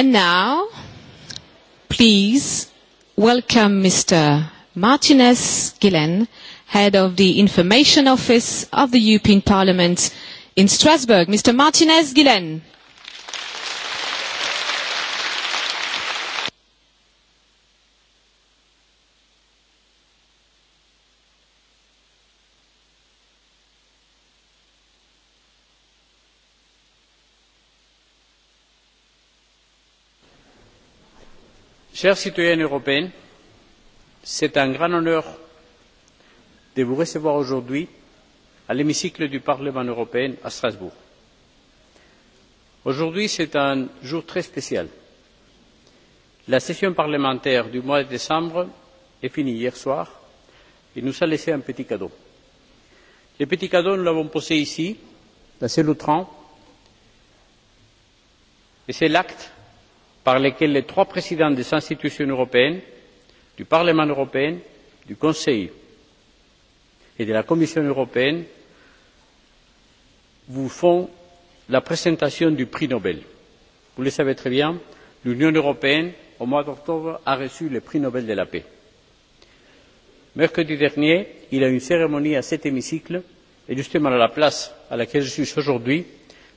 And now, please welcome Mr. Martinez Gilén, Head of the Information Office of the European Parliament in Strasbourg. Mr. Martinez Gillen. Chers citoyens européens, c'est un grand honneur de vous recevoir aujourd'hui à l'hémicycle du Parlement européen à Strasbourg. Aujourd'hui, c'est un jour très spécial. La session parlementaire du mois de décembre est finie hier soir et nous a laissé un petit cadeau. Le petit cadeau, nous l'avons posé ici, dans ce lutrin, et c'est l'acte par lesquels les trois présidents des institutions européennes du parlement européen du conseil et de la commission européenne vous font la présentation du prix nobel. vous le savez très bien l'union européenne au mois d'octobre a reçu le prix nobel de la paix. mercredi dernier il y a eu une cérémonie à cet hémicycle et justement à la place à laquelle je suis aujourd'hui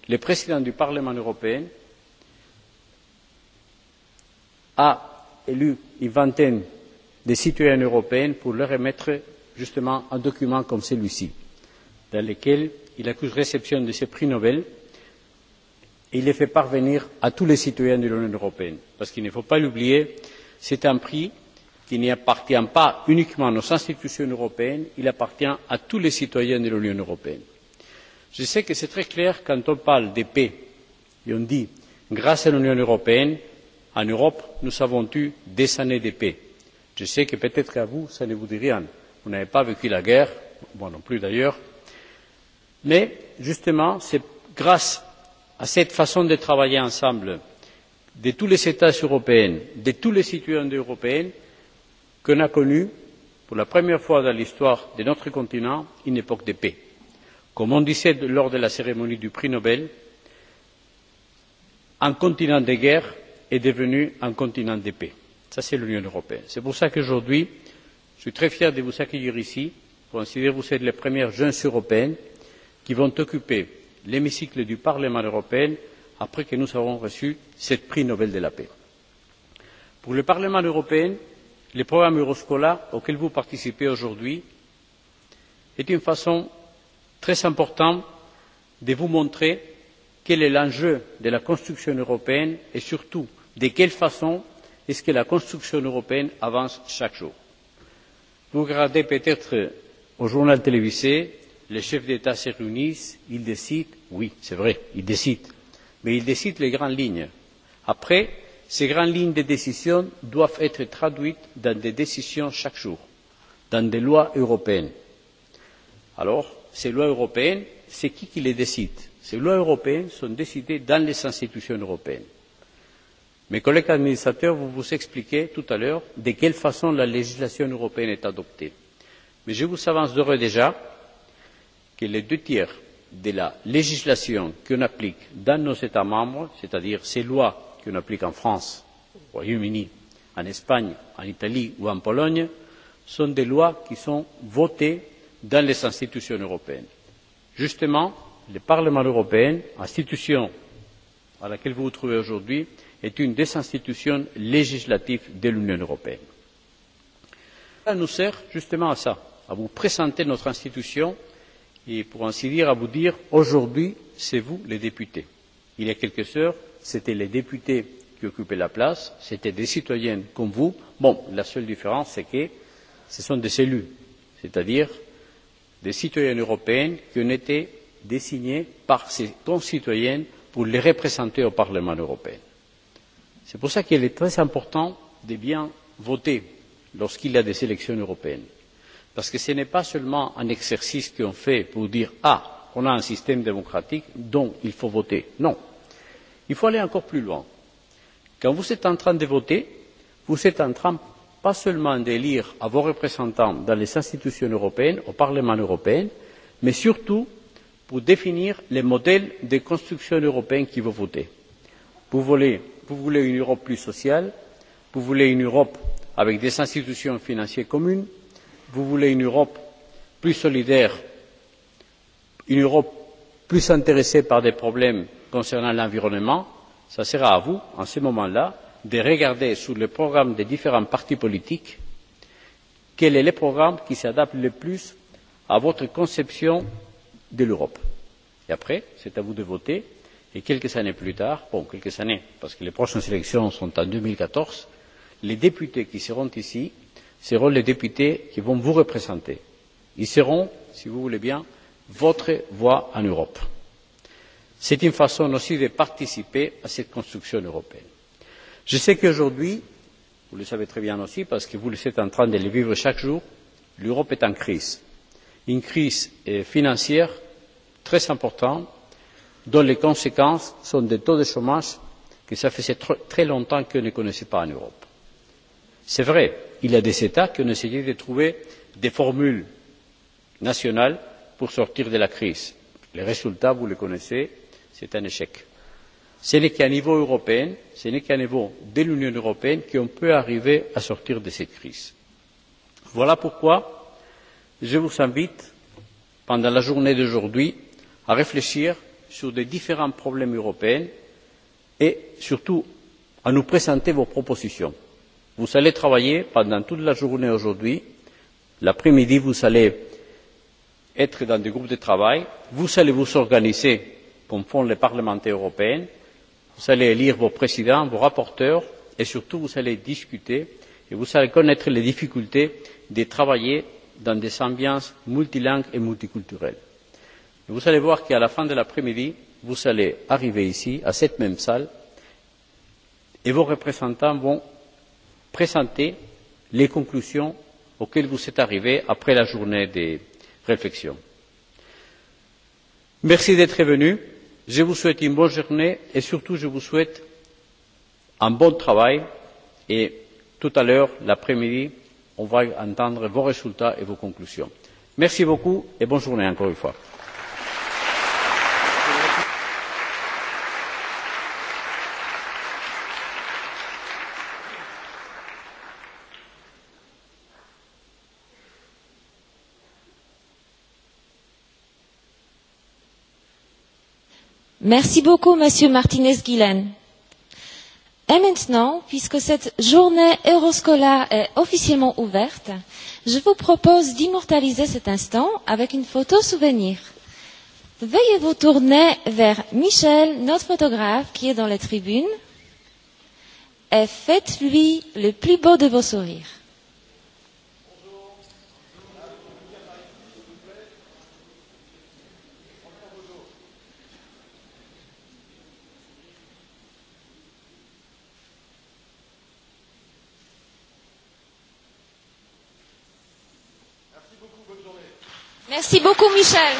le président du parlement européen a élu une vingtaine de citoyens européens pour leur remettre justement un document comme celui ci dans lequel il accuse réception de ce prix Nobel et il le fait parvenir à tous les citoyens de l'Union européenne. Parce qu'il ne faut pas l'oublier, c'est un prix qui n'appartient pas uniquement nos institutions européennes, il appartient à tous les citoyens de l'Union européenne. Je sais que c'est très clair quand on parle de paix et on dit grâce à l'Union européenne en europe nous avons eu des années de paix. je sais que peut être à vous cela ne vous dit rien vous n'avez pas vécu la guerre moi non plus d'ailleurs mais justement c'est grâce à cette façon de travailler ensemble de tous les états européens de tous les citoyens européens qu'on a connu pour la première fois dans l'histoire de notre continent une époque de paix. comme on disait lors de la cérémonie du prix nobel un continent de guerre est devenu un continent de paix. Ça, c'est l'Union européenne. C'est pour ça qu'aujourd'hui, je suis très fier de vous accueillir ici. considérez vous êtes les premières jeunes européennes qui vont occuper l'hémicycle du Parlement européen après que nous aurons reçu cette prix Nobel de la paix. Pour le Parlement européen, le programme Euroscola auquel vous participez aujourd'hui est une façon très importante de vous montrer quel est l'enjeu de la construction européenne et surtout de quelle façon est ce que la construction européenne avance chaque jour? vous regardez peut être au journal télévisé les chefs d'état se réunissent ils décident oui c'est vrai ils décident mais ils décident les grandes lignes. après ces grandes lignes de décision doivent être traduites dans des décisions chaque jour dans des lois européennes. alors ces lois européennes c'est qui qui les décide? ces lois européennes sont décidées dans les institutions européennes mes collègues administrateurs vous vous expliquer tout à l'heure de quelle façon la législation européenne est adoptée mais je vous avance d'ores et déjà que les deux tiers de la législation que qu'on applique dans nos états membres c'est à dire ces lois qu'on applique en france au royaume uni en espagne en italie ou en pologne sont des lois qui sont votées dans les institutions européennes. justement le parlement européen institution à laquelle vous vous trouvez aujourd'hui est une des institutions législatives de l'Union européenne. Cela nous sert justement à ça, à vous présenter notre institution et pour ainsi dire à vous dire aujourd'hui c'est vous les députés. Il y a quelques heures, c'étaient les députés qui occupaient la place, c'étaient des citoyens comme vous. Bon, la seule différence c'est que ce sont des élus, c'est-à-dire des citoyens européens qui ont été désignés par ces concitoyens pour les représenter au Parlement européen. C'est pour cela qu'il est très important de bien voter lorsqu'il y a des élections européennes. Parce que ce n'est pas seulement un exercice qu'on fait pour dire Ah, on a un système démocratique, donc il faut voter. Non. Il faut aller encore plus loin. Quand vous êtes en train de voter, vous êtes en train pas seulement d'élire à vos représentants dans les institutions européennes, au Parlement européen, mais surtout pour définir les modèles de construction européenne qui vont voter. Vous voulez vous voulez une europe plus sociale vous voulez une europe avec des institutions financières communes vous voulez une europe plus solidaire une europe plus intéressée par des problèmes concernant l'environnement ce sera à vous en ce moment là de regarder sur le programme des différents partis politiques quel est le programme qui s'adapte le plus à votre conception de l'europe. et après c'est à vous de voter Et quelques années plus tard, bon, quelques années, parce que les prochaines élections sont en 2014, les députés qui seront ici seront les députés qui vont vous représenter. Ils seront, si vous voulez bien, votre voix en Europe. C'est une façon aussi de participer à cette construction européenne. Je sais qu'aujourd'hui, vous le savez très bien aussi, parce que vous le êtes en train de le vivre chaque jour, l'Europe est en crise. Une crise financière très importante, dont les conséquences sont des taux de chômage que cela faisait très longtemps qu'on ne connaissait pas en Europe. C'est vrai, il y a des États qui ont essayé de trouver des formules nationales pour sortir de la crise. Les résultats, vous le connaissez, c'est un échec. Ce n'est qu'à niveau européen, ce n'est qu'à niveau de l'Union européenne qu'on peut arriver à sortir de cette crise. Voilà pourquoi je vous invite, pendant la journée d'aujourd'hui, à réfléchir sur les différents problèmes européens et surtout à nous présenter vos propositions. Vous allez travailler pendant toute la journée aujourd'hui. L'après-midi, vous allez être dans des groupes de travail. Vous allez vous organiser comme font les parlementaires européens. Vous allez élire vos présidents, vos rapporteurs et surtout vous allez discuter et vous allez connaître les difficultés de travailler dans des ambiances multilingues et multiculturelles. Vous allez voir qu'à la fin de l'après-midi, vous allez arriver ici, à cette même salle, et vos représentants vont présenter les conclusions auxquelles vous êtes arrivés après la journée des réflexions. Merci d'être venu. Je vous souhaite une bonne journée et surtout je vous souhaite un bon travail et tout à l'heure, l'après-midi, on va entendre vos résultats et vos conclusions. Merci beaucoup et bonne journée encore une fois. Merci beaucoup, Monsieur Martinez-Guilen. Et maintenant, puisque cette journée euroscolaire est officiellement ouverte, je vous propose d'immortaliser cet instant avec une photo souvenir. Veuillez vous tourner vers Michel, notre photographe, qui est dans la tribune, et faites-lui le plus beau de vos sourires. Merci beaucoup, Michel.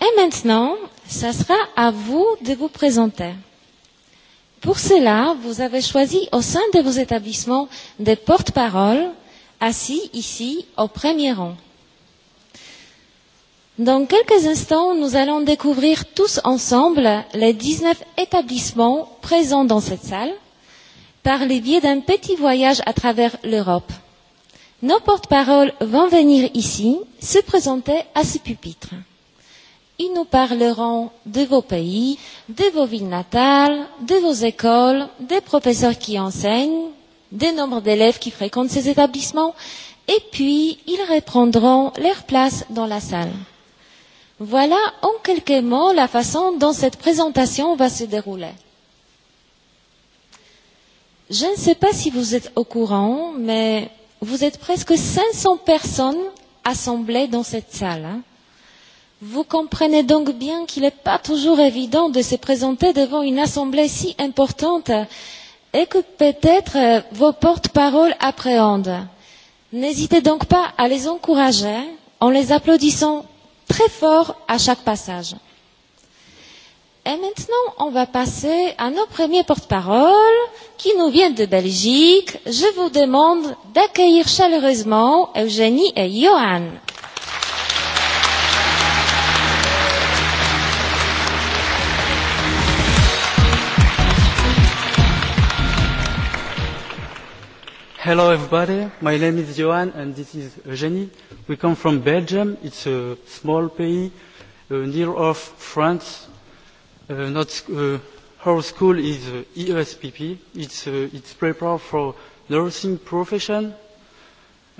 Et maintenant, ce sera à vous de vous présenter. Pour cela, vous avez choisi au sein de vos établissements des porte-paroles assis ici au premier rang. Dans quelques instants, nous allons découvrir tous ensemble les 19 établissements présents dans cette salle par le biais d'un petit voyage à travers l'Europe. Nos porte-paroles vont venir ici se présenter à ce pupitre. Ils nous parleront de vos pays, de vos villes natales, de vos écoles, des professeurs qui enseignent, des nombres d'élèves qui fréquentent ces établissements, et puis ils reprendront leur place dans la salle. Voilà en quelques mots la façon dont cette présentation va se dérouler. Je ne sais pas si vous êtes au courant, mais vous êtes presque 500 personnes assemblées dans cette salle. Vous comprenez donc bien qu'il n'est pas toujours évident de se présenter devant une assemblée si importante et que peut-être vos porte-paroles appréhendent. N'hésitez donc pas à les encourager en les applaudissant très fort à chaque passage. Et maintenant, on va passer à nos premiers porte-paroles qui nous vient de Belgique, je vous demande d'accueillir chaleureusement Eugénie et Johan. Hello everybody, my name is Johan and this is Eugénie. We come from Belgium, it's a small pays near of France, not Our school is ESPP. It's it's prepared for nursing profession.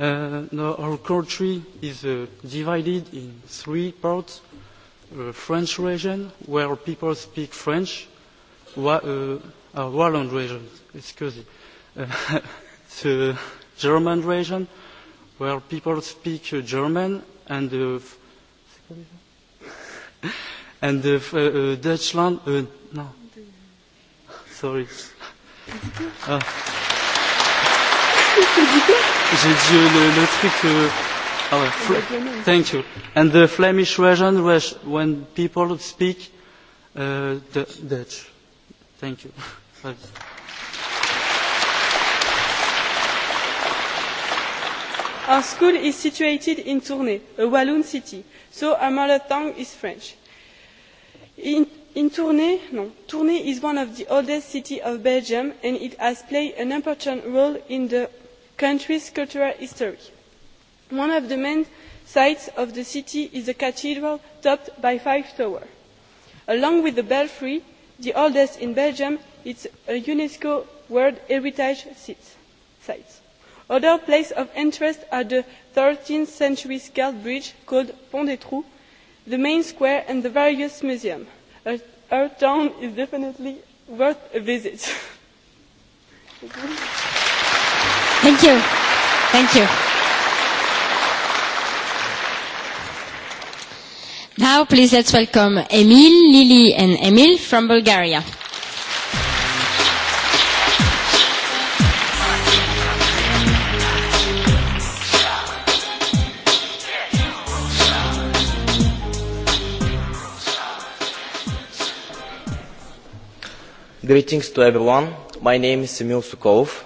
Our country is divided in three parts: French region, where people speak French, Wallon region, excuse me, the German region, where people speak German, and and Dutchland, no sorry. Ah. J'ai dit le, le truc. Euh, ah ouais, thank you. And the Flemish version, when people speak uh, Dutch. Thank you. Our school is situated in Tournai, a Walloon city, so our mother tongue is French. In In Tournai no. Tournai is one of the oldest cities of Belgium and it has played an important role in the country's cultural history. One of the main sights of the city is the cathedral topped by five towers. Along with the belfry, the oldest in Belgium, it is a UNESCO World Heritage Site. Other places of interest are the 13th century scaled bridge called Pont des Trous, the main square and the various museums. Our town is definitely worth a visit. Thank you. Thank you. Now please let's welcome Emil, Lily and Emil from Bulgaria. Greetings to everyone. My name is Emil Sukov.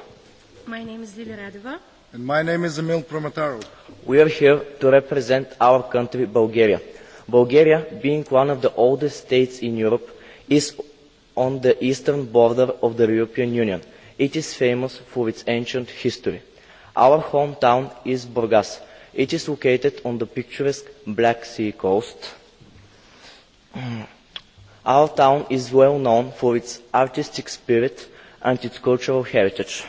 My name is Lili Radova. And my name is Emil Promatarov. We are here to represent our country, Bulgaria. Bulgaria, being one of the oldest states in Europe, is on the eastern border of the European Union. It is famous for its ancient history. Our hometown is Burgas. It is located on the picturesque Black Sea coast Our town is well known for its artistic spirit and its cultural heritage.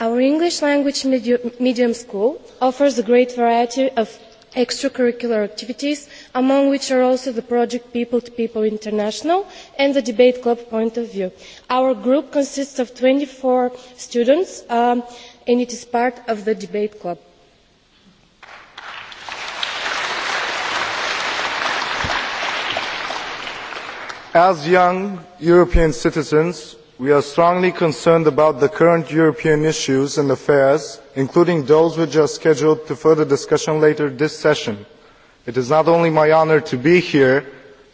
Our English language medium school offers a great variety of extracurricular activities, among which are also the project People to People International and the Debate Club Point of View. Our group consists of 24 students and it is part of the Debate Club. As young European citizens, we are strongly concerned about the current European issues and affairs, including those which are scheduled to further discussion later this session. It is not only my honour to be here,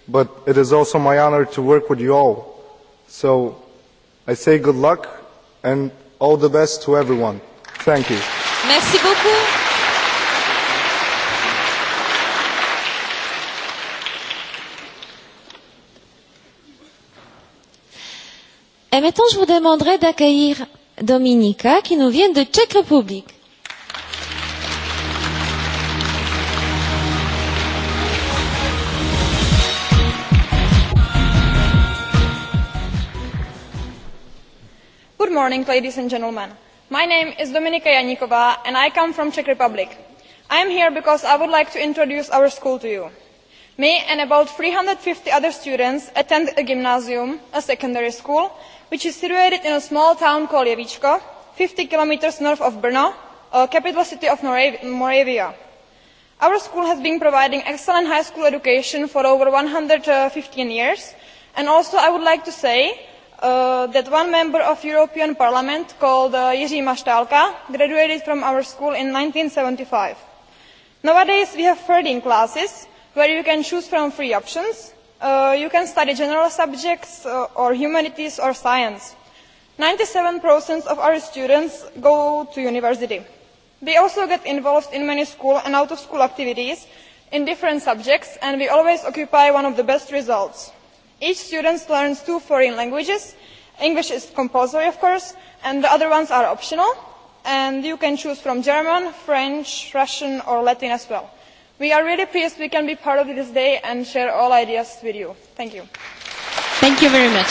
but it is also my honour to work with you all. So I say good luck and all the best to everyone. Thank you. Merci beaucoup. Et maintenant, je vous demanderai d'accueillir Dominika, qui nous vient de Tchèque République. Good morning, ladies and gentlemen. My name is Dominika Janikova, and I come from Czech Republic. I am here because I would like to introduce our school to you. Me and about 350 other students attend a gymnasium, a secondary school, which is situated in a small town called javico fifty kilometres north of brno the capital city of moravia. our school has been providing excellent high school education for over one hundred and fifteen years and also i would like to say that one member of the european parliament called jiří maštálka graduated from our school in. one thousand nine hundred and seventy five nowadays we have thirteen classes where you can choose from three options you can study general subjects or humanities or science. 97% of our students go to university. They also get involved in many school and out of school activities in different subjects and we always occupy one of the best results. Each student learns two foreign languages. English is compulsory of course and the other ones are optional and you can choose from German, French, Russian or Latin as well. We are really pleased we can be part of this day and share all ideas with you. Thank you. Thank you very much.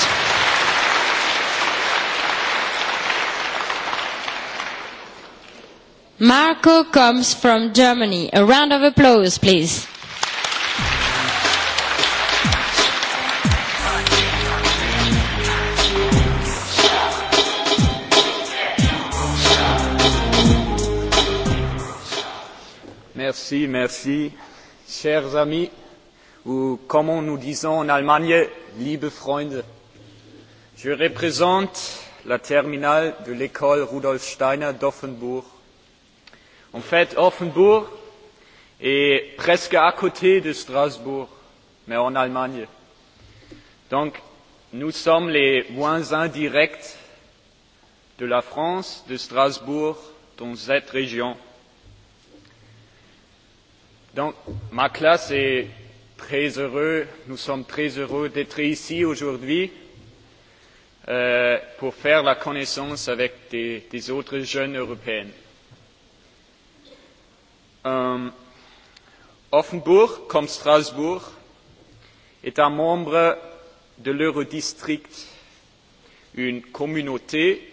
Marco comes from Germany. A round of applause, please. Merci, merci. Chers amis, ou comme nous disons en Allemagne, liebe Freunde, je représente la terminale de l'école Rudolf Steiner d'Offenbourg. En fait, Offenbourg est presque à côté de Strasbourg, mais en Allemagne. Donc, nous sommes les voisins directs de la France, de Strasbourg, dans cette région. Donc, ma classe est très heureux, nous sommes très heureux d'être ici aujourd'hui pour faire la connaissance avec des autres jeunes européennes. Offenbourg, comme Strasbourg, est un membre de l'Eurodistrict, une communauté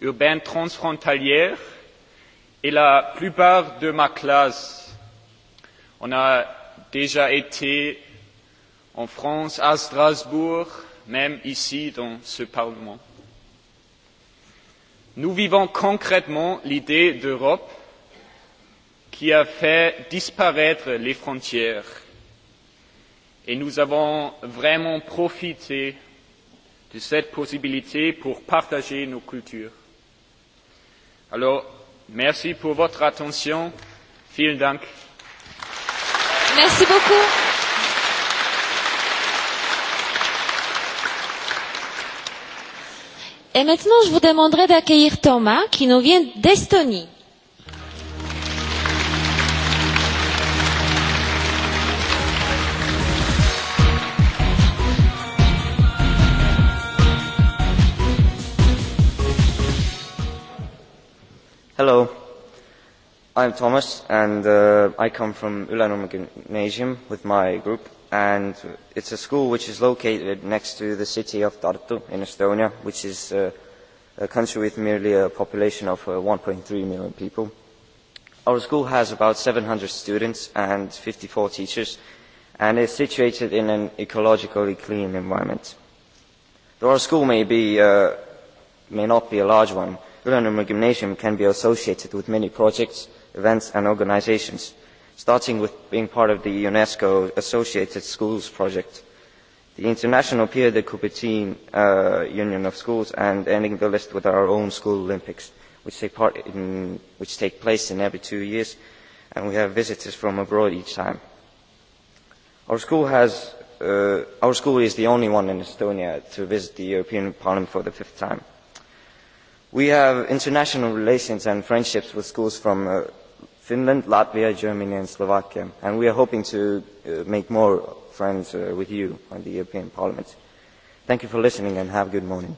urbaine transfrontalière, et la plupart de ma classe On a déjà été en France, à Strasbourg, même ici dans ce Parlement. Nous vivons concrètement l'idée d'Europe qui a fait disparaître les frontières et nous avons vraiment profité de cette possibilité pour partager nos cultures. Alors, merci pour votre attention. Vielen Dank. Merci beaucoup. Et maintenant, je vous demanderai d'accueillir Thomas, qui nous vient d'Estonie. Hello I'm Thomas and I come from Ulanum Gymnasium with my group and it's a school which is located next to the city of Tartu in Estonia which is a country with merely a population of 1.3 million people. Our school has about 700 students and 54 teachers and is situated in an ecologically clean environment. Though our school may not be a large one, Ulanum Gymnasium can be associated with many projects events and organisations, starting with being part of the UNESCO Associated Schools project, the International Pierre de Coubertin Union of Schools, and ending the list with our own School Olympics, which take place in every two years, and we have visitors from abroad each time. Our school our school is the only one in Estonia to visit the European Parliament for the fifth time. We have international relations and friendships with schools from Finland, Latvia, Germany and Slovakia. And we are hoping to make more friends with you on the European Parliament. Thank you for listening and have a good morning.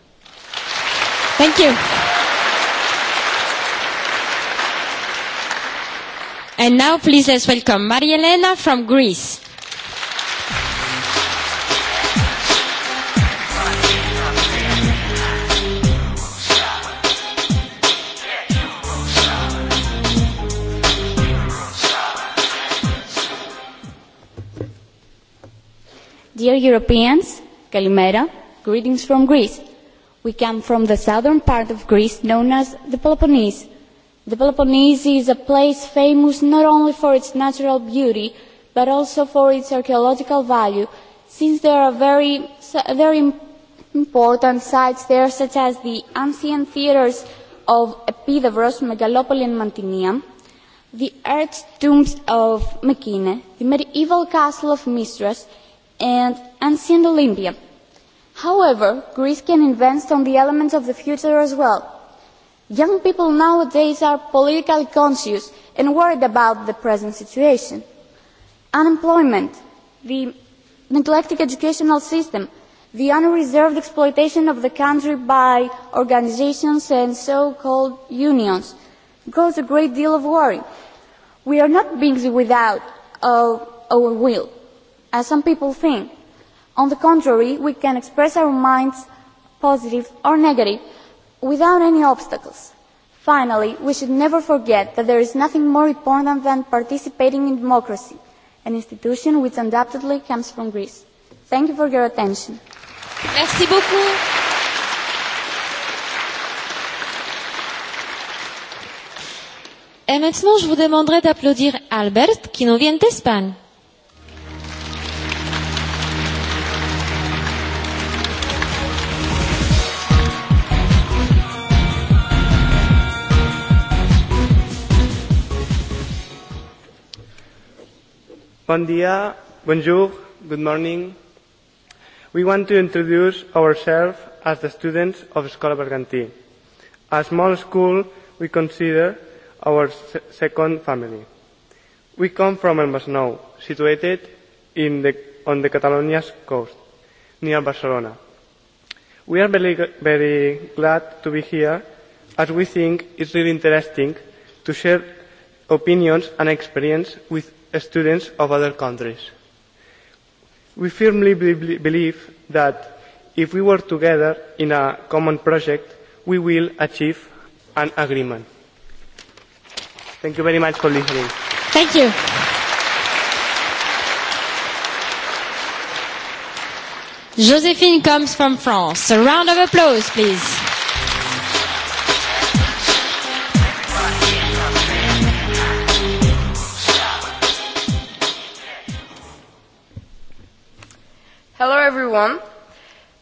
Thank you. And now please let's welcome Elena from Greece. Dear Europeans, Kalimera, greetings from Greece. We come from the southern part of Greece known as the Peloponnese. The Peloponnese is a place famous not only for its natural beauty, but also for its archaeological value, since there are very, very important sites there, such as the ancient theatres of Epidavros, Megalopoli and Mantinea, the earth tombs of Mekine, the medieval castle of Mistras, and ancient Olympia. However, Greece can invest on the elements of the future as well. Young people nowadays are politically conscious and worried about the present situation. Unemployment, the neglected educational system, the unreserved exploitation of the country by organisations and so-called unions cause a great deal of worry. We are not beings without a will as some people think. On the contrary, we can express our minds, positive or negative, without any obstacles. Finally, we should never forget that there is nothing more important than participating in democracy, an institution which undoubtedly comes from Greece. Thank you for your attention. Merci beaucoup. maintenant, je vous demanderai d'applaudir Albert qui nous vient d'Espagne. Bon dia, bonjour, good morning. We want to introduce ourselves as the students of Escola Bergantí. A small school we consider our second family. We come from El Masnou, situated in the, on the Catalonia's coast, near Barcelona. We are very, very glad to be here, as we think it's really interesting to share opinions and experience with students of other countries. We firmly believe that if we work together in a common project, we will achieve an agreement. Thank you very much for listening. Thank you. Josephine comes from France. A round of applause, please. Hello everyone.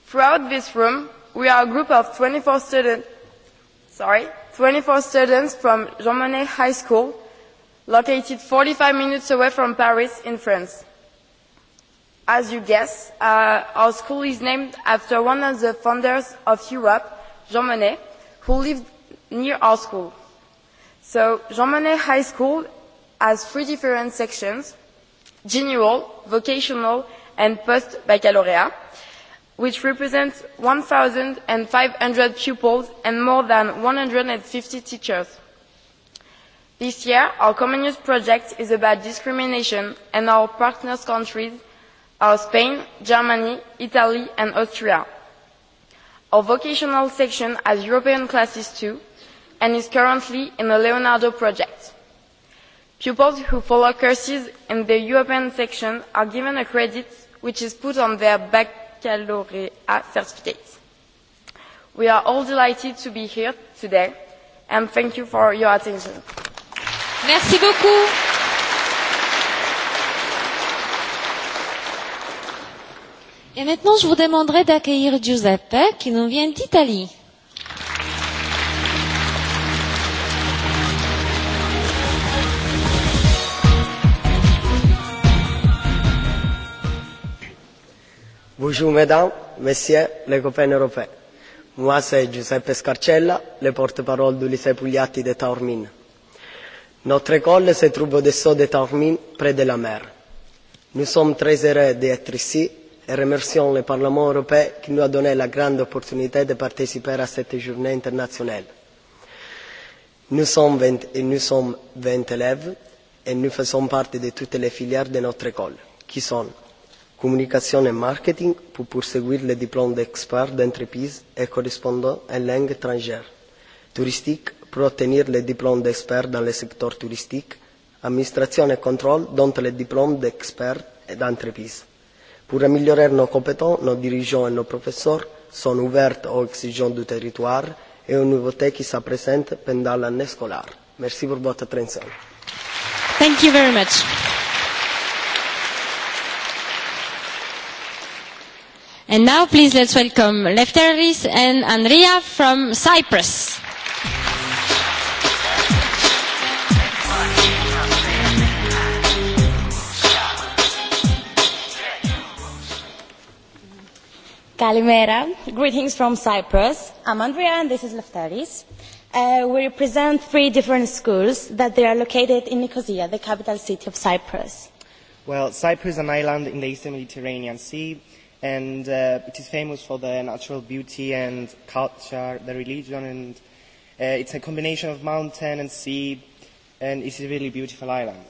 Throughout this room, we are a group of 24 students, sorry, 24 students from Jean Monnet High School, located 45 minutes away from Paris in France. As you guess, our school is named after one of the founders of Europe, Jean Monnet, who lived near our school. So Jean Monnet High School has three different sections: general, vocational and post-baccalaureate, which represents 1,500 pupils and more than 150 teachers. This year, our Common Use project is about discrimination, and our partners' countries are Spain, Germany, Italy, and Austria. Our vocational section has European classes too, and is currently in the Leonardo project. Pupils who follow courses in the European section are given a credit which is put on their baccalaureate Certificates. We are all delighted to be here today and thank you for your attention. Merci beaucoup. Et maintenant, je vous demanderai d'accueillir Giuseppe qui nous vient d'Italie. Bonjour mesdames, messieurs, les copains européens. Moi c'est Giuseppe Scarcella, le porte-parole du lycée Pugliatti de Taormine. Notre école se trouve au-dessous de Taormine, près de la mer. Nous sommes très heureux d'être ici et remercions le Parlement européen qui nous a donné la grande opportunité de participer à cette journée internationale. Nous sommes 20 et nous sommes élèves et nous faisons partie de toutes les filières de notre école, qui sont Communication et marketing pour poursuivre le diplôme d'expert d'entreprise et correspondant en langue étrangère. Touristique pour obtenir le diplôme d'expert dans le secteur touristique. administration et contrôle dont le diplôme d'expert d'entreprise. Pour améliorer nos compétences, nos dirigeants et nos professeurs sont ouverts aux exigences du territoire et aux nouveautés qui se présentent pendant l'année scolaire. Merci pour votre attention. Thank you very much. And now please let's welcome Lefteris and Andrea from Cyprus. Kalimera, greetings from Cyprus. I'm Andrea and this is Lefteris. We represent three different schools that they are located in Nicosia, the capital city of Cyprus. Well, Cyprus is an island in the eastern Mediterranean Sea and it is famous for the natural beauty and culture, the religion, and it's a combination of mountain and sea, and it's a really beautiful island.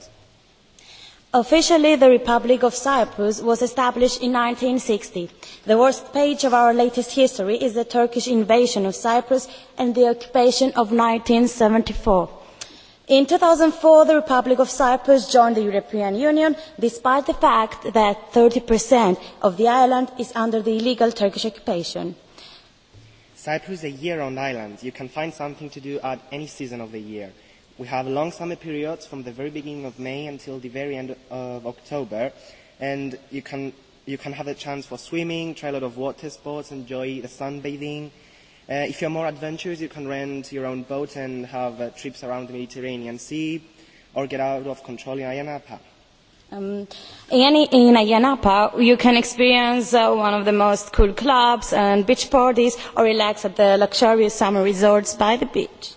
Officially, the Republic of Cyprus was established in 1960. The worst page of our latest history is the Turkish invasion of Cyprus and the occupation of 1974. In 2004, the Republic of Cyprus joined the European Union, despite the fact that 30% of the island is under the illegal Turkish occupation. Cyprus is a year-round island. You can find something to do at any season of the year. We have long summer periods from the very beginning of May until the very end of October, and you can you can have a chance for swimming, try a lot of water sports, enjoy the sunbathing If you are more adventurous, you can rent your own boat and have trips around the Mediterranean Sea or get out of control in Ayanapa. In Ayanapa, you can experience one of the most cool clubs and beach parties or relax at the luxurious summer resorts by the beach.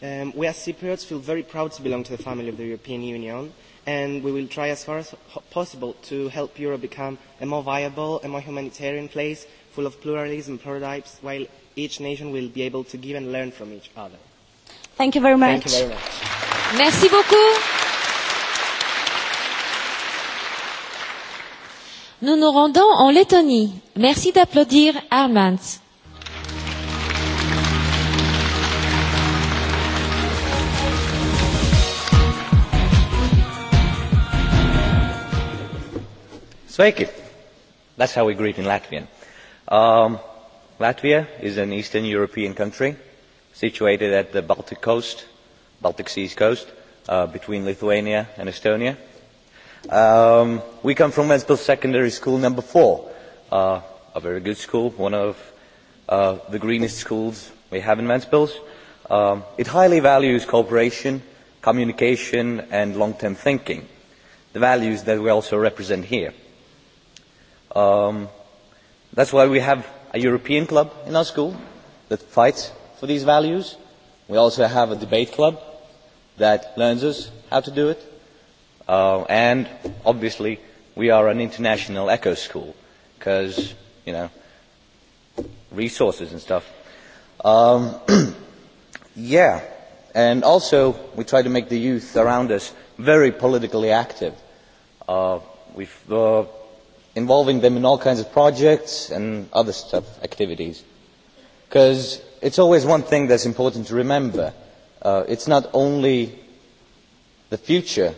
We as Cypriots feel very proud to belong to the family of the European Union and we will try as far as possible to help Europe become a more viable and more humanitarian place full of pluralism, prototypes, while each nation will be able to give and learn from each other. Thank you very much. Thank you very much. Merci beaucoup. Nous nous rendons en Lettonie. Merci d'applaudir Armands. Sveiki. That's how we greet in Latvian. Latvia is an Eastern European country situated at the Baltic coast, Baltic Sea's coast, between Lithuania and Estonia. We come from Ventspils Secondary School No. four, a very good school, one of the greenest schools we have in Ventspils. It highly values cooperation, communication and long-term thinking, the values that we also represent here. That's why we have a European club in our school that fights for these values. We also have a debate club that learns us how to do it. And obviously we are an international echo school because, you know, resources and stuff. Yeah, and also we try to make the youth around us very politically active. We've involving them in all kinds of projects and other stuff, activities. Because it's always one thing that's important to remember. It's not only the future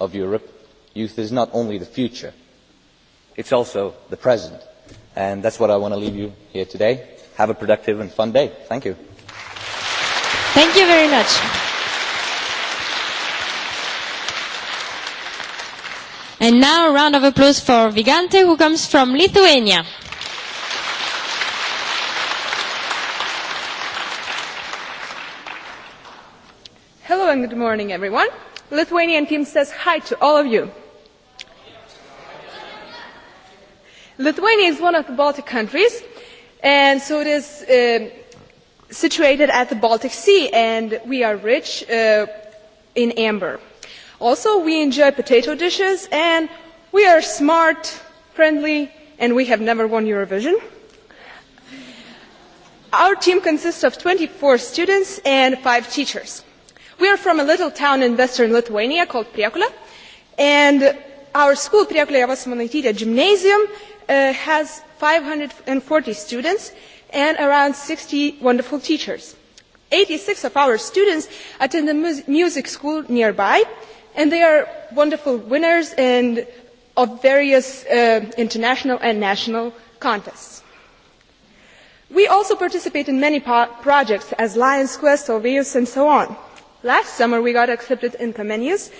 of Europe. Youth is not only the future. It's also the present. And that's what I want to leave you here today. Have a productive and fun day. Thank you. Thank you very much. And now a round of applause for Vigante who comes from Lithuania. Hello and good morning everyone. Lithuanian team says hi to all of you. Lithuania is one of the Baltic countries and so it is situated at the Baltic Sea and we are rich in amber. Also, we enjoy potato dishes and we are smart, friendly and we have never won Eurovision. Our team consists of 24 students and five teachers. We are from a little town in western Lithuania called Priakula and our school, Priakula Javasmanitida Gymnasium, has 540 students and around 60 wonderful teachers. 86 of our students attend a music school nearby and they are wonderful winners in of various international and national contests. We also participate in many projects as Lions Quest, Ovius and so on. Last summer we got accepted in Comenius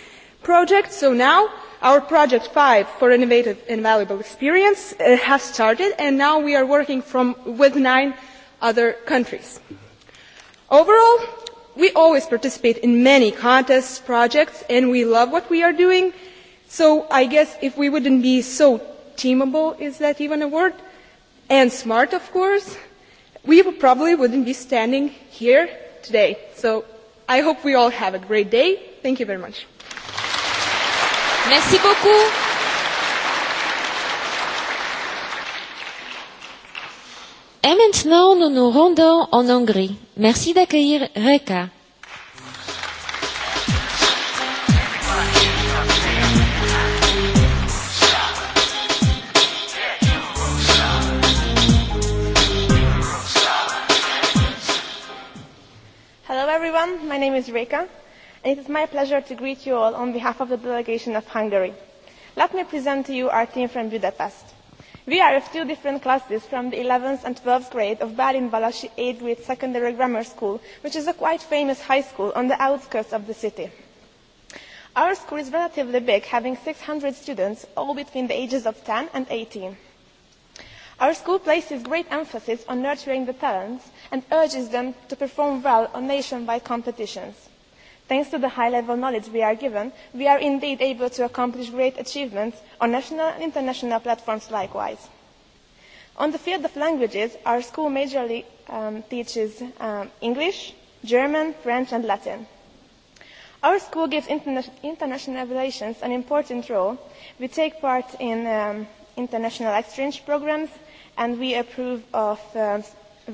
project, so now our project 5 for innovative and valuable experience has started and now we are working with nine other countries. Overall, we always participate in many contests, projects, and we love what we are doing. So I guess if we wouldn't be so teamable, is that even a word? And smart, of course, we probably wouldn't be standing here today. So I hope we all have a great day. Thank you very much. Et maintenant, nous nous rendons en Hongrie. Merci d'accueillir Reka. Hello everyone, my name is Reka, and it is my pleasure to greet you all on behalf of the delegation of Hungary. Let me present to you our team from Budapest. We are of two different classes from the 11th and 12th grade of Balin Balashi 8th grade secondary grammar school, which is a quite famous high school on the outskirts of the city. Our school is relatively big, having 600 students, all between the ages of 10 and 18. Our school places great emphasis on nurturing the talents and urges them to perform well on nationwide competitions. Thanks to the high-level knowledge we are given, we are indeed able to accomplish great achievements on national and international platforms likewise. On the field of languages, our school majorly teaches English, German, French and Latin. Our school gives international relations an important role. We take part in international exchange programs and we approve of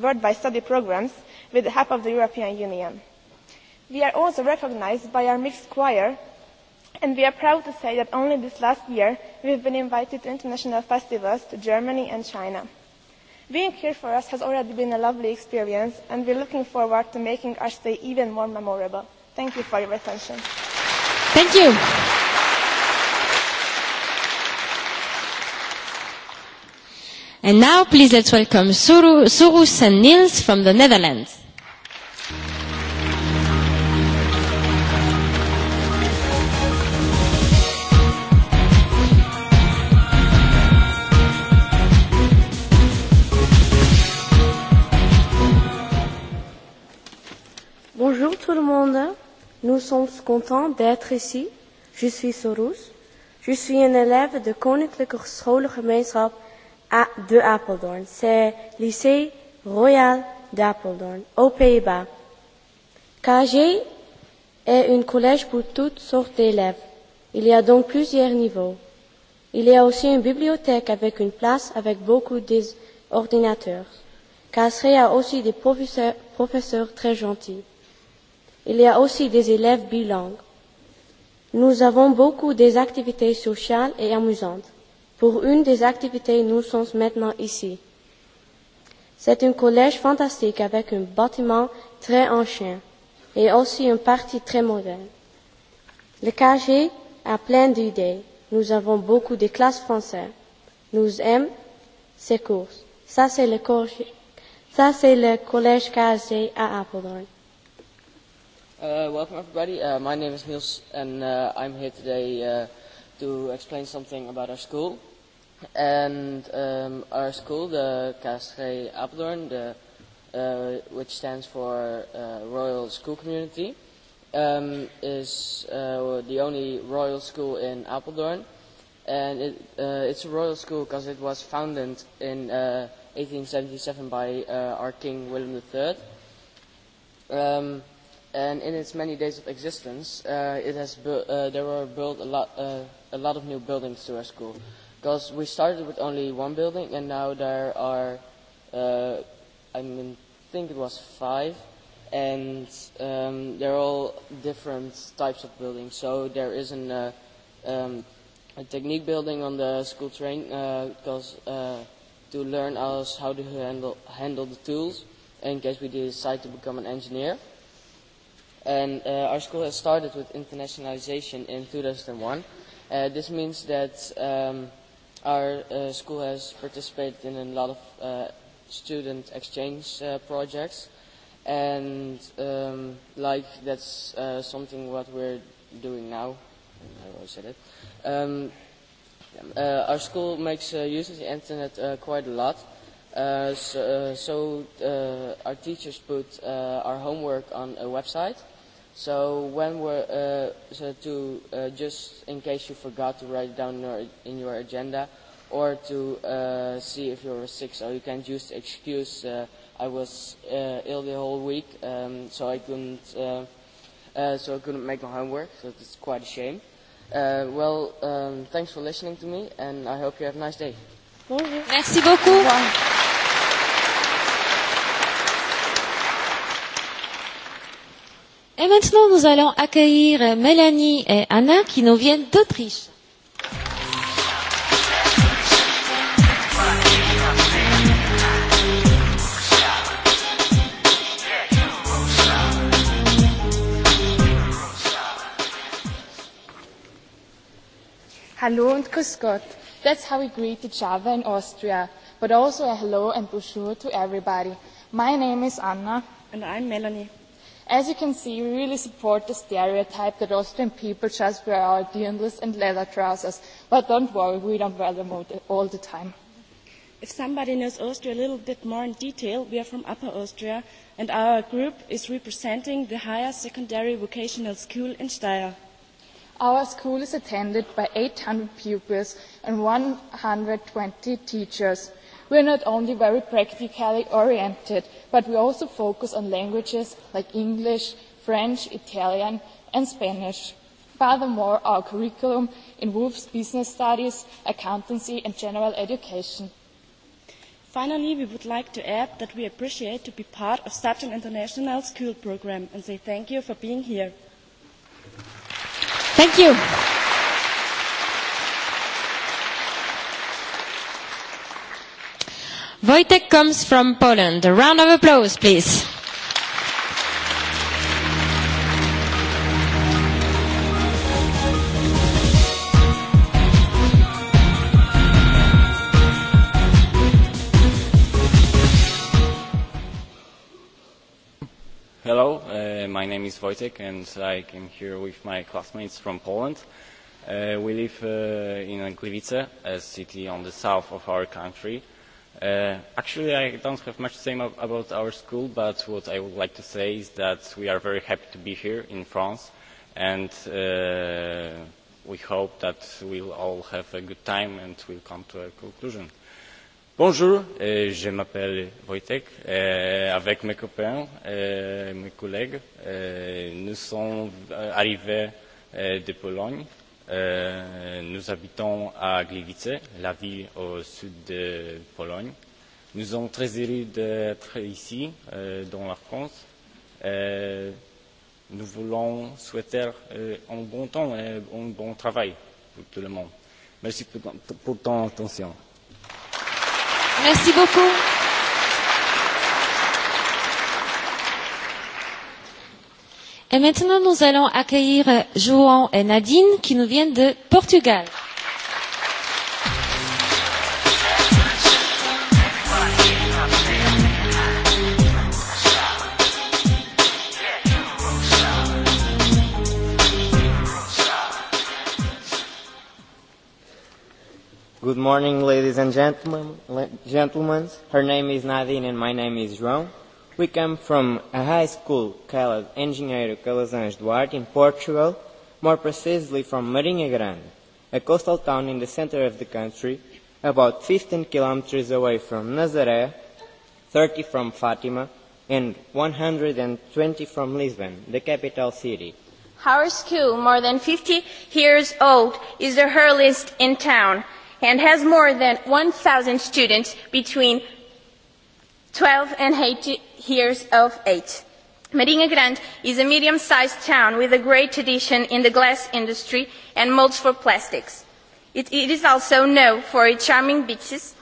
by study programs with the help of the European Union we are also recognised by our mixed choir and we are proud to say that only this last year we have been invited to international festivals to germany and china. being here for us has already been a lovely experience and we are looking forward to making our stay even more memorable. thank you for your attention. thank you. and now please let's welcome suru Niels from the netherlands. tout le monde. Nous sommes contents d'être ici. Je suis Sorous. Je suis un élève de Koninklijke Scholengemeenschap de Apeldoorn. C'est lycée royal d'Apeldoorn, aux Pays-Bas. KG est un collège pour toutes sortes d'élèves. Il y a donc plusieurs niveaux. Il y a aussi une bibliothèque avec une place avec beaucoup d'ordinateurs. Casré a aussi des professeurs très gentils il y a aussi des élèves bilingues. Nous avons beaucoup des activités sociales et amusantes. Pour une des activités, nous sommes maintenant ici. C'est un collège fantastique avec un bâtiment très ancien et aussi un parti très moderne. Le KG a plein d'idées. Nous avons beaucoup de classes françaises. Nous aimons ces courses. Ça, c'est le collège KG à Apollon. Welcome everybody. My name is Niels and I'm here today to explain something about our school. And um our school, the Castre Apeldoorn, which stands for Royal School Community, um is the only royal school in Apeldoorn. And it it's a royal school because it was founded in 1877 by our King William III and in its many days of existence, uh, it has uh, there were built a lot, uh, a lot of new buildings to our school. Because we started with only one building, and now there are, uh, I mean, think it was five, and um, they're all different types of buildings. So there is an, um, a technique building on the school train, because uh, to learn us how to handle, handle the tools in case we decide to become an engineer And our school has started with internationalization in 2001. This means that our school has participated in a lot of student exchange projects, and like that's something what we're doing now. I always said it. Our school makes use of the internet quite a lot. So our teachers put our homework on a website So when we're, uh, so to uh, just in case you forgot to write it down in your, in your agenda, or to uh, see if you're sick, so you can use the excuse uh, I was uh, ill the whole week, um, so I couldn't, uh, uh, so I couldn't make my homework. So it's quite a shame. Uh, well, um, thanks for listening to me, and I hope you have a nice day. Merci beaucoup. Et maintenant, nous allons accueillir Mélanie et Anna qui nous viennent d'Autriche. Hallo und grüß Gott. That's how we greet each other in Austria. But also a hello and bonjour to everybody. My name is Anna. And I'm Melanie. As you can see, we really support the stereotype that Austrian people just wear our jeans and leather trousers. But don't worry, we don't wear them all the time. If somebody knows Austria a little bit more in detail, we are from Upper Austria, and our group is representing the higher secondary vocational school in Steyr. Our school is attended by 800 pupils and 120 teachers. We are not only very practically oriented, but we also focus on languages like English, French, Italian and Spanish. Furthermore, our curriculum involves business studies, accountancy and general education. Finally, we would like to add that we appreciate to be part of such an international school program and say thank you for being here. Thank you. Wojtek comes from Poland. A round of applause, please. Hello, my name is Wojtek and I came here with my classmates from Poland. We live in Gliwice, a city on the south of our country Actually, I don't have much to say about our school, but what I would like to say is that we are very happy to be here in France, and we hope that we'll all have a good time and we'll come to a conclusion. Bonjour, je m'appelle Wojtek, avec mes copains, mes collègues, nous sommes arrivés de Pologne Nous habitons à Gliwice, la ville au sud de Pologne. Nous sommes très heureux d'être ici, dans la France. Nous voulons souhaiter un bon temps et un bon travail pour tout le monde. Merci pour ton attention. Merci beaucoup. Et maintenant, nous allons accueillir João et Nadine qui nous viennent de Portugal. Good morning, ladies and gentlemen. Her name is Nadine and my name is João. We come from a high school called Engenheiro Calazans Duarte in Portugal, more precisely from Marinha Grande, a coastal town in the center of the country, about 15 kilometers away from Nazaré, 30 from Fatima, and 120 from Lisbon, the capital city. Our school, more than 50 years old, is the earliest in town and has more than 1,000 students between 12 and 18 years of age. Marina Grande is a medium-sized town with a great tradition in the glass industry and molds for plastics. It is also known for its charming beaches,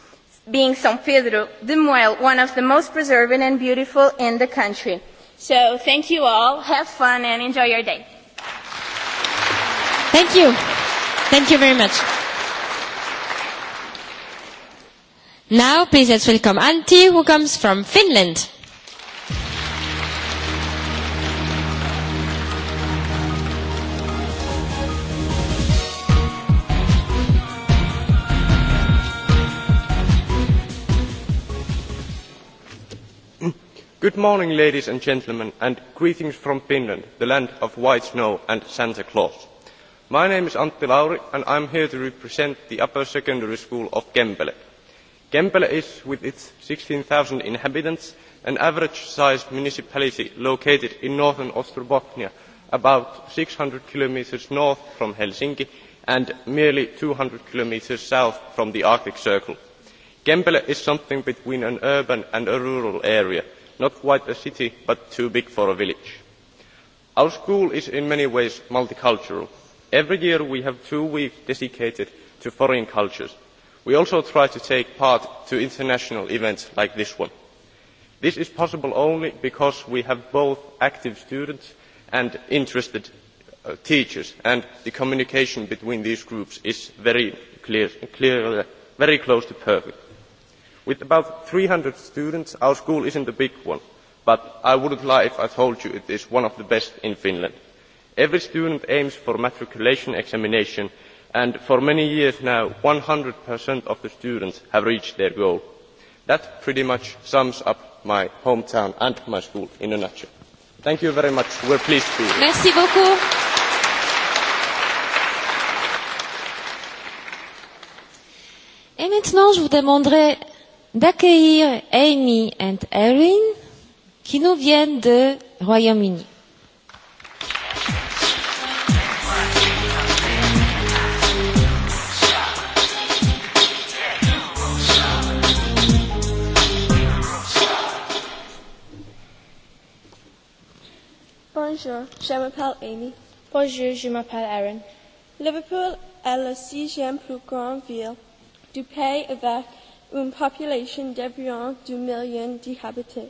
being São Pedro de Moel, one of the most preserving and beautiful in the country. So thank you all, have fun and enjoy your day. Thank you. Thank you very much. Now please let's welcome Antti who comes from Finland. Good morning, ladies and gentlemen, and greetings from Finland, the land of white snow and Santa Claus. My name is Antti Lauri, and I am here to represent the upper secondary school of Kempele. Kempele is, with its 16,000 inhabitants, an average-sized municipality located in northern Ostrobothnia, about 600 kilometres north from Helsinki and merely 200 kilometres south from the Arctic Circle. Kempele is something between an urban and a rural area not quite a city but too big for a village. Our school is in many ways multicultural. Every year we have two weeks dedicated to foreign cultures. We also try to take part to international events like this one. This is possible only because we have both active students and interested teachers and the communication between these groups is very close to perfect with about 300 students our school isn't a big one but i wouldn't lie if i told you it is one of the best in finland every student aims for matriculation examination and for many years now 100% of the students have reached their goal that pretty much sums up my hometown and my school in a nutshell thank you very much are pleased to be merci maintenant je d'accueillir Amy and Erin qui nous viennent de Royaume-Uni. Bonjour, je m'appelle Amy. Bonjour, je m'appelle Erin. Liverpool est la sixième plus grande ville du pays avec une population d'environ 2 millions d'habitants.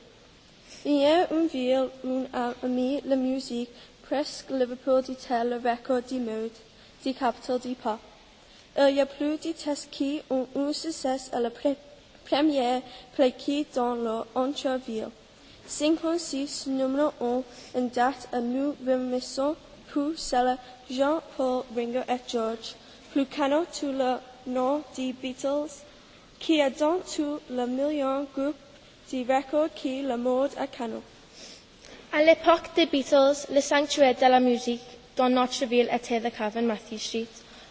Il y a une ville où on mis la musique, presque Liverpool dit le record du mode, du capital du pop. Il y a plus de tests qui ont eu succès à la première plaquée dans leur entière ville. 56 numéro 1 en date à nous remettons pour celle Jean-Paul Ringo et George, plus canon tout le nom des Beatles qui est donc tout le million groupe de record qui le mode à canon. À l'époque des Beatles, le sanctuaire de la musique dans notre ville était The Cavern Matthew Street.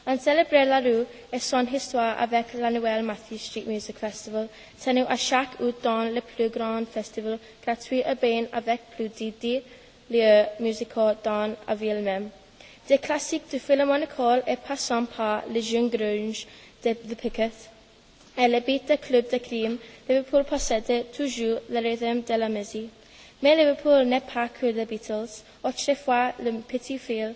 On célébrait la rue et son histoire avec l'annuel Matthew Street Music Festival, tenu à chaque août dans le plus grand festival gratuit urbain avec plus de 10 lieux musicaux dans la ville même. Des classiques du Philharmonic Hall et passant par les jeunes grunge de The Pickett. Elle habite le club de crime. Liverpool possède toujours le rythme de la musique. Mais Liverpool n'est pas que les Beatles. Autrefois, le petit fil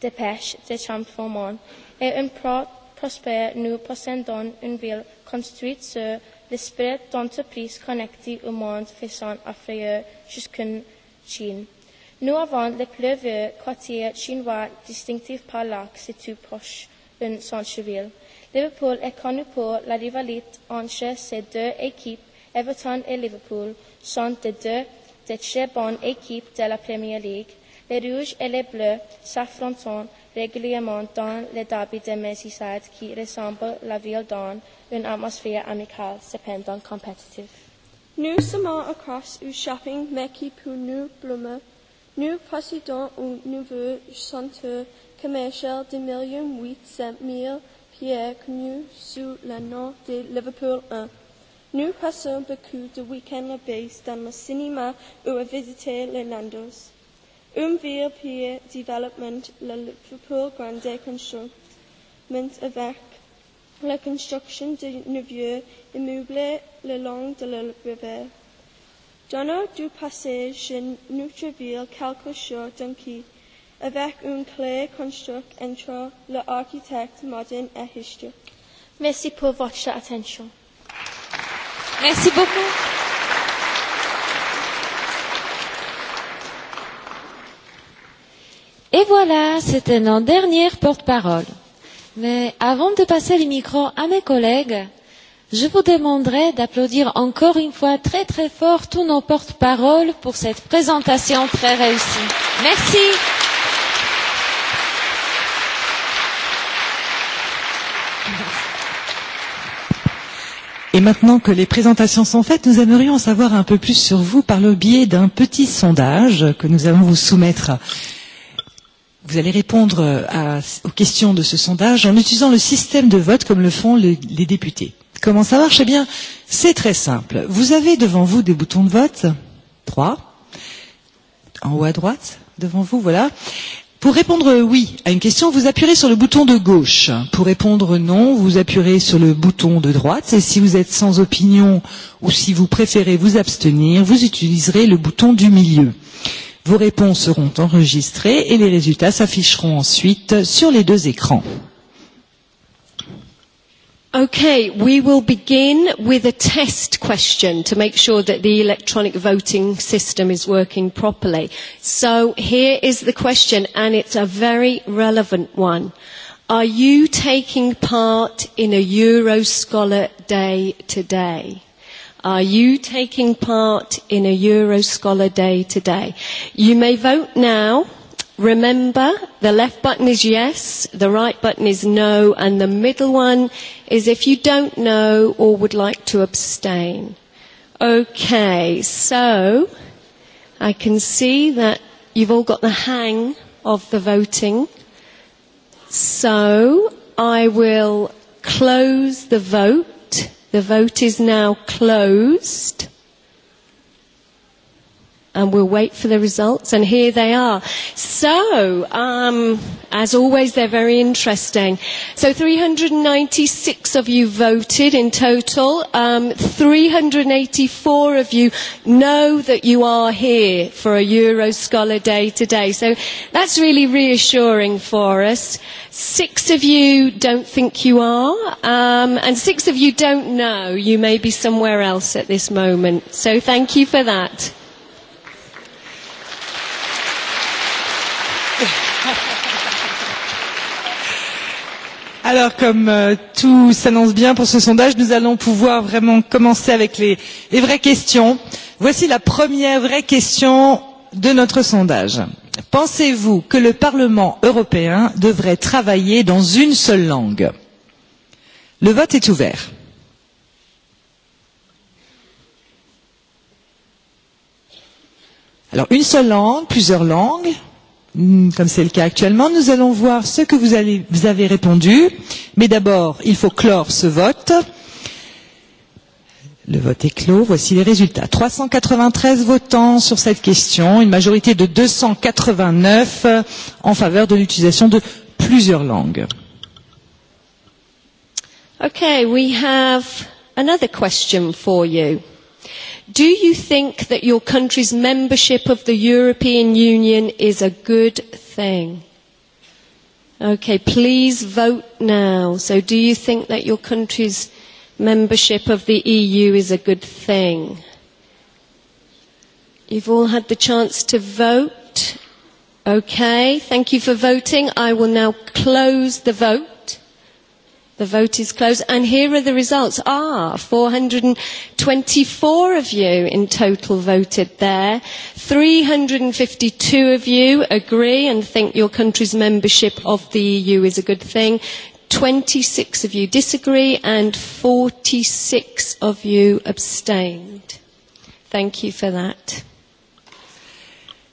de pêche de Champs-Formon Et un pro prospère. Nous possédons une ville construite sur l'esprit d'entreprise connectée au monde faisant offrir jusqu'en Chine. Nous avons le plus vieux quartier chinois distinctif par l'arc situé proche d'un centre-ville. Liverpool est connu pour la rivalité entre ces deux équipes. Everton et Liverpool sont de deux des très bonnes équipes de la Premier League. Les Rouges et les Bleus s'affrontent régulièrement dans les derbys de Merseyside qui ressemblent la ville dans une atmosphère amicale cependant compétitive. Nous sommes across Shopping Meki pour nous Blumer. Nous possédons un nouveau centre commercial de 1 800 000 qui est connu sous le nom de Liverpool 1. Nous passons beaucoup de week-ends base dans le cinéma ou à visiter les Landos. ville VLP development, le Liverpool Grande Construction, avec la construction de nouveaux immeubles le long de la rivière. Dans du passé, je nous quelques avec un clair construct entre l'architecte modern et historique. Merci pour votre attention. Merci beaucoup. Et voilà, c'était notre dernière porte-parole. Mais avant de passer le micro à mes collègues, je vous demanderai d'applaudir encore une fois très très fort tous nos porte-paroles pour cette présentation très réussie. Merci. Et maintenant que les présentations sont faites, nous aimerions en savoir un peu plus sur vous par le biais d'un petit sondage que nous allons vous soumettre. Vous allez répondre aux questions de ce sondage en utilisant le système de vote comme le font les, les députés. Comment ça marche Eh bien, c'est très simple. Vous avez devant vous des boutons de vote, trois, en haut à droite, devant vous, voilà. Pour répondre oui à une question, vous appuierez sur le bouton de gauche. Pour répondre non, vous appuierez sur le bouton de droite. Et si vous êtes sans opinion ou si vous préférez vous abstenir, vous utiliserez le bouton du milieu. Vos réponses seront enregistrées et les résultats s'afficheront ensuite sur les deux écrans. Okay, we will begin with a test question to make sure that the electronic voting system is working properly. So here is the question, and it's a very relevant one. Are you taking part in a Euroscholar Day today? Are you taking part in a Euroscholar Day today? You may vote now. Remember, the left button is yes, the right button is no, and the middle one is if you don't know or would like to abstain. Okay, so I can see that you've all got the hang of the voting. So I will close the vote. The vote is now closed and we'll wait for the results. And here they are. So, um, as always, they're very interesting. So 396 of you voted in total. Um, 384 of you know that you are here for a Euro Scholar Day today. So that's really reassuring for us. Six of you don't think you are, um, and six of you don't know. You may be somewhere else at this moment. So thank you for that. Alors, comme tout s'annonce bien pour ce sondage, nous allons pouvoir vraiment commencer avec les vraies questions. Voici la première vraie question de notre sondage. Pensez-vous que le Parlement européen devrait travailler dans une seule langue Le vote est ouvert. Alors, une seule langue, plusieurs langues comme c'est le cas actuellement. Nous allons voir ce que vous avez répondu. Mais d'abord, il faut clore ce vote. Le vote est clos. Voici les résultats. 393 votants sur cette question, une majorité de 289 en faveur de l'utilisation de plusieurs langues. Okay, we have another question for you. Do you think that your country's membership of the European Union is a good thing? Okay, please vote now. So do you think that your country's membership of the EU is a good thing? You've all had the chance to vote. Okay, thank you for voting. I will now close the vote. The vote is closed. And here are the results. Ah, 424 of you in total voted there. 352 of you agree and think your country's membership of the EU is a good thing. 26 of you disagree and 46 of you abstained. Thank you for that.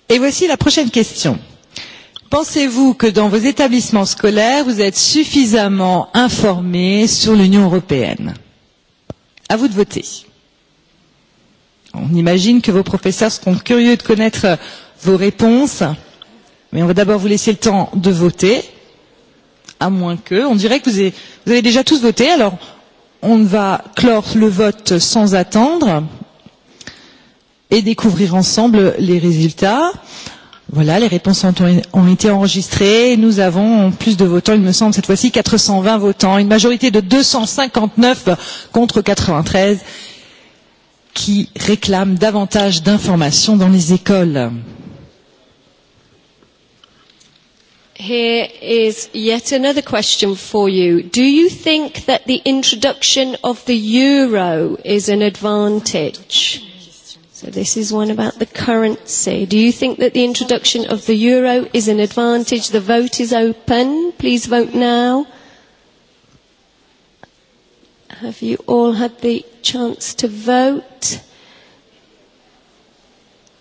Et voici la prochaine question. Pensez-vous que dans vos établissements scolaires, vous êtes suffisamment informés sur l'Union européenne À vous de voter. On imagine que vos professeurs seront curieux de connaître vos réponses, mais on va d'abord vous laisser le temps de voter, à moins que. On dirait que vous avez déjà tous voté, alors on va clore le vote sans attendre et découvrir ensemble les résultats. Voilà, les réponses ont été enregistrées. Nous avons plus de votants, il me semble, cette fois-ci 420 votants, une majorité de 259 contre 93 qui réclament davantage d'informations dans les écoles. Here is yet another question for you. Do you think that the introduction of the euro is an advantage? So this is one about the currency. Do you think that the introduction of the euro is an advantage? The vote is open. Please vote now. Have you all had the chance to vote?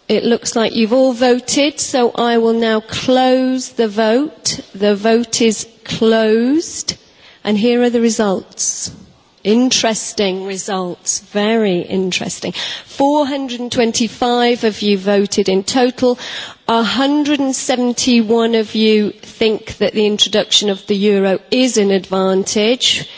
It looks like you've all voted, so I will now close the vote. The vote is closed. And here are the results. Interesting results. Very interesting. 425 of you voted in total. 171 of you think that the introduction of the euro is an advantage.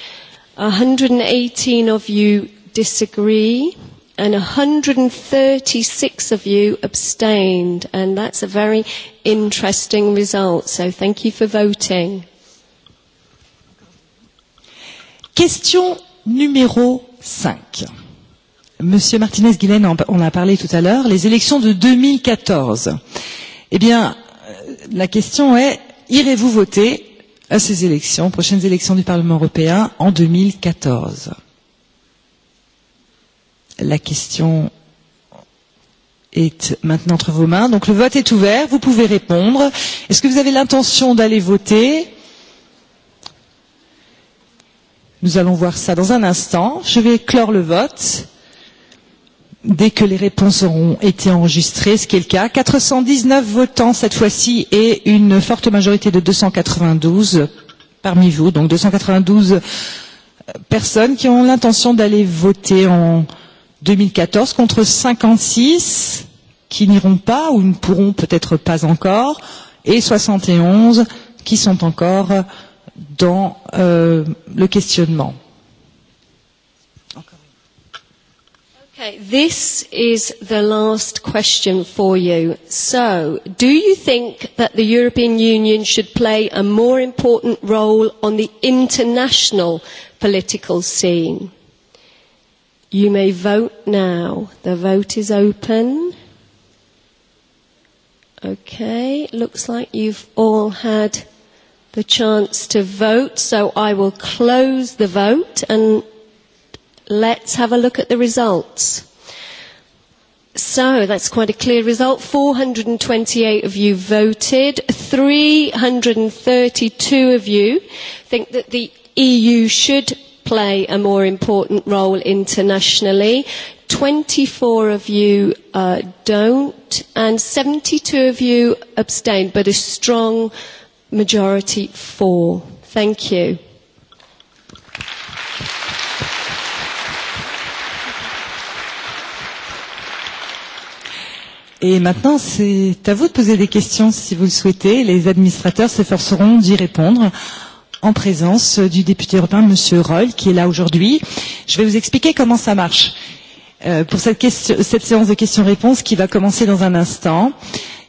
118 of you disagree. And 136 of you abstained. And that's a very interesting result. So thank you for voting. Question numéro 5. Monsieur Martinez-Guilaine, on a parlé tout à l'heure, les élections de 2014. Eh bien, la question est, irez-vous voter à ces élections, prochaines élections du Parlement européen en 2014 La question est maintenant entre vos mains. Donc le vote est ouvert, vous pouvez répondre. Est-ce que vous avez l'intention d'aller voter Nous allons voir ça dans un instant. Je vais clore le vote dès que les réponses auront été enregistrées, ce qui est le cas. 419 votants cette fois-ci et une forte majorité de 292 parmi vous. Donc 292 personnes qui ont l'intention d'aller voter en 2014 contre 56 qui n'iront pas ou ne pourront peut-être pas encore et 71 qui sont encore dans le questionnement. Okay, this is the last question for you. So, do you think that the European Union should play a more important role on the international political scene? You may vote now. The vote is open. Okay, looks like you've all had the chance to vote, so I will close the vote and let's have a look at the results. So that's quite a clear result. 428 of you voted. 332 of you think that the EU should play a more important role internationally. 24 of you don't, and 72 of you abstained, but a strong majority for. Thank you. Et maintenant, c'est à vous de poser des questions si vous le souhaitez. Les administrateurs s'efforceront d'y répondre en présence du député européen, M. Reul, qui est là aujourd'hui. Je vais vous expliquer comment ça marche pour cette, cette séance de questions-réponses qui va commencer dans un instant.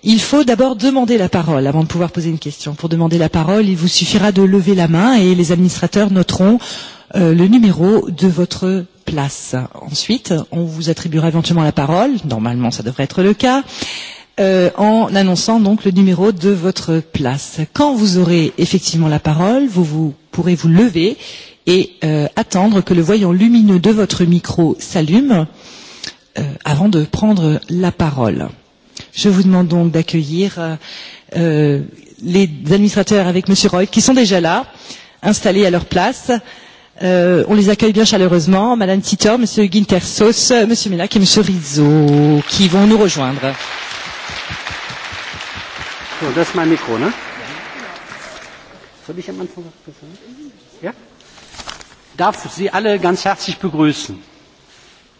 Il faut d'abord demander la parole avant de pouvoir poser une question. Pour demander la parole, il vous suffira de lever la main et les administrateurs noteront le numéro de votre place. Ensuite, on vous attribuera éventuellement la parole, normalement ça devrait être le cas, en annonçant donc le numéro de votre place. Quand vous aurez effectivement la parole, vous pourrez vous lever et attendre que le voyant lumineux de votre micro s'allume avant de prendre la parole. Je vous demande donc d'accueillir les administrateurs avec M. Roy, qui sont déjà là, installés à leur place. On les accueille bien chaleureusement, Madame Titor, M. Guintersos, M. Mélac et M. Rizzo, qui vont nous rejoindre. Ja? Darf Sie alle ganz herzlich begrüßen.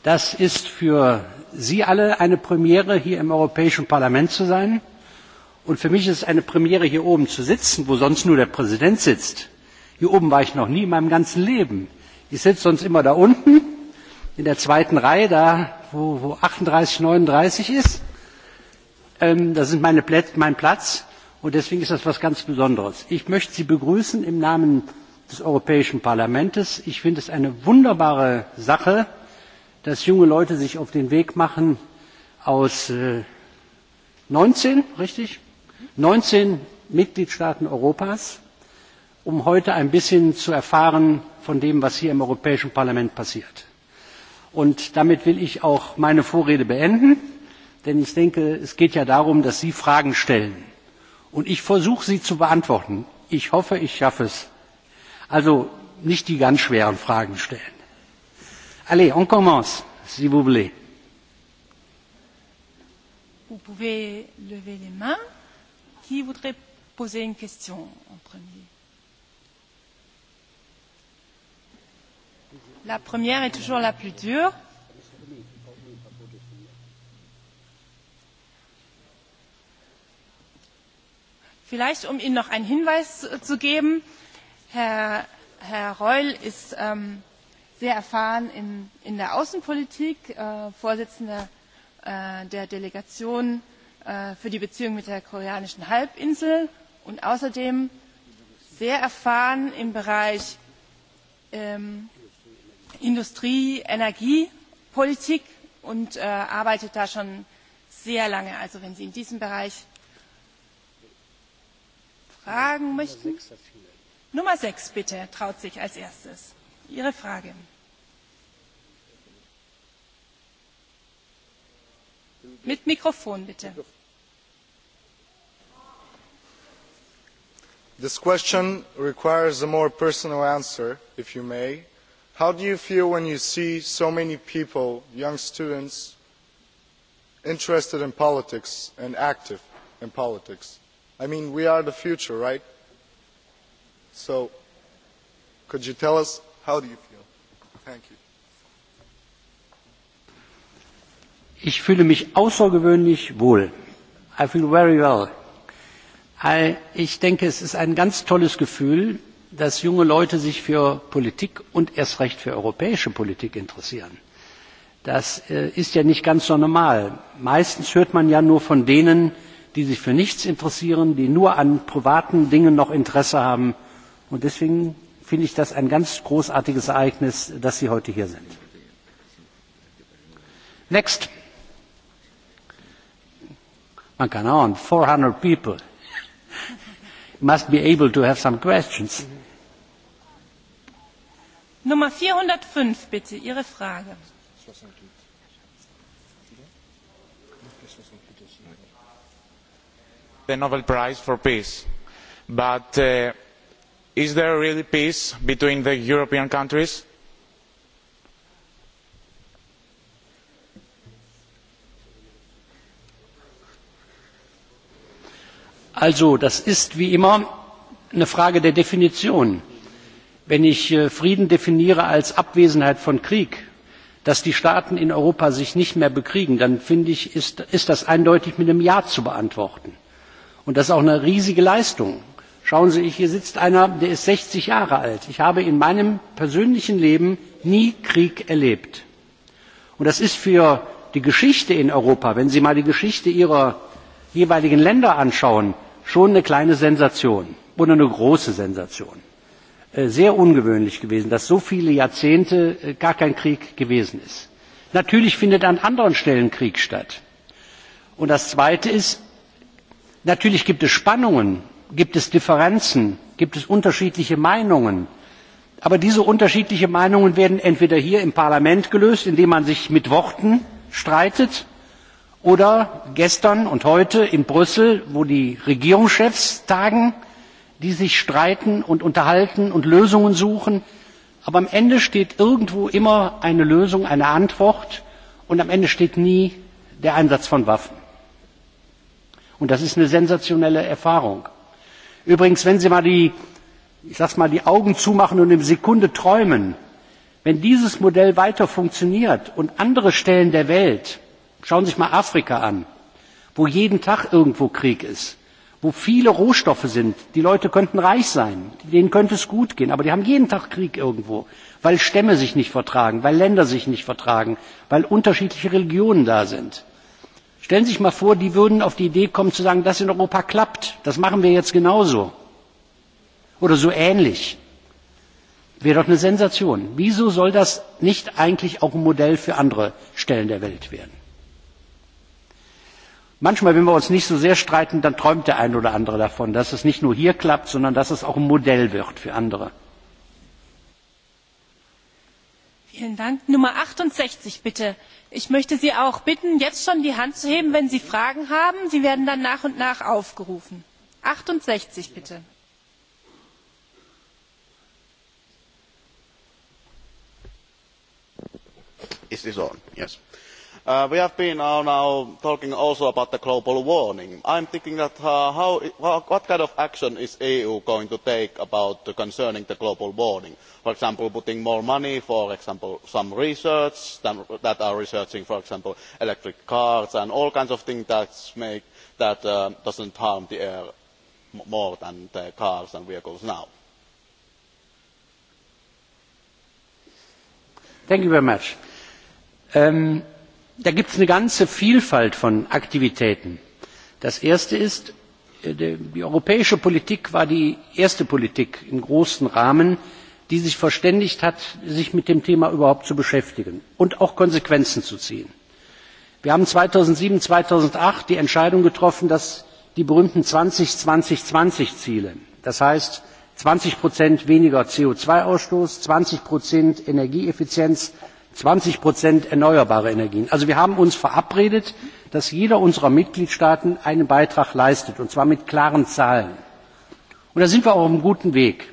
Das ist für Sie alle eine Premiere hier im Europäischen Parlament zu sein. Und für mich ist es eine Premiere, hier oben zu sitzen, wo sonst nur der Präsident sitzt. Hier oben war ich noch nie in meinem ganzen Leben. Ich sitze sonst immer da unten, in der zweiten Reihe, da wo 38, 39 ist. Das ist mein Platz und deswegen ist das etwas ganz Besonderes. Ich möchte Sie begrüßen im Namen des Europäischen Parlaments. Ich finde es eine wunderbare Sache, dass junge Leute sich auf den Weg machen aus 19, 19 Mitgliedstaaten Europas, um heute ein bisschen zu erfahren von dem, was hier im Europäischen Parlament passiert. Und damit will ich auch meine Vorrede beenden, denn ich denke, es geht ja darum, dass Sie Fragen stellen. Und ich versuche, sie zu beantworten. Ich hoffe, ich schaffe es. Also nicht die ganz schweren Fragen stellen. Allez, on commence, si vous voulez. Vous pouvez lever les mains. Qui voudrait poser une question en premier La première est toujours la plus dure. Vielleicht, um Ihnen noch einen Hinweis zu geben, Herr Reul ist ähm, sehr erfahren in der Außenpolitik, Vorsitzender der Delegation für die Beziehung mit der koreanischen Halbinsel und außerdem sehr erfahren im Bereich Industrie, Energiepolitik und arbeitet da schon sehr lange. Also wenn Sie in diesem Bereich fragen möchten. Nummer 6 bitte, traut sich als erstes. Ihre Frage. Mit Mikrofon bitte. This question requires a more personal answer, if you may. How do you feel when you see so many people, young students, interested in politics and active in politics? I mean, we are the future, right? So, could you tell us how do you feel? Thank you. Ich fühle mich außergewöhnlich wohl. I feel very well. Ich denke, es ist ein ganz tolles Gefühl, dass junge Leute sich für Politik und erst recht für europäische Politik interessieren. Das ist ja nicht ganz so normal. Meistens hört man ja nur von denen, die sich für nichts interessieren, die nur an privaten Dingen noch Interesse haben. Und deswegen finde ich das ein ganz großartiges Ereignis, dass Sie heute hier sind. Next. Man can on, 400 people. Must be able to have some questions. Nummer 405, bitte, Ihre Frage. The Nobel Prize for Peace. But is there really peace between the European countries? Also, das ist wie immer eine Frage der Definition. Wenn ich Frieden definiere als Abwesenheit von Krieg, dass die Staaten in Europa sich nicht mehr bekriegen, dann finde ich, ist das eindeutig mit einem Ja zu beantworten. Und das ist auch eine riesige Leistung. Schauen Sie, hier sitzt einer, der ist 60 Jahre alt. Ich habe in meinem persönlichen Leben nie Krieg erlebt. Und das ist für die Geschichte in Europa, wenn Sie mal die Geschichte Ihrer jeweiligen Länder anschauen, schon eine kleine Sensation oder eine große Sensation. Sehr ungewöhnlich gewesen, dass so viele Jahrzehnte gar kein Krieg gewesen ist. Natürlich findet an anderen Stellen Krieg statt. Und das Zweite ist, natürlich gibt es Spannungen, gibt es Differenzen, gibt es unterschiedliche Meinungen. Aber diese unterschiedlichen Meinungen werden entweder hier im Parlament gelöst, indem man sich mit Worten streitet, oder gestern und heute in Brüssel, wo die Regierungschefs tagen, die sich streiten und unterhalten und Lösungen suchen. Aber am Ende steht irgendwo immer eine Lösung, eine Antwort und am Ende steht nie der Einsatz von Waffen. Und das ist eine sensationelle Erfahrung. Übrigens, wenn Sie mal die, ich mal, die Augen zumachen und im Sekunde träumen, wenn dieses Modell weiter funktioniert und andere Stellen der Welt schauen sie sich mal afrika an wo jeden tag irgendwo krieg ist wo viele rohstoffe sind die leute könnten reich sein denen könnte es gut gehen aber die haben jeden tag krieg irgendwo weil stämme sich nicht vertragen weil länder sich nicht vertragen weil unterschiedliche religionen da sind. stellen sie sich mal vor die würden auf die idee kommen zu sagen das in europa klappt das machen wir jetzt genauso oder so ähnlich. wäre doch eine sensation. wieso soll das nicht eigentlich auch ein modell für andere stellen der welt werden? Manchmal, wenn wir uns nicht so sehr streiten, dann träumt der ein oder andere davon, dass es nicht nur hier klappt, sondern dass es auch ein Modell wird für andere. Vielen Dank. Nummer 68, bitte. Ich möchte Sie auch bitten, jetzt schon die Hand zu heben, wenn Sie Fragen haben. Sie werden dann nach und nach aufgerufen. 68, bitte we have been now talking also about the global warming. i am thinking what kind of action is the eu going to take concerning the global warming for example putting more money for example some research that are researching for example electric cars and all kinds of things that that not harm the air more than cars and vehicles now? thank you very much da gibt es eine ganze Vielfalt von Aktivitäten. Das erste ist, die europäische Politik war die erste Politik im großen Rahmen, die sich verständigt hat, sich mit dem Thema überhaupt zu beschäftigen und auch Konsequenzen zu ziehen. Wir haben 2007, 2008 die Entscheidung getroffen, dass die berühmten 20-20-20-Ziele, das heißt 20 weniger CO2-Ausstoß, 20 Energieeffizienz, 20 erneuerbare energien. also wir haben uns verabredet dass jeder unserer mitgliedstaaten einen beitrag leistet und zwar mit klaren zahlen. und da sind wir auch auf einem guten weg.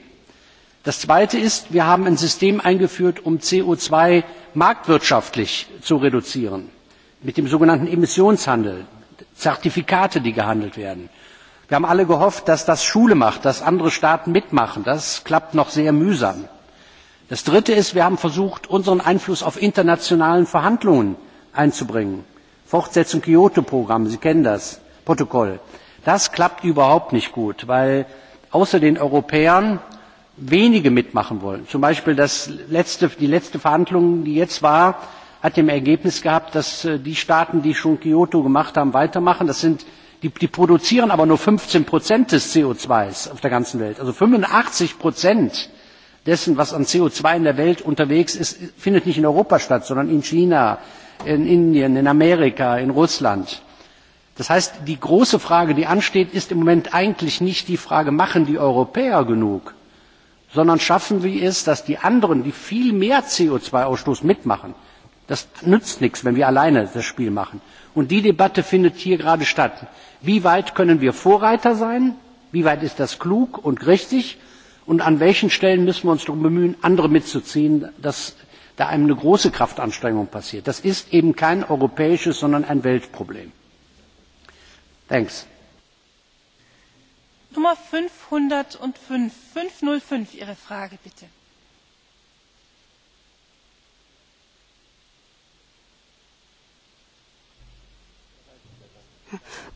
das zweite ist wir haben ein system eingeführt um co 2 marktwirtschaftlich zu reduzieren mit dem sogenannten emissionshandel zertifikate die gehandelt werden. wir haben alle gehofft dass das schule macht dass andere staaten mitmachen. das klappt noch sehr mühsam das dritte ist wir haben versucht unseren einfluss auf internationalen verhandlungen einzubringen fortsetzung kyoto programm sie kennen das protokoll das klappt überhaupt nicht gut weil außer den europäern wenige mitmachen wollen zum beispiel die letzte verhandlung die jetzt war hat dem ergebnis gehabt dass die staaten die schon kyoto gemacht haben weitermachen die produzieren aber nur fünfzehn des co zwei auf der ganzen welt also 85 dessen, was an CO 2 in der Welt unterwegs ist, findet nicht in Europa statt, sondern in China, in Indien, in Amerika, in Russland. Das heißt, die große Frage, die ansteht, ist im Moment eigentlich nicht die Frage Machen die Europäer genug, sondern schaffen wir es, dass die anderen, die viel mehr CO 2 Ausstoß mitmachen das nützt nichts, wenn wir alleine das Spiel machen. Und die Debatte findet hier gerade statt. Wie weit können wir Vorreiter sein? Wie weit ist das klug und richtig? und an welchen Stellen müssen wir uns darum bemühen, andere mitzuziehen, dass da einem eine große Kraftanstrengung passiert. Das ist eben kein europäisches, sondern ein Weltproblem. Thanks. Nummer 505, 505, Ihre Frage bitte.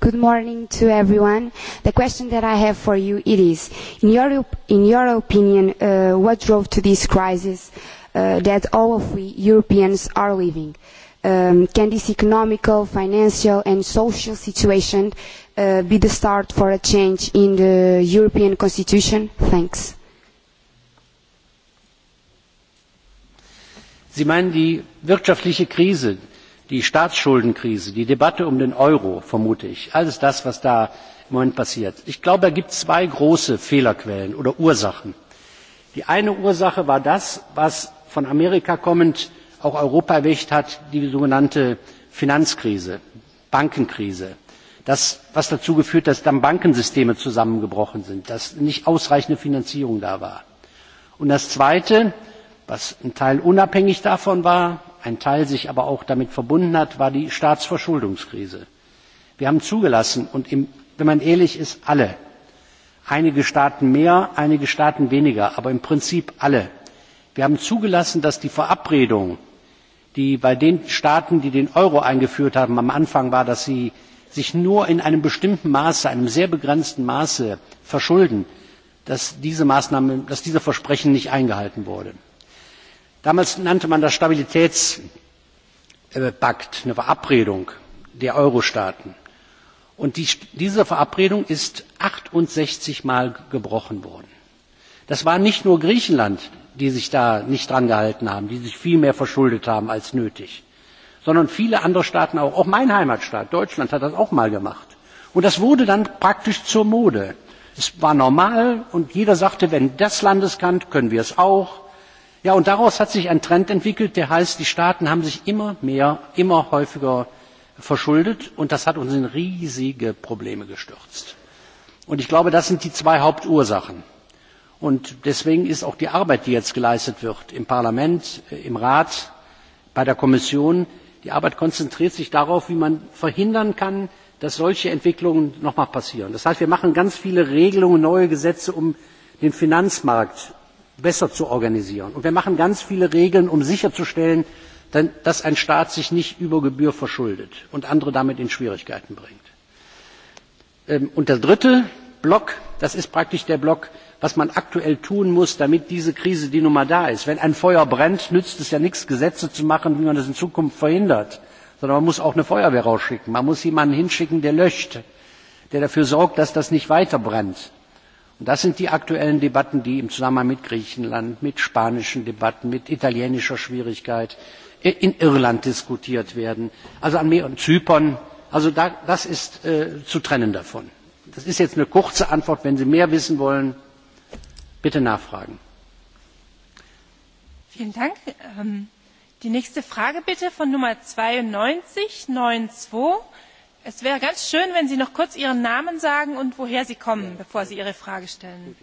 Good morning to everyone. The question that I have for you it is, in your in your opinion, what drove to this crisis that all of we Europeans are living? Can this economical, financial and social situation be the start for a change in the European Constitution? Thanks. Sie meinen die wirtschaftliche Krise, die staatsschuldenkrise die debatte um den euro vermute ich alles das was da im moment passiert ich glaube es gibt zwei große fehlerquellen oder ursachen. die eine ursache war das was von amerika kommend auch europa erwischt hat die sogenannte finanzkrise bankenkrise was dazu geführt hat dass dann bankensysteme zusammengebrochen sind dass nicht ausreichende finanzierung da war. und das zweite was zum teil unabhängig davon war ein Teil sich aber auch damit verbunden hat, war die Staatsverschuldungskrise. Wir haben zugelassen, und wenn man ehrlich ist, alle, einige Staaten mehr, einige Staaten weniger, aber im Prinzip alle, wir haben zugelassen, dass die Verabredung, die bei den Staaten, die den Euro eingeführt haben, am Anfang war, dass sie sich nur in einem bestimmten Maße, einem sehr begrenzten Maße verschulden, dass diese Versprechen nicht eingehalten wurde damals nannte man das stabilitätspakt eine verabredung der eurostaaten und diese verabredung ist 68 mal gebrochen worden. das war nicht nur griechenland die sich da nicht dran gehalten haben die sich viel mehr verschuldet haben als nötig sondern viele andere staaten auch. auch mein heimatstaat deutschland hat das auch mal gemacht. und das wurde dann praktisch zur mode. es war normal und jeder sagte wenn das land es kann können wir es auch und daraus hat sich ein Trend entwickelt, der heißt, die Staaten haben sich immer mehr, immer häufiger verschuldet und das hat uns in riesige Probleme gestürzt. Und ich glaube, das sind die zwei Hauptursachen. Und deswegen ist auch die Arbeit, die jetzt geleistet wird im Parlament, im Rat, bei der Kommission, die Arbeit konzentriert sich darauf, wie man verhindern kann, dass solche Entwicklungen noch einmal passieren. Das heißt, wir machen ganz viele Regelungen, neue Gesetze, um den Finanzmarkt besser zu organisieren. Und wir machen ganz viele Regeln, um sicherzustellen, dass ein Staat sich nicht über Gebühr verschuldet und andere damit in Schwierigkeiten bringt. der dritte Block, das ist praktisch der Block, was man aktuell tun muss, damit diese Krise, die nun mal da ist, wenn ein Feuer brennt, nützt es ja nichts, Gesetze zu machen, wie man das in Zukunft verhindert, sondern man muss auch eine Feuerwehr rausschicken, man muss jemanden hinschicken, der löscht, der dafür sorgt, dass das nicht weiter brennt. Das sind die aktuellen Debatten, die im Zusammenhang mit Griechenland, mit spanischen Debatten, mit italienischer Schwierigkeit in Irland diskutiert werden, also an mehreren Zypern. Also das ist zu trennen davon. Das ist jetzt eine kurze Antwort. Wenn Sie mehr wissen wollen, bitte nachfragen. Vielen Dank. Die nächste Frage bitte von Nummer 9292. Es wäre ganz schön, wenn Sie noch kurz Ihren Namen sagen und woher Sie kommen, bevor Sie Ihre Frage stellen.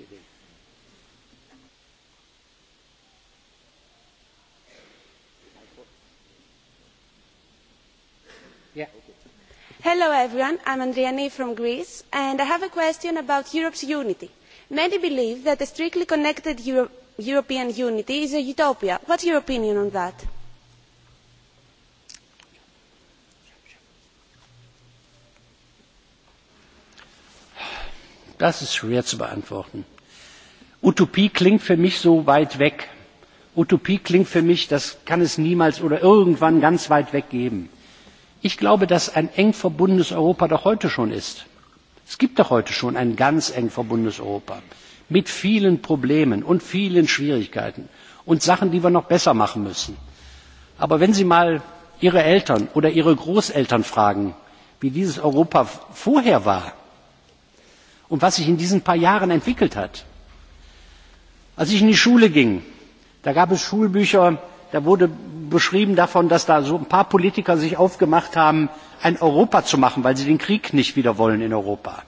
Hello everyone, I'm Andriani from Greece and I have a question about Europe's unity. Many believe that a strictly connected European unity is a utopia. What's your opinion on that? Das ist schwer zu beantworten. Utopie klingt für mich so weit weg. Utopie klingt für mich, das kann es niemals oder irgendwann ganz weit weg geben. Ich glaube, dass ein eng verbundenes Europa doch heute schon ist. Es gibt doch heute schon ein ganz eng verbundenes Europa mit vielen Problemen und vielen Schwierigkeiten und Sachen, die wir noch besser machen müssen. Aber wenn Sie mal Ihre Eltern oder Ihre Großeltern fragen, wie dieses Europa vorher war, und was sich in diesen paar Jahren entwickelt hat. Als ich in die Schule ging, da gab es Schulbücher, da wurde beschrieben davon, dass da so ein paar Politiker sich aufgemacht haben, ein Europa zu machen, weil sie den Krieg nicht wieder wollen in Europa.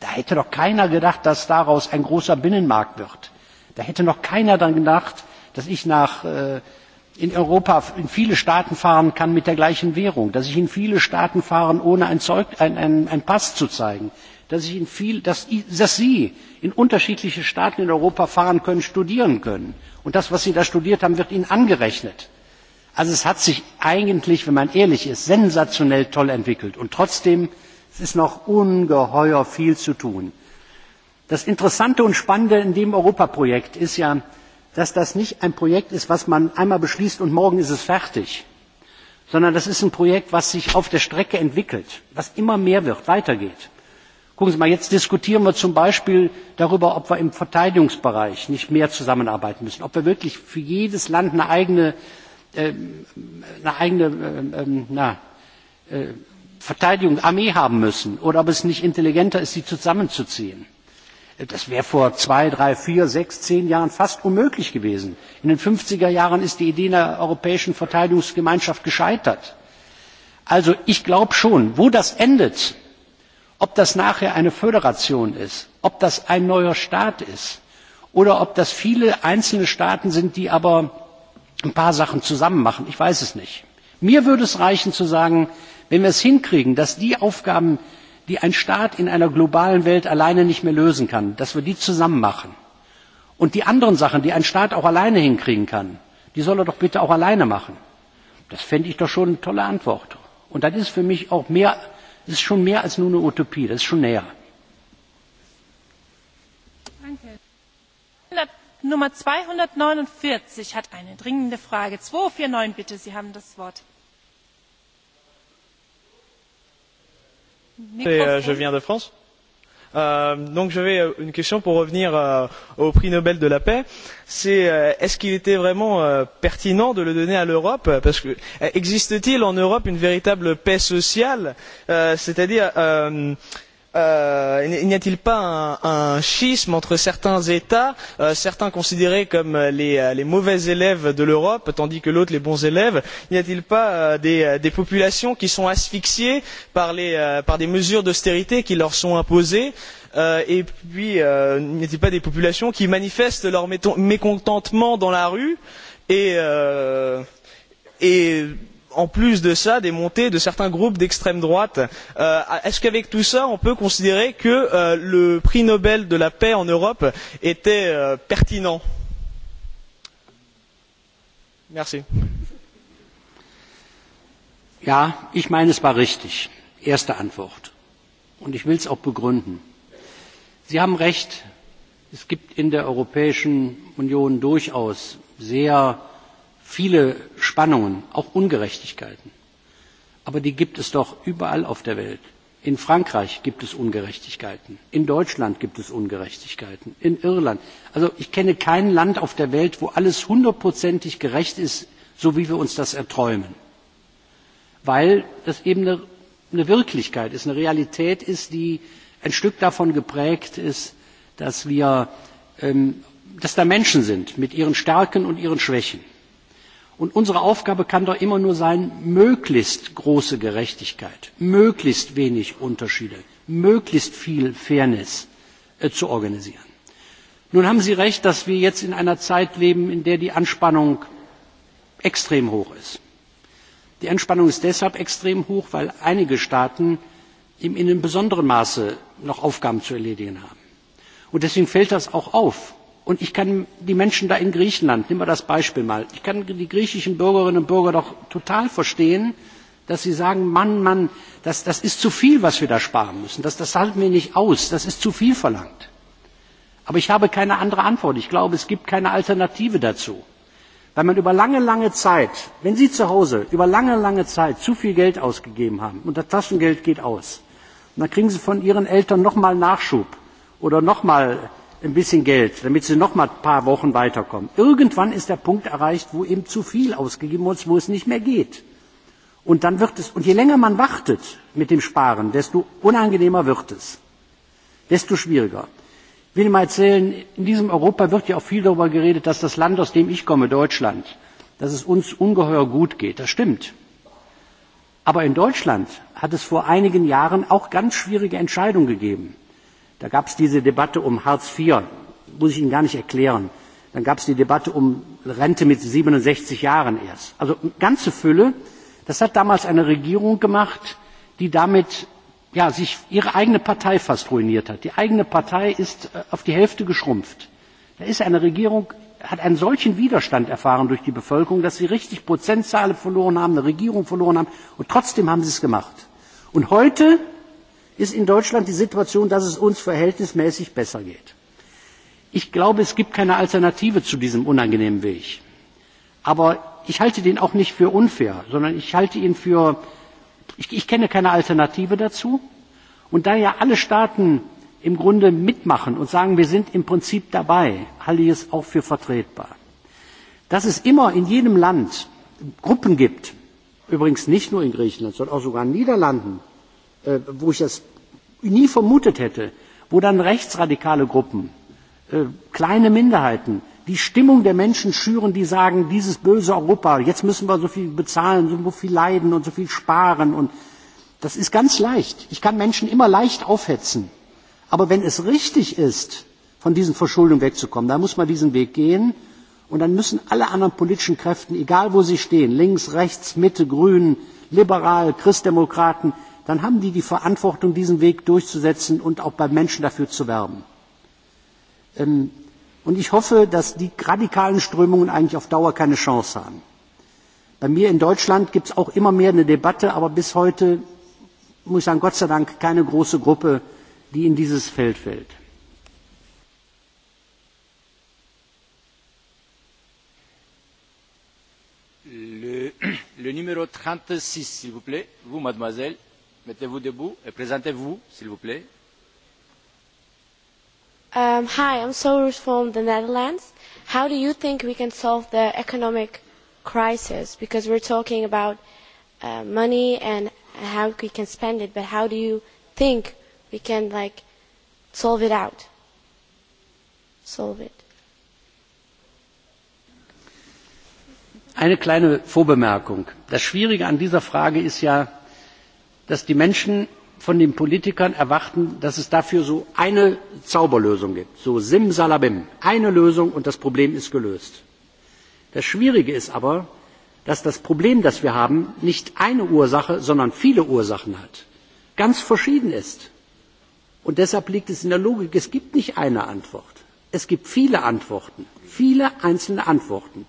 Da hätte doch keiner gedacht, dass daraus ein großer Binnenmarkt wird. Da hätte noch keiner daran gedacht, dass ich in Europa in viele Staaten fahren kann mit der gleichen Währung, dass ich in viele Staaten fahren, ohne einen Pass zu zeigen dass Sie in unterschiedliche Staaten in Europa fahren können, studieren können. Und das, was Sie da studiert haben, wird Ihnen angerechnet. Also es hat sich eigentlich, wenn man ehrlich ist, sensationell toll entwickelt. Und trotzdem ist noch ungeheuer viel zu tun. Das Interessante und Spannende in dem Europaprojekt ist ja, dass das nicht ein Projekt ist, das man einmal beschließt und morgen ist es fertig, sondern das ist ein Projekt, das sich auf der Strecke entwickelt, was immer mehr wird, weitergeht. Gucken Sie mal, jetzt diskutieren wir zum Beispiel darüber, ob wir im Verteidigungsbereich nicht mehr zusammenarbeiten müssen, ob wir wirklich für jedes Land eine eigene Verteidigung, Armee haben müssen oder ob es nicht intelligenter ist, sie zusammenzuziehen. Das wäre vor zwei, drei, vier, sechs, zehn Jahren fast unmöglich gewesen. In den 50er Jahren ist die Idee einer europäischen Verteidigungsgemeinschaft gescheitert. Also ich glaube schon, wo das endet, ob das nachher eine föderation ist ob das ein neuer staat ist oder ob das viele einzelne staaten sind die aber ein paar sachen zusammen machen ich weiß es nicht. mir würde es reichen zu sagen wenn wir es hinkriegen dass die aufgaben die ein staat in einer globalen welt alleine nicht mehr lösen kann dass wir die zusammen machen und die anderen sachen die ein staat auch alleine hinkriegen kann die soll er doch bitte auch alleine machen. das fände ich doch schon eine tolle antwort. und das ist für mich auch mehr. Das ist schon mehr als nur eine Utopie, das ist schon näher. Danke. Nummer 249 hat eine dringende Frage. 249 bitte, Sie haben das Wort. Je viens de France donc j'avais une question pour revenir au prix Nobel de la paix. C'est est-ce qu'il était vraiment pertinent de le donner à l'Europe Parce que existe-t-il en Europe une véritable paix sociale C'est-à-dire n'y a t il pas un schisme entre certains états certains considérés comme les mauvais élèves de l'europe tandis que l'autre les bons élèves? n'y a t il pas des populations qui sont asphyxiées par des mesures d'austérité qui leur sont imposées et puis n'y a t il pas des populations qui manifestent leur mécontentement dans la rue et en plus de cela des montées de certains groupes d'extrême droite. est ce qu'avec tout cela on peut considérer que le prix nobel de la paix en europe était pertinent? merci. ja ich meine es war richtig erste antwort und ich will es auch begründen. sie haben recht es gibt in der europäischen union durchaus sehr viele Spannungen, auch Ungerechtigkeiten. Aber die gibt es doch überall auf der Welt. In Frankreich gibt es Ungerechtigkeiten, in Deutschland gibt es Ungerechtigkeiten, in Irland. Also ich kenne kein Land auf der Welt, wo alles hundertprozentig gerecht ist, so wie wir uns das erträumen. Weil das eben eine Wirklichkeit ist, eine Realität ist, die ein Stück davon geprägt ist, dass wir, da Menschen sind mit ihren Stärken und ihren Schwächen Und unsere Aufgabe kann doch immer nur sein, möglichst große Gerechtigkeit, möglichst wenig Unterschiede, möglichst viel Fairness zu organisieren. Nun haben Sie recht, dass wir jetzt in einer Zeit leben, in der die Anspannung extrem hoch ist. Die Anspannung ist deshalb extrem hoch, weil einige Staaten in einem besonderen Maße noch Aufgaben zu erledigen haben. deswegen fällt das auch auf und ich kann die menschen da in griechenland nehmen wir das beispiel mal ich kann die griechischen bürgerinnen und bürger doch total verstehen dass sie sagen mann mann das ist zu viel was wir da sparen müssen das halten wir nicht aus das ist zu viel verlangt. aber ich habe keine andere antwort ich glaube es gibt keine alternative dazu weil man über lange lange zeit wenn sie zu hause über lange lange zeit zu viel geld ausgegeben haben und das taschengeld geht aus dann kriegen sie von ihren eltern noch mal nachschub oder noch mal ein bisschen Geld, damit sie noch mal ein paar Wochen weiterkommen. Irgendwann ist der Punkt erreicht, wo eben zu viel ausgegeben wird, wo es nicht mehr geht. Und dann wird es, und je länger man wartet mit dem Sparen, desto unangenehmer wird es. Desto schwieriger. Ich will Ihnen mal erzählen, in diesem Europa wird ja auch viel darüber geredet, dass das Land, aus dem ich komme, Deutschland, dass es uns ungeheuer gut geht. Das stimmt. Aber in Deutschland hat es vor einigen Jahren auch ganz schwierige Entscheidungen gegeben Da gab es diese Debatte um Hartz IV, muss ich Ihnen gar nicht erklären. Dann gab es die Debatte um Rente mit 67 Jahren erst. Also eine ganze Fülle. Das hat damals eine Regierung gemacht, die damit ja, sich ihre eigene Partei fast ruiniert hat. Die eigene Partei ist auf die Hälfte geschrumpft. Da ist eine Regierung, hat einen solchen Widerstand erfahren durch die Bevölkerung, dass sie richtig Prozentzahlen verloren haben, eine Regierung verloren haben und trotzdem haben sie es gemacht. Und heute ist in Deutschland die Situation, dass es uns verhältnismäßig besser geht. Ich glaube, es gibt keine Alternative zu diesem unangenehmen Weg. Aber ich halte den auch nicht für unfair, sondern ich halte ihn für, ich kenne keine Alternative dazu. Und da ja alle Staaten im Grunde mitmachen und sagen, wir sind im Prinzip dabei, halte ich es auch für vertretbar. Dass es immer in jedem Land Gruppen gibt, übrigens nicht nur in Griechenland, sondern auch sogar in den Niederlanden, wo ich das nie vermutet hätte, wo dann rechtsradikale Gruppen, kleine Minderheiten, die Stimmung der Menschen schüren, die sagen, dieses böse Europa, jetzt müssen wir so viel bezahlen, so viel leiden und so viel sparen. Und das ist ganz leicht. Ich kann Menschen immer leicht aufhetzen. Aber wenn es richtig ist, von diesen Verschuldungen wegzukommen, dann muss man diesen Weg gehen. Und dann müssen alle anderen politischen Kräften, egal wo sie stehen, links, rechts, Mitte, Grün, liberal, Christdemokraten, dann haben die die Verantwortung, diesen Weg durchzusetzen und auch bei Menschen dafür zu werben. Und ich hoffe, dass die radikalen Strömungen eigentlich auf Dauer keine Chance haben. Bei mir in Deutschland gibt es auch immer mehr eine Debatte, aber bis heute muss ich sagen, Gott sei Dank keine große Gruppe, die in dieses Feld fällt. Le numéro 36, s'il vous plaît, vous, mademoiselle. Mettez-vous debout et présentez-vous, s'il vous plaît. Um, hi, I'm Soros from the Netherlands. How do you think we can solve the economic crisis? Because we're talking about uh, money and how we can spend it, but how do you think we can like solve it out? Solve it. Eine kleine Vorbemerkung. Das Schwierige an dieser Frage ist ja, dass die menschen von den politikern erwarten dass es dafür so eine zauberlösung gibt so simsalabim eine lösung und das problem ist gelöst. das schwierige ist aber dass das problem das wir haben nicht eine ursache sondern viele ursachen hat ganz verschieden ist. und deshalb liegt es in der logik es gibt nicht eine antwort es gibt viele antworten viele einzelne antworten.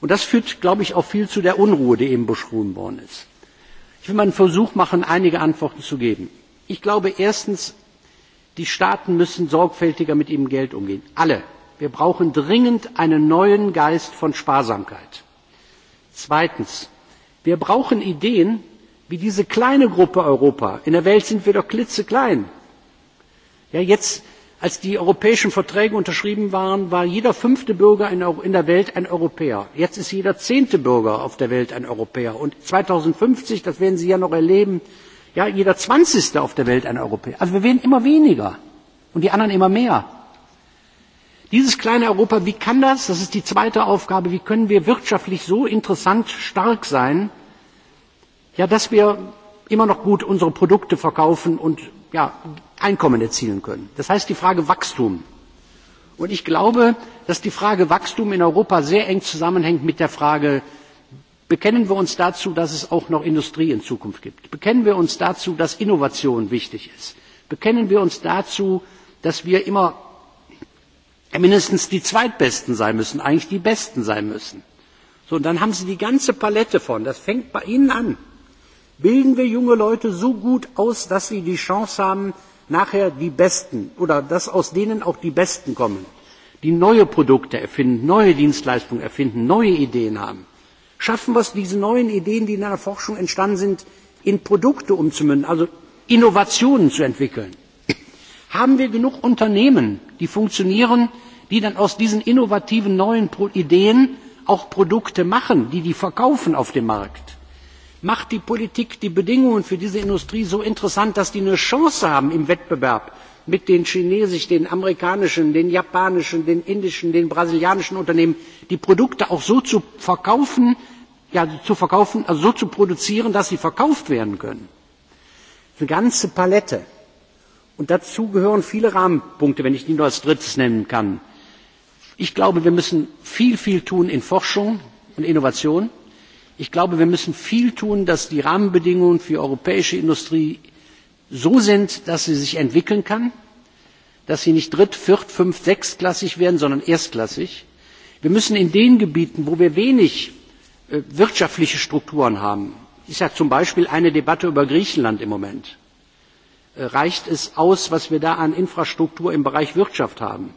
und das führt glaube ich auch viel zu der unruhe die eben beschrieben worden ist. Ich will mal einen Versuch machen, einige Antworten zu geben. Ich glaube erstens, die Staaten müssen sorgfältiger mit ihrem Geld umgehen. Alle. Wir brauchen dringend einen neuen Geist von Sparsamkeit. Zweitens, wir brauchen Ideen, wie diese kleine Gruppe Europa. In der Welt sind wir doch klitzeklein als die europäischen verträge unterschrieben waren war jeder fünfte bürger in der welt ein europäer. jetzt ist jeder zehnte bürger auf der welt ein europäer und 2050 das werden sie ja noch erleben jeder zwanzigste auf der welt ein europäer. also wir werden immer weniger und die anderen immer mehr. dieses kleine europa wie kann das das ist die zweite aufgabe wie können wir wirtschaftlich so interessant stark sein dass wir immer noch gut unsere produkte verkaufen Einkommen erzielen können. Das heißt die Frage Wachstum. Und ich glaube, dass die Frage Wachstum in Europa sehr eng zusammenhängt mit der Frage Bekennen wir uns dazu, dass es auch noch Industrie in Zukunft gibt? Bekennen wir uns dazu, dass Innovation wichtig ist? Bekennen wir uns dazu, dass wir immer mindestens die Zweitbesten sein müssen, eigentlich die Besten sein müssen? und dann haben Sie die ganze Palette von. Das fängt bei Ihnen an bilden wir junge Leute so gut aus, dass sie die Chance haben, nachher die Besten oder dass aus denen auch die Besten kommen, die neue Produkte erfinden, neue Dienstleistungen erfinden, neue Ideen haben. Schaffen wir es, diese neuen Ideen, die in der Forschung entstanden sind, in Produkte umzumünzen, also Innovationen zu entwickeln. Haben wir genug Unternehmen, die funktionieren, die dann aus diesen innovativen neuen Ideen auch Produkte machen, die die verkaufen auf dem Markt? macht die politik die bedingungen für diese industrie so interessant dass sie eine chance haben im wettbewerb mit den chinesischen den amerikanischen den japanischen den indischen den brasilianischen unternehmen die produkte auch so zu verkaufen so zu produzieren dass sie verkauft werden können? eine ganze palette. und dazu gehören viele rahmenpunkte wenn ich die nur als drittes nennen kann. ich glaube wir müssen viel viel tun in forschung und innovation ich glaube wir müssen viel tun dass die rahmenbedingungen für die europäische industrie so sind dass sie sich entwickeln kann dass sie nicht dritt viert fünf sechstklassig werden sondern erstklassig. wir müssen in den gebieten wo wir wenig wirtschaftliche strukturen haben ist ja zum beispiel eine debatte über griechenland im moment reicht es aus was wir da an infrastruktur im bereich wirtschaft haben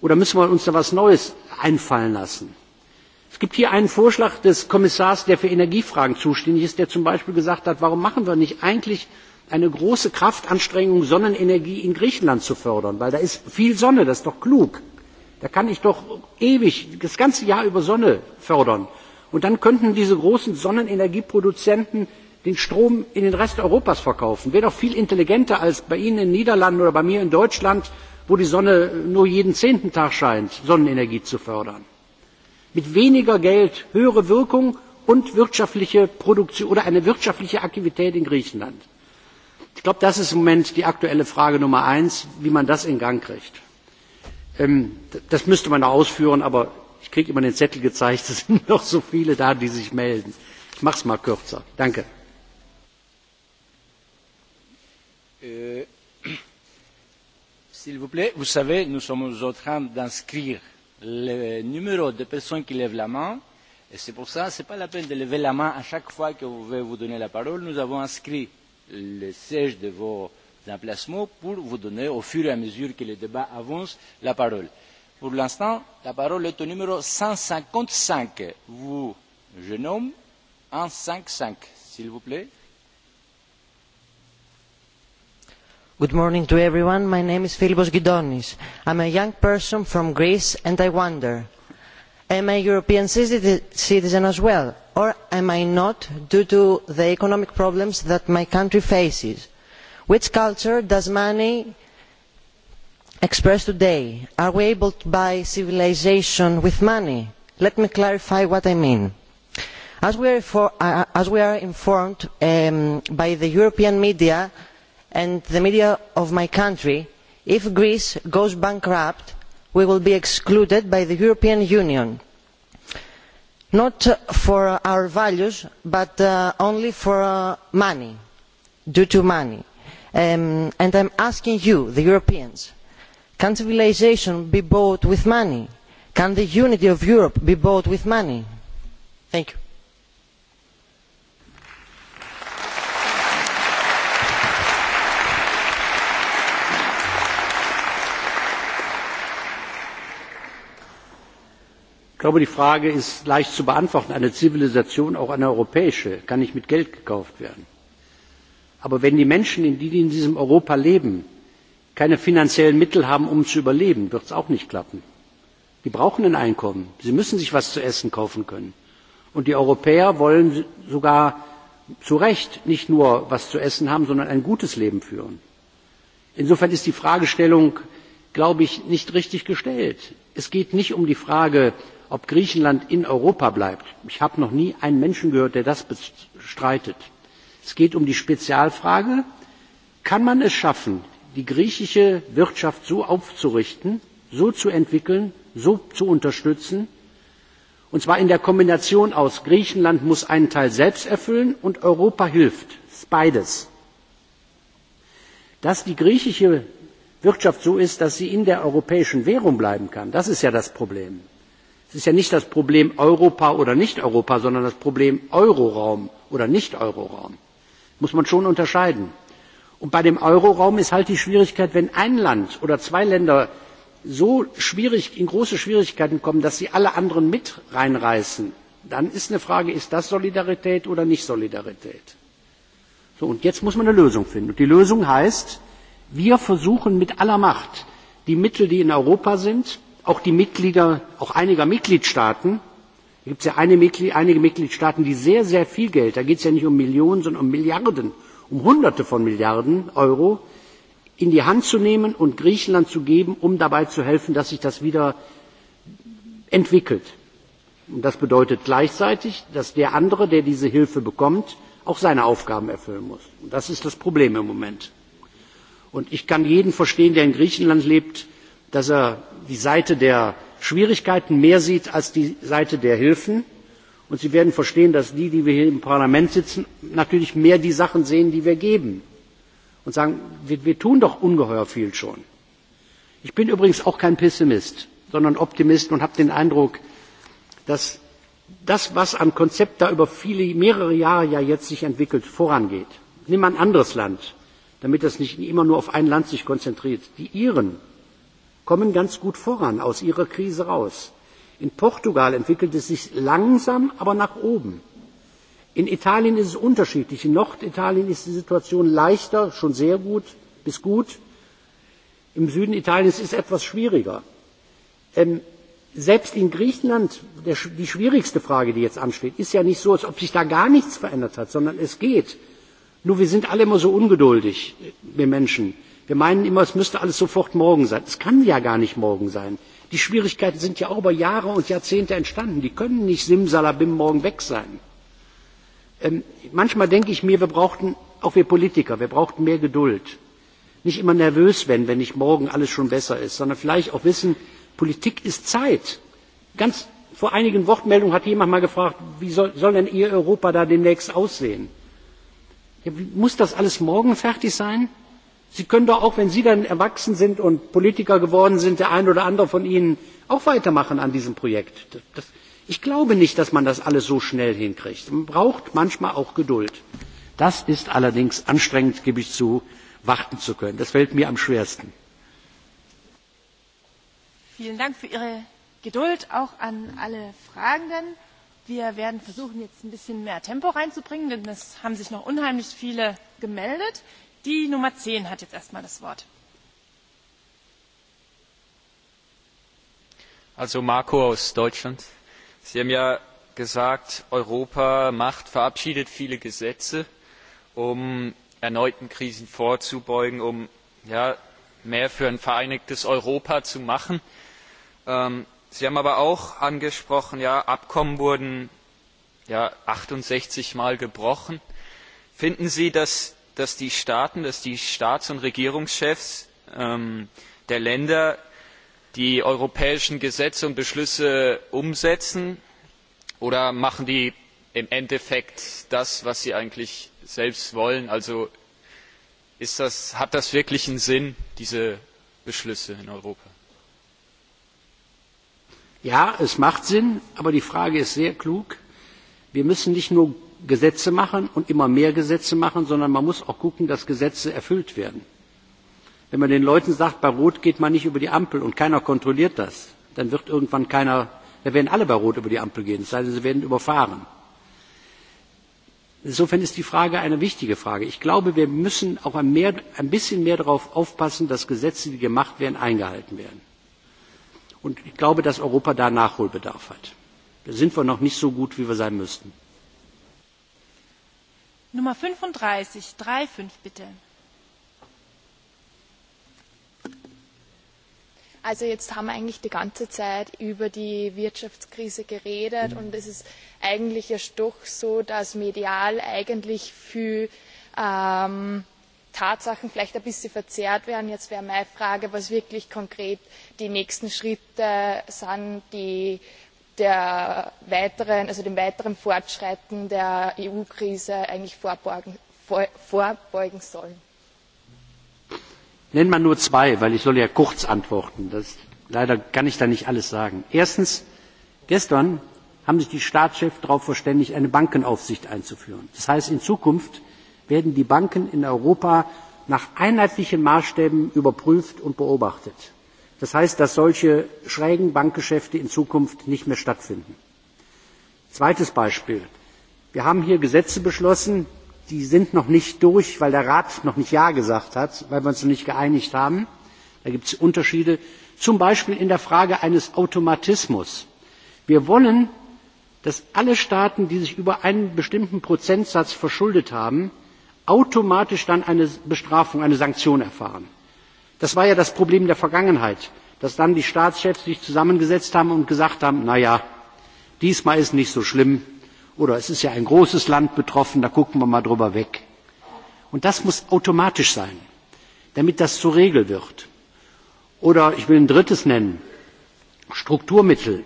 oder müssen wir uns da etwas neues einfallen lassen? es gibt hier einen vorschlag des kommissars der für energiefragen zuständig ist der zum beispiel gesagt hat warum machen wir nicht eigentlich eine große kraftanstrengung sonnenenergie in griechenland zu fördern weil da ist viel sonne das ist doch klug da kann ich doch ewig das ganze jahr über sonne fördern und dann könnten diese großen sonnenenergieproduzenten den strom in den rest europas verkaufen wäre doch viel intelligenter als bei ihnen in den niederlanden oder bei mir in deutschland wo die sonne nur jeden zehnten tag scheint sonnenenergie zu fördern mit weniger Geld höhere Wirkung und wirtschaftliche Produktion oder eine wirtschaftliche Aktivität in Griechenland. Ich glaube, das ist im Moment die aktuelle Frage Nummer eins, wie man das in Gang kriegt. Das müsste man noch ausführen, aber ich kriege immer den Zettel gezeigt, es sind noch so viele da, die sich melden. Ich mache es mal kürzer. Danke. vous savez, nous sommes d'inscrire le numéro de personnes qui lèvent la main. Et c'est pour ça, ce n'est pas la peine de lever la main à chaque fois que vous voulez vous donner la parole. Nous avons inscrit le siège de vos emplacements pour vous donner, au fur et à mesure que le débat avance, la parole. Pour l'instant, la parole est au numéro 155. Vous, je nomme, 155, s'il vous plaît. Good morning to everyone. My name is Philippos Gidonis. am a young person from Greece and I wonder, am I a European citizen as well or am I not due to the economic problems that my country faces? Which culture does money express today? Are we able to buy civilization with money? Let me clarify what I mean. As we are informed by the European media, and the media of my country if greece goes bankrupt we will be excluded by the european union not for our values but only for money due to money. and i am asking you the europeans can civilisation be bought with money? can the unity of europe be bought with money? thank you. Ich glaube, die Frage ist leicht zu beantworten. Eine Zivilisation, auch eine europäische, kann nicht mit Geld gekauft werden. Aber wenn die Menschen, die in diesem Europa leben, keine finanziellen Mittel haben, um zu überleben, wird es auch nicht klappen. Die brauchen ein Einkommen. Sie müssen sich etwas zu essen kaufen können. Und die Europäer wollen sogar zu Recht nicht nur was zu essen haben, sondern ein gutes Leben führen. Insofern ist die Fragestellung, glaube ich, nicht richtig gestellt. Es geht nicht um die Frage, ob Griechenland in Europa bleibt. Ich habe noch nie einen Menschen gehört, der das bestreitet. Es geht um die Spezialfrage, kann man es schaffen, die griechische Wirtschaft so aufzurichten, so zu entwickeln, so zu unterstützen, und zwar in der Kombination aus Griechenland muss einen Teil selbst erfüllen und Europa hilft. beides. Dass die griechische Wirtschaft so ist, dass sie in der europäischen Währung bleiben kann, das ist ja das Problem es ist ja nicht das problem europa oder nicht europa sondern das problem euroraum oder nicht euroraum. das muss man schon unterscheiden. und bei dem euroraum ist halt die schwierigkeit wenn ein land oder zwei länder so in große schwierigkeiten kommen dass sie alle anderen mit reinreißen dann ist eine frage ist das solidarität oder nicht solidarität? und jetzt muss man eine lösung finden. und die lösung heißt wir versuchen mit aller macht die mittel die in europa sind auch die Mitglieder, auch einiger Mitgliedstaaten, da gibt es ja einige Mitgliedstaaten, die sehr, sehr viel Geld, da geht es ja nicht um Millionen, sondern um Milliarden, um Hunderte von Milliarden Euro, in die Hand zu nehmen und Griechenland zu geben, um dabei zu helfen, dass sich das wieder entwickelt. das bedeutet gleichzeitig, dass der andere, der diese Hilfe bekommt, auch seine Aufgaben erfüllen muss. das ist das Problem im Moment. Und ich kann jeden verstehen, der in Griechenland lebt, dass er die Seite der Schwierigkeiten mehr sieht als die Seite der Hilfen. Und Sie werden verstehen, dass die, die wir hier im Parlament sitzen, natürlich mehr die Sachen sehen, die wir geben. Und sagen, wir tun doch ungeheuer viel schon. Ich bin übrigens auch kein Pessimist, sondern Optimist und habe den Eindruck, dass das, was an Konzept da über viele, mehrere Jahre ja jetzt sich entwickelt, vorangeht. Nimm ein anderes Land, damit das nicht immer nur auf ein Land sich konzentriert. Die Iren kommen ganz gut voran aus ihrer krise heraus. in portugal entwickelt es sich langsam aber nach oben. in italien ist es unterschiedlich in norditalien ist die situation leichter schon sehr gut bis gut im süden italiens ist es etwas schwieriger. selbst in griechenland die schwierigste frage die jetzt ansteht ist ja nicht so als ob sich da gar nichts verändert hat sondern es geht. nur wir sind alle immer so ungeduldig wir menschen wir meinen immer es müsste alles sofort morgen sein. es kann ja gar nicht morgen sein. die schwierigkeiten sind ja auch über jahre und jahrzehnte entstanden. die können nicht simsalabim morgen weg sein. manchmal denke ich mir wir brauchten auch wir politiker wir brauchten mehr geduld. nicht immer nervös werden wenn nicht morgen alles schon besser ist sondern vielleicht auch wissen politik ist zeit. ganz vor einigen wortmeldungen hat jemand mal gefragt wie soll denn ihr europa da demnächst aussehen? muss das alles morgen fertig sein? Sie können doch auch, wenn Sie dann erwachsen sind und Politiker geworden sind, der eine oder andere von Ihnen auch weitermachen an diesem Projekt. Ich glaube nicht, dass man das alles so schnell hinkriegt. Man braucht manchmal auch Geduld. Das ist allerdings anstrengend, gebe ich zu, warten zu können. Das fällt mir am schwersten. Vielen Dank für Ihre Geduld, auch an alle Fragenden. Wir werden versuchen, jetzt ein bisschen mehr Tempo reinzubringen, denn es haben sich noch unheimlich viele gemeldet. Die Nummer zehn hat jetzt erstmal das Wort. Also Marco aus Deutschland. Sie haben ja gesagt, Europa macht, verabschiedet viele Gesetze, um erneuten Krisen vorzubeugen, um mehr für ein vereinigtes Europa zu machen. Sie haben aber auch angesprochen, Abkommen wurden 68 Mal gebrochen. Finden Sie, dass dass die Staaten, dass die Staats- und Regierungschefs der Länder die europäischen Gesetze und Beschlüsse umsetzen oder machen die im Endeffekt das, was sie eigentlich selbst wollen? Also hat das wirklich einen Sinn, diese Beschlüsse in Europa? Ja, es macht Sinn, aber die Frage ist sehr klug. Wir müssen nicht nur Gesetze machen und immer mehr Gesetze machen, sondern man muss auch gucken, dass Gesetze erfüllt werden. Wenn man den Leuten sagt, bei Rot geht man nicht über die Ampel und keiner kontrolliert das, dann wird irgendwann keiner, werden alle bei Rot über die Ampel gehen, es sei denn, sie werden überfahren. Insofern ist die Frage eine wichtige Frage. Ich glaube, wir müssen auch ein bisschen mehr darauf aufpassen, dass Gesetze, die gemacht werden, eingehalten werden. Und ich glaube, dass Europa da Nachholbedarf hat. Da sind wir noch nicht so gut, wie wir sein müssten. Nummer 35, 3,5 bitte. Also jetzt haben wir eigentlich die ganze Zeit über die Wirtschaftskrise geredet und es ist eigentlich ja doch so, dass medial eigentlich für Tatsachen vielleicht ein bisschen verzerrt werden. Jetzt wäre meine Frage, was wirklich konkret die nächsten Schritte sind, die dem weiteren Fortschreiten der EU-Krise eigentlich vorbeugen sollen? Nennen man nur zwei, weil ich soll ja kurz antworten. Leider kann ich da nicht alles sagen. Erstens, gestern haben sich die Staatschefs darauf verständigt, eine Bankenaufsicht einzuführen. Das heißt, in Zukunft werden die Banken in Europa nach einheitlichen Maßstäben überprüft und beobachtet. Das heißt, dass solche schrägen Bankgeschäfte in Zukunft nicht mehr stattfinden. Zweites Beispiel. Wir haben hier Gesetze beschlossen, die sind noch nicht durch, weil der Rat noch nicht Ja gesagt hat, weil wir uns noch nicht geeinigt haben. Da gibt es Unterschiede, zum Beispiel in der Frage eines Automatismus. Wir wollen, dass alle Staaten, die sich über einen bestimmten Prozentsatz verschuldet haben, automatisch dann eine Bestrafung, eine Sanktion erfahren das war ja das problem der vergangenheit dass dann die staatschefs sich zusammengesetzt haben und gesagt haben na ja diesmal ist nicht so schlimm oder es ist ja ein großes land betroffen da gucken wir mal drüber weg. und das muss automatisch sein damit das zur regel wird. oder ich will ein drittes nennen strukturmittel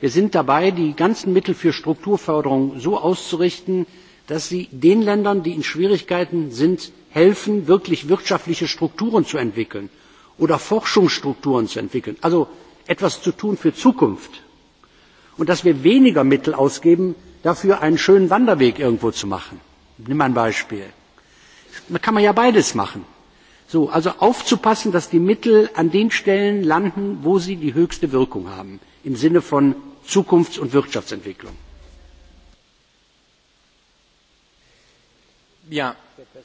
wir sind dabei die ganzen mittel für strukturförderung so auszurichten dass sie den Ländern, die in Schwierigkeiten sind, helfen, wirklich wirtschaftliche Strukturen zu entwickeln oder Forschungsstrukturen zu entwickeln, also etwas zu tun für Zukunft. Und dass wir weniger Mittel ausgeben, dafür einen schönen Wanderweg irgendwo zu machen. Nimm ein Beispiel. Da kann man ja beides machen. Also aufzupassen, dass die Mittel an den Stellen landen, wo sie die höchste Wirkung haben, im Sinne von Zukunfts- und Wirtschaftsentwicklung. Bien.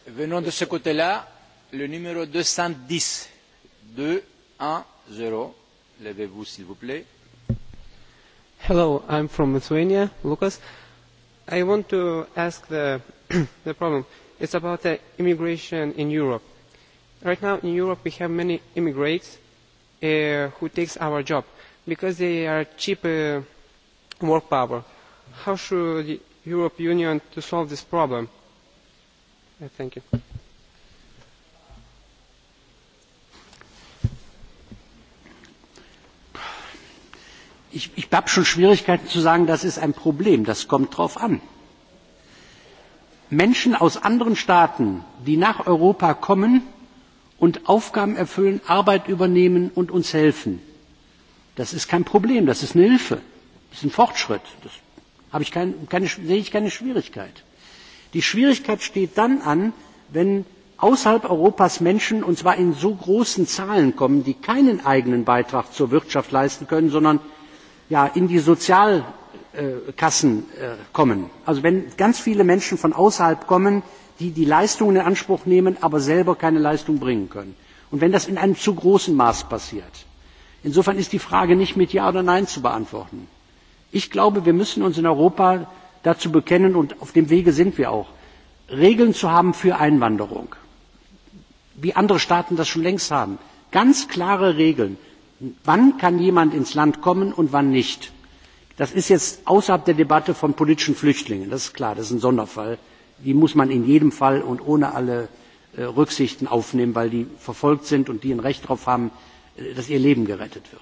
Venons de ce côté-là, le numéro 210. 2, 1, 0. Levez-vous, s'il vous plaît. Hello, I'm from Lithuania, Lucas. I want to ask the, the problem. It's about the immigration in Europe. Right now in Europe we have many immigrants uh, who takes our job because they are cheap uh, work power. How should the European Union to solve this problem? Thank you. Ich habe schon Schwierigkeiten zu sagen, das ist ein Problem. Das kommt drauf an. Menschen aus anderen Staaten, die nach Europa kommen und Aufgaben erfüllen, Arbeit übernehmen und uns helfen, das ist kein Problem. Das ist eine Hilfe. Das ist ein Fortschritt. Da sehe ich keine Schwierigkeit die schwierigkeit steht dann an wenn außerhalb europas menschen und zwar in so großen zahlen kommen die keinen eigenen beitrag zur wirtschaft leisten können sondern in die sozialkassen kommen also wenn ganz viele menschen von außerhalb kommen die die leistungen in anspruch nehmen aber selber keine leistung bringen können und wenn das in einem zu großen maß passiert. insofern ist die frage nicht mit ja oder nein zu beantworten. ich glaube wir müssen uns in europa dazu bekennen und auf dem wege sind wir auch regeln zu haben für einwanderung wie andere staaten das schon längst haben ganz klare regeln wann kann jemand ins land kommen und wann nicht. das ist jetzt außerhalb der debatte von politischen flüchtlingen das ist klar das ist ein sonderfall die muss man in jedem fall und ohne alle rücksichten aufnehmen weil die verfolgt sind und die ein recht darauf haben dass ihr leben gerettet wird.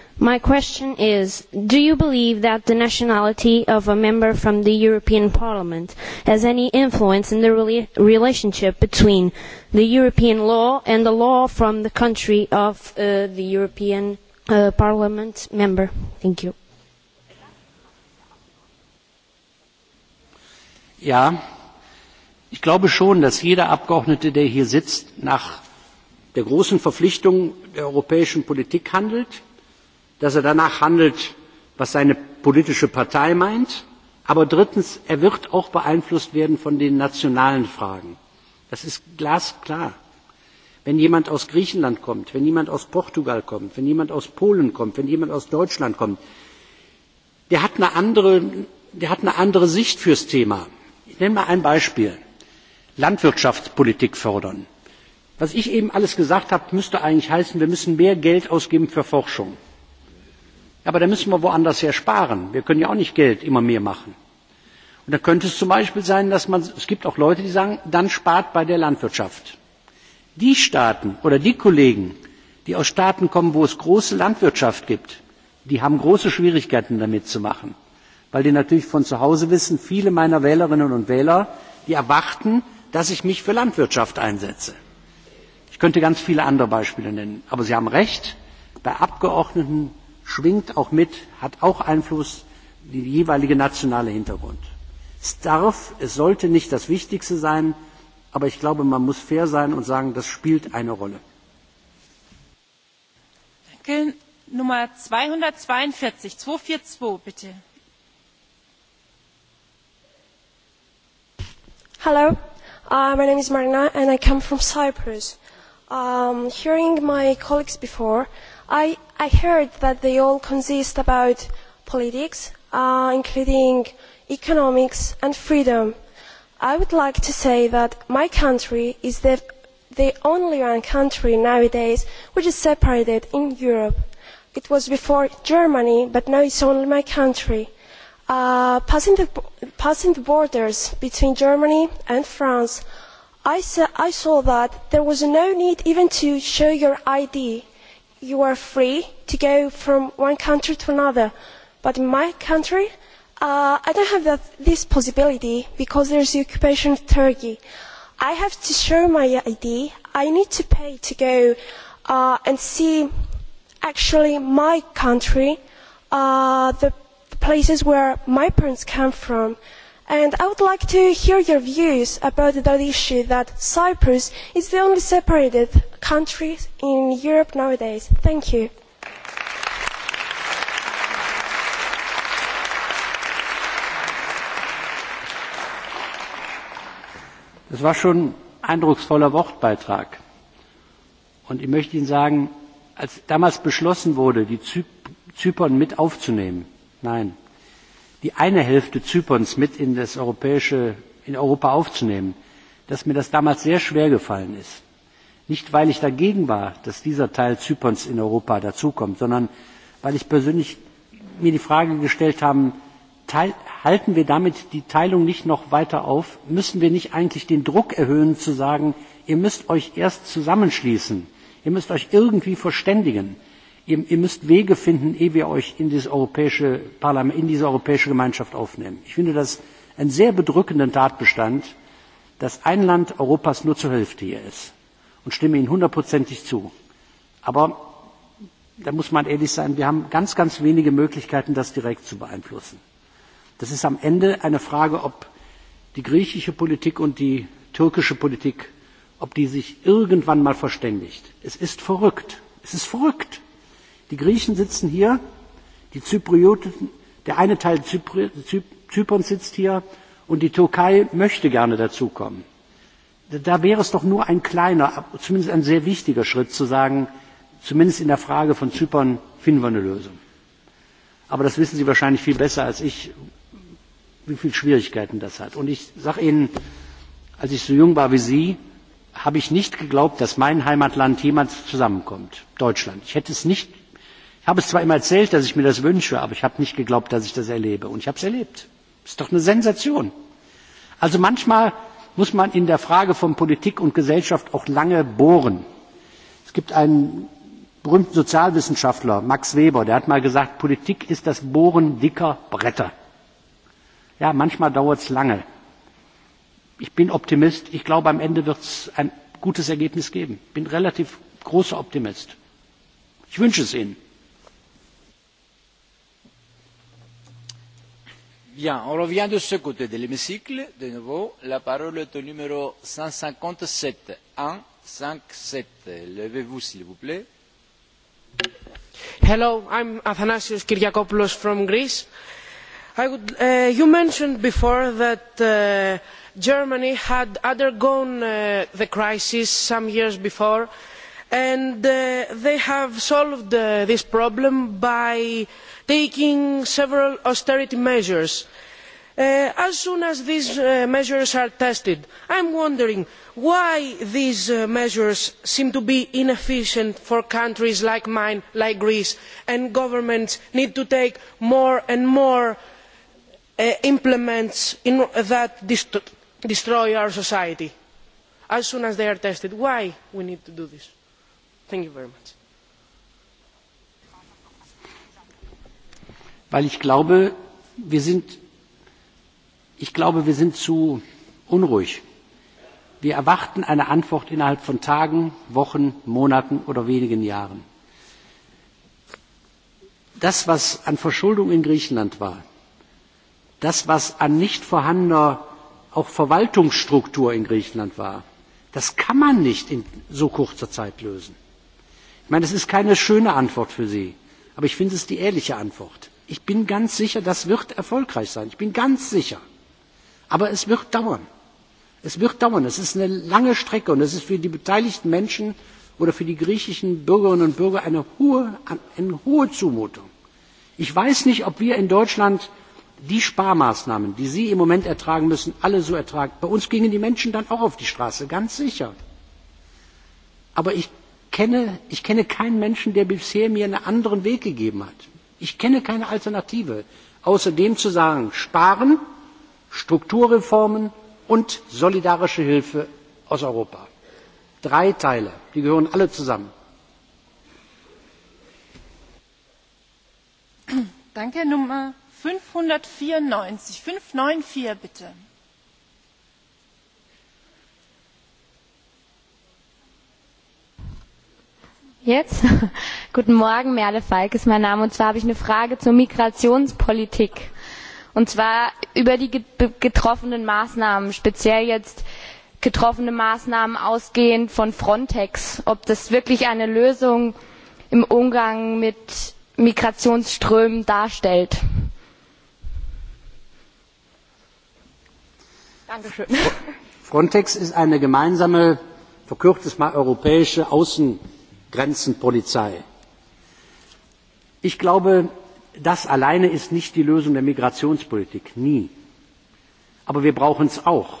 My question is, do you believe that the nationality of a member from the European Parliament has any influence in the relationship between the European law and the law from the country of the European Parliament member? Thank you. Ja, ich glaube schon, dass jeder Abgeordnete, der hier sitzt, nach der großen Verpflichtung der europäischen Politik handelt dass er danach handelt, was seine politische Partei meint. Aber drittens, er wird auch beeinflusst werden von den nationalen Fragen. Das ist glasklar. Wenn jemand aus Griechenland kommt, wenn jemand aus Portugal kommt, wenn jemand aus Polen kommt, wenn jemand aus Deutschland kommt, der hat eine andere Sicht fürs Thema. Ich nenne mal ein Beispiel. Landwirtschaftspolitik fördern. Was ich eben alles gesagt habe, müsste eigentlich heißen, wir müssen mehr Geld ausgeben für Forschung aber da müssen wir woanders her sparen. Wir können ja auch nicht Geld immer mehr machen. Und da könnte es zum Beispiel sein, dass man, es gibt auch Leute, die sagen, dann spart bei der Landwirtschaft. Die Staaten oder die Kollegen, die aus Staaten kommen, wo es große Landwirtschaft gibt, die haben große Schwierigkeiten damit zu machen. Weil die natürlich von zu Hause wissen, viele meiner Wählerinnen und Wähler, die erwarten, dass ich mich für Landwirtschaft einsetze. Ich könnte ganz viele andere Beispiele nennen. Aber Sie haben recht, bei Abgeordneten schwingt auch mit, hat auch Einfluss die jeweilige nationale Hintergrund. Es darf, es sollte nicht das Wichtigste sein, aber ich glaube, man muss fair sein und sagen, das spielt eine Rolle. Danke. Nummer 242, 242, bitte. Hello, my name is Marina and I come from Cyprus. Hearing my colleagues before, I I heard that they all consist about politics, including economics and freedom. I would like to say that my country is the only one country nowadays which is separated in Europe. It was before Germany, but now it's only my country. Passing the borders between Germany and France, I saw that there was no need even to show your ID you are free to go from one country to another. But in my country, I don't have this possibility because there is the occupation of Turkey. I have to show my ID. I need to pay to go and see actually my country, the places where my parents come from and I would like to hear your views about the issue that Cyprus is the only separated country in Europe nowadays. Thank you. Das war schon ein eindrucksvoller Wortbeitrag. Und ich möchte Ihnen sagen, als damals beschlossen wurde, die Zypern mit aufzunehmen, nein, die eine Hälfte Zyperns mit in das europäische, in Europa aufzunehmen, dass mir das damals sehr schwer gefallen ist. Nicht, weil ich dagegen war, dass dieser Teil Zyperns in Europa dazukommt, sondern weil ich persönlich mir die Frage gestellt habe, halten wir damit die Teilung nicht noch weiter auf? Müssen wir nicht eigentlich den Druck erhöhen, zu sagen, ihr müsst euch erst zusammenschließen, ihr müsst euch irgendwie verständigen? ihr müsst Wege finden, ehe wir euch in, dieses europäische Parlament, in diese europäische Gemeinschaft aufnehmen. Ich finde das einen sehr bedrückenden Tatbestand, dass ein Land Europas nur zur Hälfte hier ist und stimme Ihnen hundertprozentig zu. Aber da muss man ehrlich sein, wir haben ganz, ganz wenige Möglichkeiten, das direkt zu beeinflussen. Das ist am Ende eine Frage, ob die griechische Politik und die türkische Politik, ob die sich irgendwann mal verständigt. Es ist verrückt. Es ist verrückt Die Griechen sitzen hier, die Zyprioten, der eine Teil Zyperns sitzt hier und die Türkei möchte gerne dazukommen. Da wäre es doch nur ein kleiner, zumindest ein sehr wichtiger Schritt zu sagen, zumindest in der Frage von Zypern finden wir eine Lösung. Aber das wissen Sie wahrscheinlich viel besser als ich, wie viele Schwierigkeiten das hat. Und ich sage Ihnen, als ich so jung war wie Sie, habe ich nicht geglaubt, dass mein Heimatland jemals zusammenkommt, Deutschland. Ich hätte es nicht Ich habe es zwar immer erzählt, dass ich mir das wünsche, aber ich habe nicht geglaubt, dass ich das erlebe. Und ich habe es erlebt. Das ist doch eine Sensation. Also manchmal muss man in der Frage von Politik und Gesellschaft auch lange bohren. Es gibt einen berühmten Sozialwissenschaftler, Max Weber, der hat mal gesagt, Politik ist das Bohren dicker Bretter. Ja, manchmal dauert es lange. Ich bin Optimist. Ich glaube, am Ende wird es ein gutes Ergebnis geben. Ich bin relativ großer Optimist. Ich wünsche es Ihnen. Bien, on revient de ce côté de l'hémicycle, de nouveau. La parole est au numéro 157. 157. Levez-vous, s'il vous plaît. Hello, I'm Athanasios Kyriakopoulos from Greece. I would, uh, you mentioned before that uh, Germany had undergone uh, the crisis some years before and uh, they have solved uh, this problem by uh, taking several austerity measures. as soon as these measures are tested i am wondering why these measures seem to be inefficient for countries like mine like greece and governments need to take more and more implements that destroy our society as soon as they are tested. why do we need to do this? thank you very much. weil ich glaube, wir sind, ich glaube, wir sind zu unruhig. Wir erwarten eine Antwort innerhalb von Tagen, Wochen, Monaten oder wenigen Jahren. Das, was an Verschuldung in Griechenland war, das, was an nicht vorhandener auch Verwaltungsstruktur in Griechenland war, das kann man nicht in so kurzer Zeit lösen. Ich meine, das ist keine schöne Antwort für Sie, aber ich finde es die ehrliche Antwort. Ich bin ganz sicher, das wird erfolgreich sein. Ich bin ganz sicher. Aber es wird dauern. Es wird dauern. Es ist eine lange Strecke und es ist für die beteiligten Menschen oder für die griechischen Bürgerinnen und Bürger eine hohe Zumutung. Ich weiß nicht, ob wir in Deutschland die Sparmaßnahmen, die Sie im Moment ertragen müssen, alle so ertragen. Bei uns gingen die Menschen dann auch auf die Straße, ganz sicher. Aber ich kenne keinen Menschen, der bisher mir einen anderen Weg gegeben hat. Ich kenne keine Alternative, außer dem zu sagen, sparen, Strukturreformen und solidarische Hilfe aus Europa. Drei Teile, die gehören alle zusammen. Danke, Nummer 594. bitte. Jetzt? Guten Morgen, Merle Falk ist mein Name. Und zwar habe ich eine Frage zur Migrationspolitik. Und zwar über die getroffenen Maßnahmen, speziell jetzt getroffene Maßnahmen ausgehend von Frontex. Ob das wirklich eine Lösung im Umgang mit Migrationsströmen darstellt. Dankeschön. Frontex ist eine gemeinsame, verkürztes mal europäische Außen Grenzenpolizei. Ich glaube, das alleine ist nicht die Lösung der Migrationspolitik, nie. Aber wir brauchen es auch.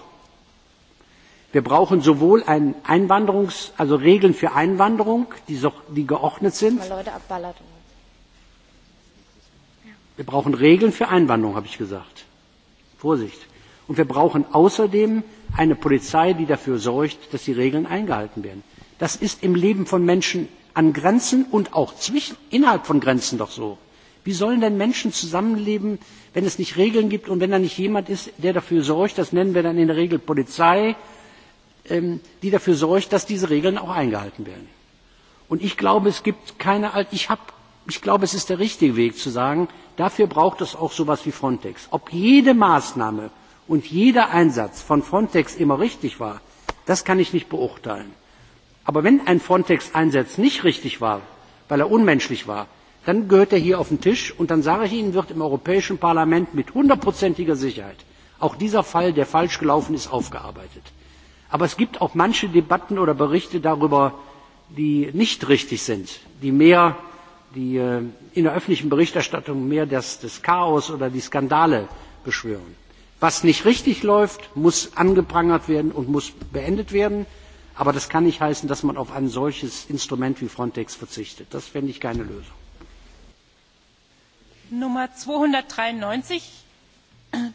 Wir brauchen sowohl also Regeln für Einwanderung, die geordnet sind. Wir brauchen Regeln für Einwanderung, habe ich gesagt. Vorsicht. Und wir brauchen außerdem eine Polizei, die dafür sorgt, dass die Regeln eingehalten werden das ist im leben von menschen an grenzen und auch innerhalb von grenzen doch so. wie sollen denn menschen zusammenleben wenn es nicht regeln gibt und wenn da nicht jemand ist der dafür sorgt das nennen wir dann in der regel polizei die dafür sorgt dass diese regeln auch eingehalten werden? und ich glaube es gibt keine ich glaube es ist der richtige weg zu sagen dafür braucht es auch so etwas wie frontex. ob jede maßnahme und jeder einsatz von frontex immer richtig war das kann ich nicht beurteilen aber wenn ein frontex einsatz nicht richtig war weil er unmenschlich war dann gehört er hier auf den tisch und dann sage ich ihnen wird im europäischen parlament mit hundertprozentiger sicherheit auch dieser fall der falsch gelaufen ist aufgearbeitet. aber es gibt auch manche debatten oder berichte darüber die nicht richtig sind die mehr die in der öffentlichen berichterstattung mehr das chaos oder die skandale beschwören. was nicht richtig läuft muss angeprangert werden und muss beendet werden aber das kann nicht heißen dass man auf ein solches instrument wie frontex verzichtet. das fände ich keine lösung. nummer 293,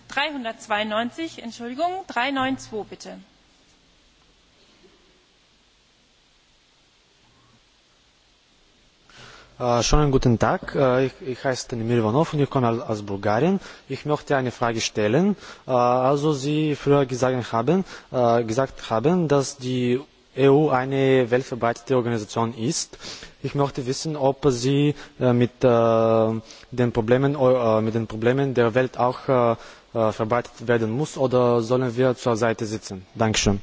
392, entschuldigung 392 bitte. Schönen guten Tag. Ich heiße Tanimir Ivanov und ich komme aus Bulgarien. Ich möchte eine Frage stellen. Also, Sie früher gesagt haben, dass die EU eine weltverbreitete Organisation ist. Ich möchte wissen, ob Sie mit den Problemen der Welt auch verbreitet werden muss oder sollen wir zur Seite sitzen? Dankeschön.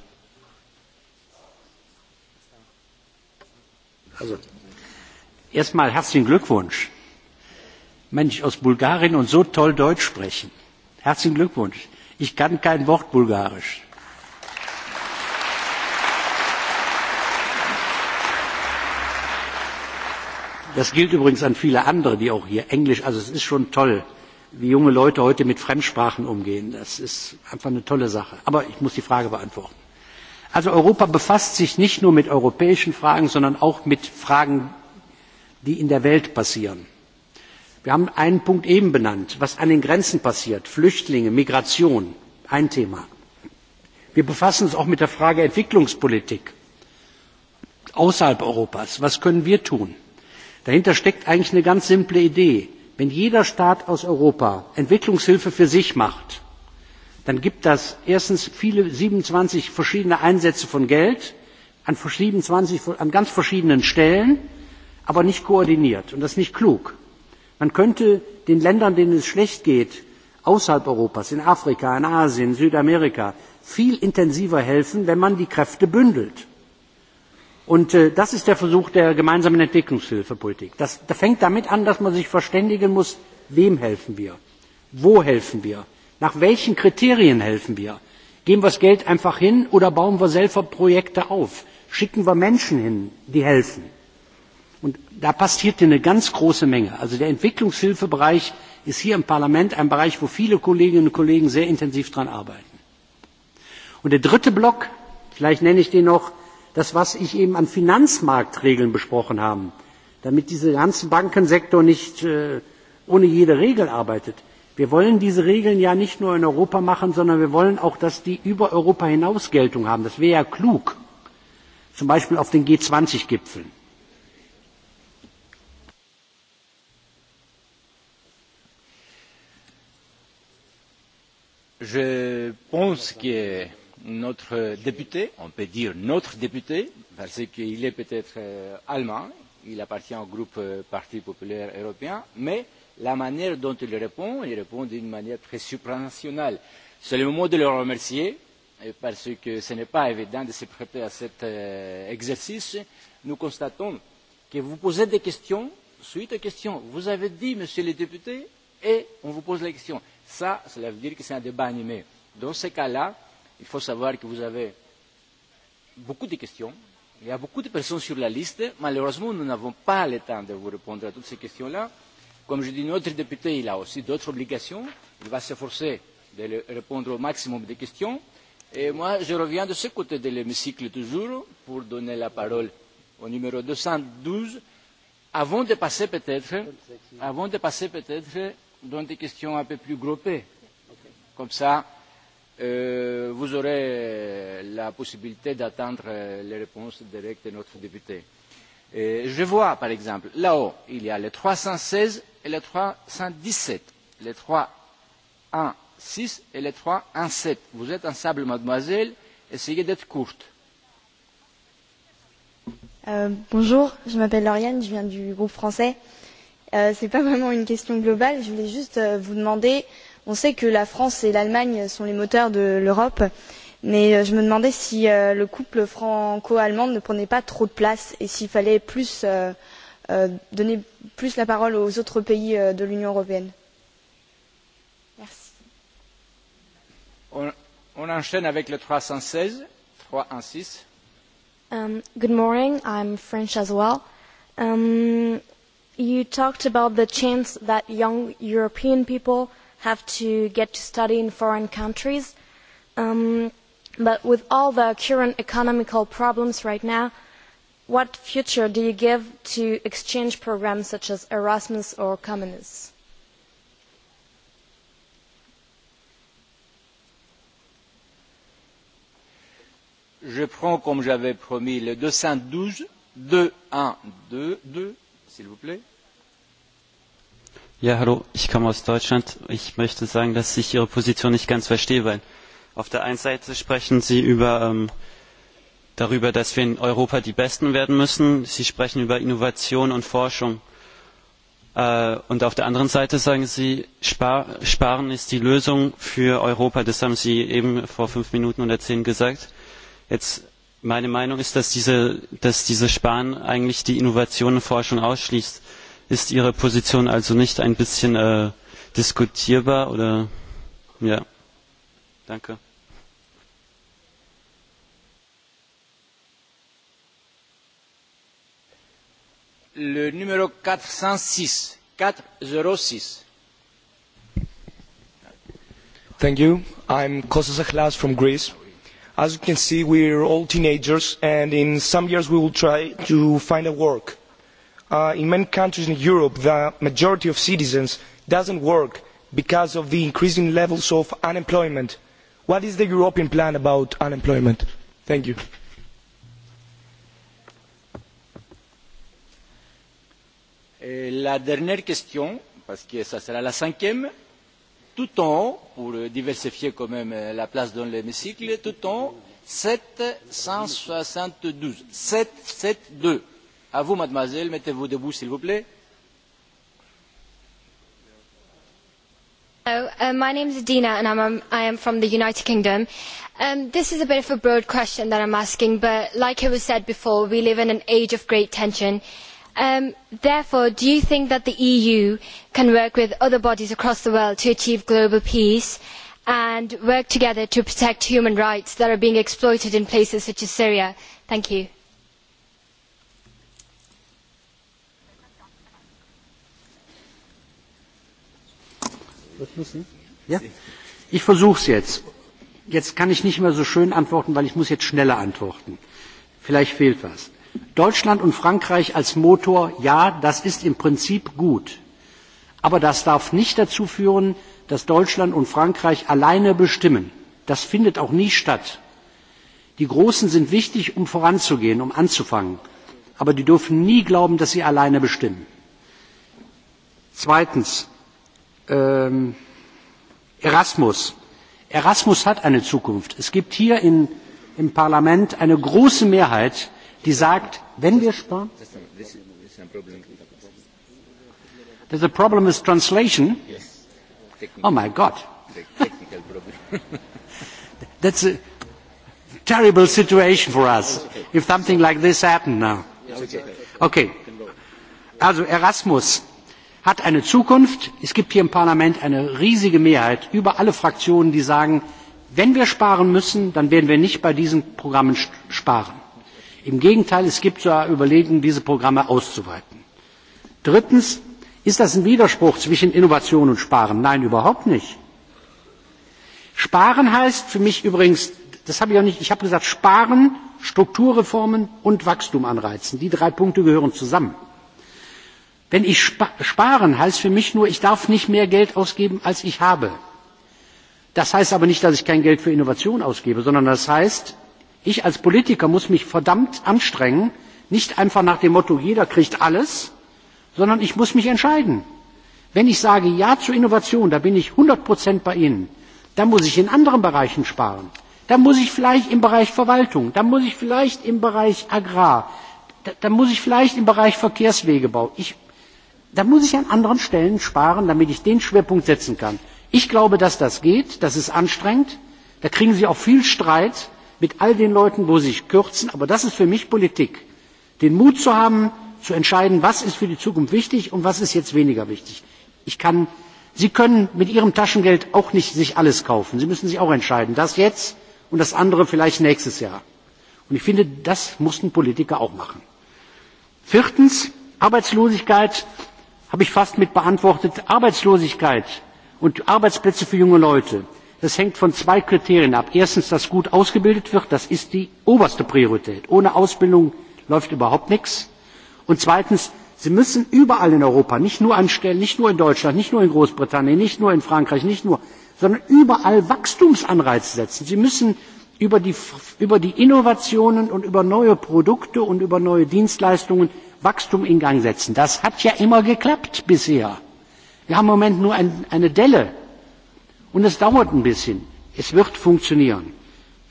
Erstmal herzlichen Glückwunsch. Mensch, aus Bulgarien und so toll Deutsch sprechen. Herzlichen Glückwunsch. Ich kann kein Wort Bulgarisch. Das gilt übrigens an viele andere, die auch hier Englisch, also es ist schon toll, wie junge Leute heute mit Fremdsprachen umgehen. Das ist einfach eine tolle Sache. Aber ich muss die Frage beantworten. Also Europa befasst sich nicht nur mit europäischen Fragen, sondern auch mit Fragen, die in der Welt passieren. Wir haben einen Punkt eben benannt, was an den Grenzen passiert. Flüchtlinge, Migration, ein Thema. Wir befassen uns auch mit der Frage Entwicklungspolitik außerhalb Europas. Was können wir tun? Dahinter steckt eigentlich eine ganz simple Idee. Wenn jeder Staat aus Europa Entwicklungshilfe für sich macht, dann gibt das erstens viele 27 verschiedene Einsätze von Geld an, ganz verschiedenen Stellen, aber nicht koordiniert. Und das ist nicht klug. Man könnte den Ländern, denen es schlecht geht, außerhalb Europas, in Afrika, in Asien, Südamerika, viel intensiver helfen, wenn man die Kräfte bündelt. Und das ist der Versuch der gemeinsamen Entwicklungshilfepolitik. Das fängt damit an, dass man sich verständigen muss, wem helfen wir, wo helfen wir, nach welchen Kriterien helfen wir. Geben wir das Geld einfach hin oder bauen wir selber Projekte auf? Schicken wir Menschen hin, die helfen? Und da passiert eine ganz große Menge. Also der Entwicklungshilfebereich ist hier im Parlament ein Bereich, wo viele Kolleginnen und Kollegen sehr intensiv daran arbeiten. Und der dritte Block, vielleicht nenne ich den noch, das was ich eben an finanzmarktregeln besprochen habe damit dieser ganze bankensektor nicht ohne jede regel arbeitet wir wollen diese regeln ja nicht nur in europa machen sondern wir wollen auch dass die über europa hinaus geltung haben. das wäre ja klug zum beispiel auf den g 20 gipfeln. je pense notre député, on peut dire notre député, parce qu'il est peut-être allemand, il appartient au groupe Parti populaire européen, mais la manière dont il répond, il répond d'une manière très supranationale. C'est le moment de le remercier, parce que ce n'est pas évident de se prêter à cet exercice. Nous constatons que vous posez des questions, suite aux questions. Vous avez dit, monsieur le député, et on vous pose la question. Ça, cela veut dire que c'est un débat animé. Dans ce cas-là, Il faut savoir que vous avez beaucoup de questions. Il y a beaucoup de personnes sur la liste. Malheureusement, nous n'avons pas le temps de vous répondre à toutes ces questions-là. Comme je dis, notre député il a aussi d'autres obligations. Il va s'efforcer de répondre au maximum de questions. Et moi, je reviens de ce côté de l'hémicycle toujours pour donner la parole au numéro 212 avant de passer peut-être avant de passer peut-être dans des questions un peu plus groupées. Comme ça, vous aurez la possibilité d'attendre les réponses directes de notre député. Je vois, par exemple, là-haut, il y a le 316 et le 317, le 316 et le 317. Vous êtes en sable, mademoiselle, essayez d'être courte. Bonjour, je m'appelle Lauriane, je viens du groupe français. Ce n'est pas vraiment une question globale, je voulais juste vous demander on sait que la france et l'allemagne sont les moteurs de l'europe mais je me demandais si le couple franco allemand ne prenait pas trop de place et s'il fallait donner plus la parole aux autres pays de l'union européenne. Good morning. I'm French as well have to get to study in foreign countries. But with all the current economical problems right now, what future do you give to exchange programmes such as Erasmus or Communis? Je prends, comme j'avais promis, le 212, deux s'il vous plaît Ja, hallo, ich komme aus Deutschland. Ich möchte sagen, dass ich Ihre Position nicht ganz verstehe, weil auf der einen Seite sprechen Sie über, darüber, dass wir in Europa die Besten werden müssen. Sie sprechen über Innovation und Forschung. Und auf der anderen Seite sagen Sie, Sparen ist die Lösung für Europa. Das haben Sie eben vor fünf Minuten oder zehn gesagt. Jetzt, meine Meinung ist, dass dieses Sparen eigentlich die Innovation und Forschung ausschließt. Ist Ihre Position also nicht ein bisschen diskutierbar oder ja. Danke. Le numéro 406. 406. Thank you. I'm Kostas Achlas from Greece. As you can see, we're all teenagers, and in some years we will try to find a work in many countries in Europe, the majority of citizens doesn't work because of the increasing levels of unemployment. What is the European plan about unemployment? Thank you. La dernière question, parce que ça sera la cinquième, tout en pour diversifier quand même la place dans l'hémicycle, tout en haut, 772. 772. À vous, mademoiselle, mettez-vous debout, s'il vous plaît. Hello, my name is Adina and I am from the United Kingdom. This is a bit of a broad question that I'm asking, but like it was said before, we live in an age of great tension. Therefore, do you think that the EU can work with other bodies across the world to achieve global peace and work together to protect human rights that are being exploited in places such as Syria? Thank you. Ich versuche es jetzt. Jetzt kann ich nicht mehr so schön antworten, weil ich muss jetzt schneller antworten. Vielleicht fehlt was. Deutschland und Frankreich als Motor, ja, das ist im Prinzip gut. Aber das darf nicht dazu führen, dass Deutschland und Frankreich alleine bestimmen. Das findet auch nie statt. Die Großen sind wichtig, um voranzugehen, um anzufangen. Aber die dürfen nie glauben, dass sie alleine bestimmen. Zweitens Erasmus. Erasmus hat eine Zukunft. Es gibt hier im Parlament eine große Mehrheit, die sagt, wenn wir sparen. a problem is translation. Oh my God. That's a terrible situation for us if something like this happened now. Okay. Also Erasmus hat eine Zukunft. Es gibt hier im Parlament eine riesige Mehrheit über alle Fraktionen, die sagen, wenn wir sparen müssen, dann werden wir nicht bei diesen Programmen sparen. Im Gegenteil, es gibt sogar Überlegungen, diese Programme auszuweiten. Drittens, ist das ein Widerspruch zwischen Innovation und Sparen? Nein, überhaupt nicht. Sparen heißt für mich übrigens, das habe ich auch nicht, ich habe gesagt, Sparen, Strukturreformen und Wachstum anreizen. Die drei Punkte gehören zusammen. Wenn ich sparen, heißt für mich nur, ich darf nicht mehr Geld ausgeben, als ich habe. Das heißt aber nicht, dass ich kein Geld für Innovation ausgebe, sondern das heißt, ich als Politiker muss mich verdammt anstrengen, nicht einfach nach dem Motto, jeder kriegt alles, sondern ich muss mich entscheiden. Wenn ich sage Ja zu Innovation, da bin ich 100 bei Ihnen, dann muss ich in anderen Bereichen sparen. Dann muss ich vielleicht im Bereich Verwaltung, dann muss ich vielleicht im Bereich Agrar, dann muss ich vielleicht im Bereich Verkehrswege Verkehrswegebau. Da muss ich an anderen Stellen sparen, damit ich den Schwerpunkt setzen kann. Ich glaube, dass das geht, das ist anstrengend, da kriegen Sie auch viel Streit mit all den Leuten, wo Sie kürzen, aber das ist für mich Politik, den Mut zu haben, zu entscheiden, was ist für die Zukunft wichtig und was ist jetzt weniger wichtig. Ich kann Sie können mit Ihrem Taschengeld auch nicht sich alles kaufen, Sie müssen sich auch entscheiden, das jetzt und das andere vielleicht nächstes Jahr. Und ich finde, das mussten Politiker auch machen. Viertens Arbeitslosigkeit habe ich fast mit beantwortet arbeitslosigkeit und arbeitsplätze für junge leute das hängt von zwei kriterien ab erstens dass gut ausgebildet wird das ist die oberste priorität ohne ausbildung läuft überhaupt nichts und zweitens sie müssen überall in europa nicht nur in deutschland nicht nur in großbritannien nicht nur in frankreich nicht nur sondern überall wachstumsanreize setzen. sie müssen über die innovationen und über neue produkte und über neue dienstleistungen Wachstum in Gang setzen. Das hat ja immer geklappt bisher. Wir haben im Moment nur eine Delle. Und es dauert ein bisschen. Es wird funktionieren.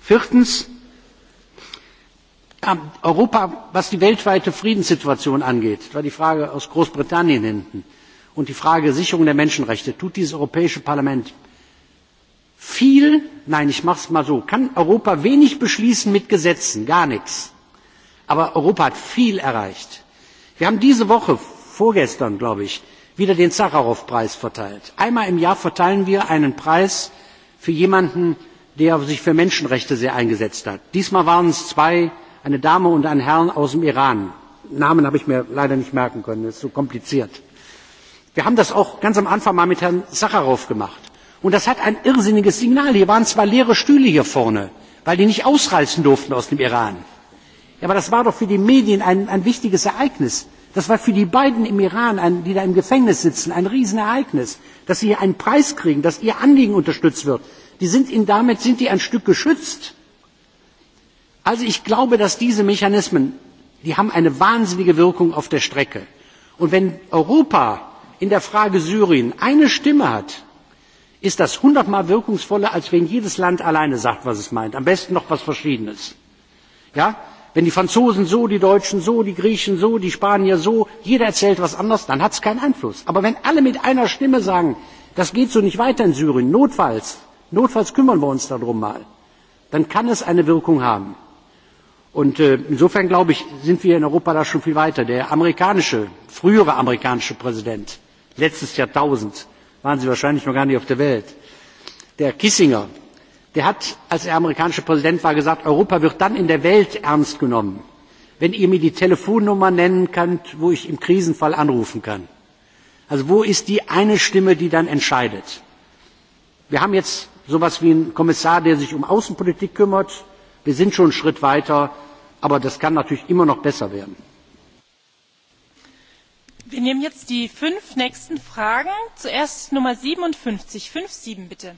Viertens, Europa, was die weltweite Friedenssituation angeht, das war die Frage aus Großbritannien hinten, und die Frage Sicherung der Menschenrechte, tut dieses Europäische Parlament viel, nein, ich mache es mal so, kann Europa wenig beschließen mit Gesetzen, gar nichts. Aber Europa hat viel erreicht wir haben diese woche vorgestern glaube ich wieder den sacharow preis verteilt. einmal im jahr verteilen wir einen preis für jemanden der sich für menschenrechte sehr eingesetzt hat. diesmal waren es zwei eine dame und ein Herrn aus dem iran. namen habe ich mir leider nicht merken können das ist so kompliziert. wir haben das auch ganz am anfang mal mit herrn sacharow gemacht und das hat ein irrsinniges signal hier waren zwar leere stühle hier vorne weil die nicht ausreisen durften aus dem iran aber das war doch für die medien ein wichtiges ereignis. das war für die beiden im iran die da im gefängnis sitzen ein riesenereignis dass sie hier einen preis kriegen dass ihr anliegen unterstützt wird. damit sind die ein stück geschützt. also ich glaube dass diese mechanismen haben eine wahnsinnige wirkung auf der strecke und wenn europa in der frage syrien eine stimme hat ist das hundertmal wirkungsvoller als wenn jedes land alleine sagt was es meint am besten noch etwas verschiedenes. Wenn die Franzosen so, die Deutschen so, die Griechen so, die Spanier so, jeder erzählt was anderes, dann hat es keinen Einfluss. Aber wenn alle mit einer Stimme sagen, das geht so nicht weiter in Syrien, notfalls, notfalls kümmern wir uns darum mal, dann kann es eine Wirkung haben. Und insofern, glaube ich, sind wir in Europa da schon viel weiter. Der amerikanische, frühere amerikanische Präsident, letztes Jahrtausend, waren Sie wahrscheinlich noch gar nicht auf der Welt, der Kissinger, der hat als er amerikanischer präsident war gesagt europa wird dann in der welt ernst genommen wenn ihr mir die telefonnummer nennen könnt wo ich im krisenfall anrufen kann. also wo ist die eine stimme die dann entscheidet? wir haben jetzt so etwas wie einen kommissar der sich um außenpolitik kümmert wir sind schon einen schritt weiter aber das kann natürlich immer noch besser werden. wir nehmen jetzt die fünf nächsten fragen zuerst nummer 57 fünf sieben bitte.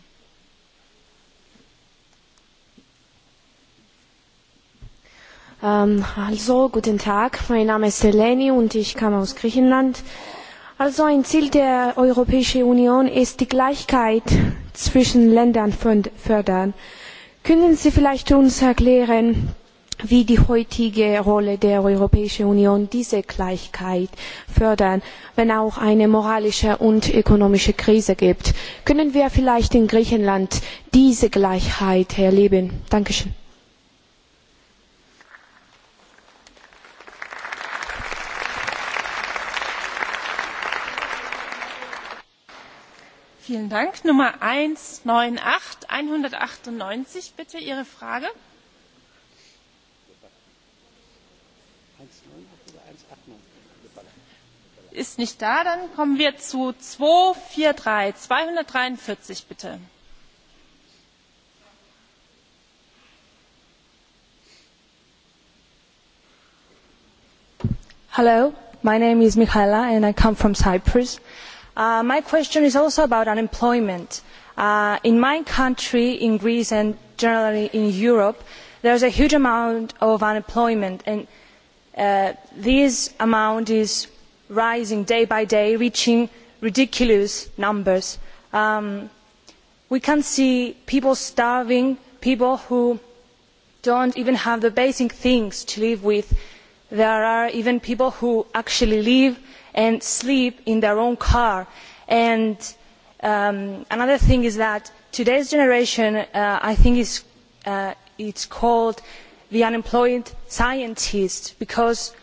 Also, guten Tag, mein Name ist Eleni und ich komme aus Griechenland. Also ein Ziel der Europäischen Union ist die Gleichheit zwischen Ländern zu fördern. Können Sie vielleicht uns erklären, wie die heutige Rolle der Europäischen Union diese Gleichheit fördern, wenn auch eine moralische und ökonomische Krise gibt? Können wir vielleicht in Griechenland diese Gleichheit erleben? Dankeschön. Vielen Dank. Nummer 198, bitte Ihre Frage. Ist nicht da, dann kommen wir zu 243, 243, bitte. Hello, my name is Michaela and I come from Cyprus. My question is also about unemployment. In my country, in Greece and generally in Europe, there is a huge amount of unemployment and this amount is rising day by day, reaching ridiculous numbers. We can see people starving, people who do not even have the basic things to live with. There are even people who actually live and sleep in their own car. And another thing is that today's generation, I think is called the unemployed scientist because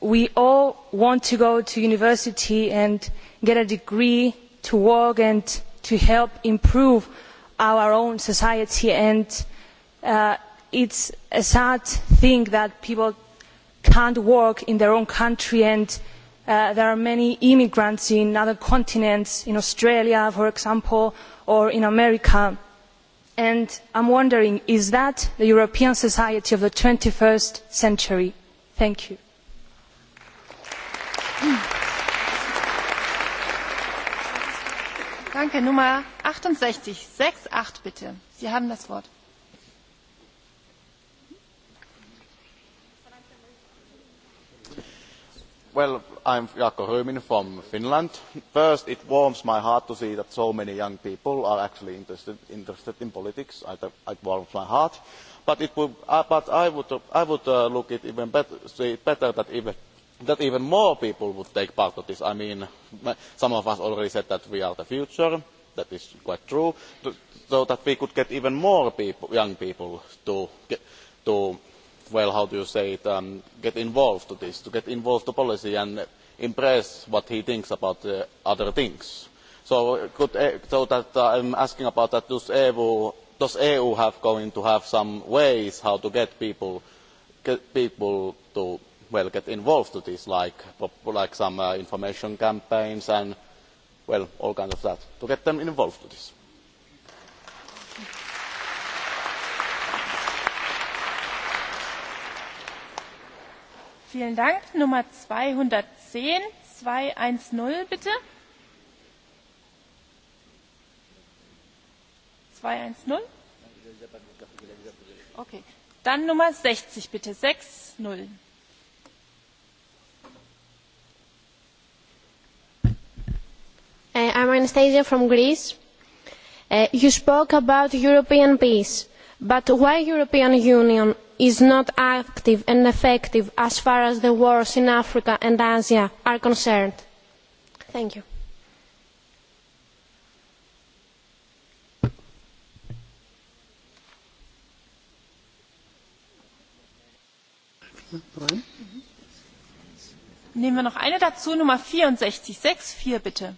we all want to go to university and get a degree to work and to help improve our own society and it's a sad thing that people can't work in their own country and there are many immigrants in other continents in australia for example or in america and I'm wondering is that the european society of the twenty first century? I am Jaakko Hömin from Finland. First, it warms my heart to see that so many young people are actually interested in politics. It warms my heart. But I would look at it better that even more people would take part in this. I mean, some of us already said that we are the future. That is quite true. So that we could get even more young people to well how do you say it get involved to this to get involved to policy and impress what he thinks about other things. So that I'm asking about that does EU does EU have going to have some ways how to get people get people to well get involved to this like like some information campaigns and well all kinds of that to get them involved to this. Vielen Dank. Nummer 210, 210 bitte. 210. Okay. Dann Nummer 60 bitte, 60. I'm Anastasia from Greece. You spoke about European peace, but why European Union? is not active and effective as far as the wars in Africa and Asia are concerned. Thank you. Nehmen wir noch eine dazu, Nummer 64, 64 bitte.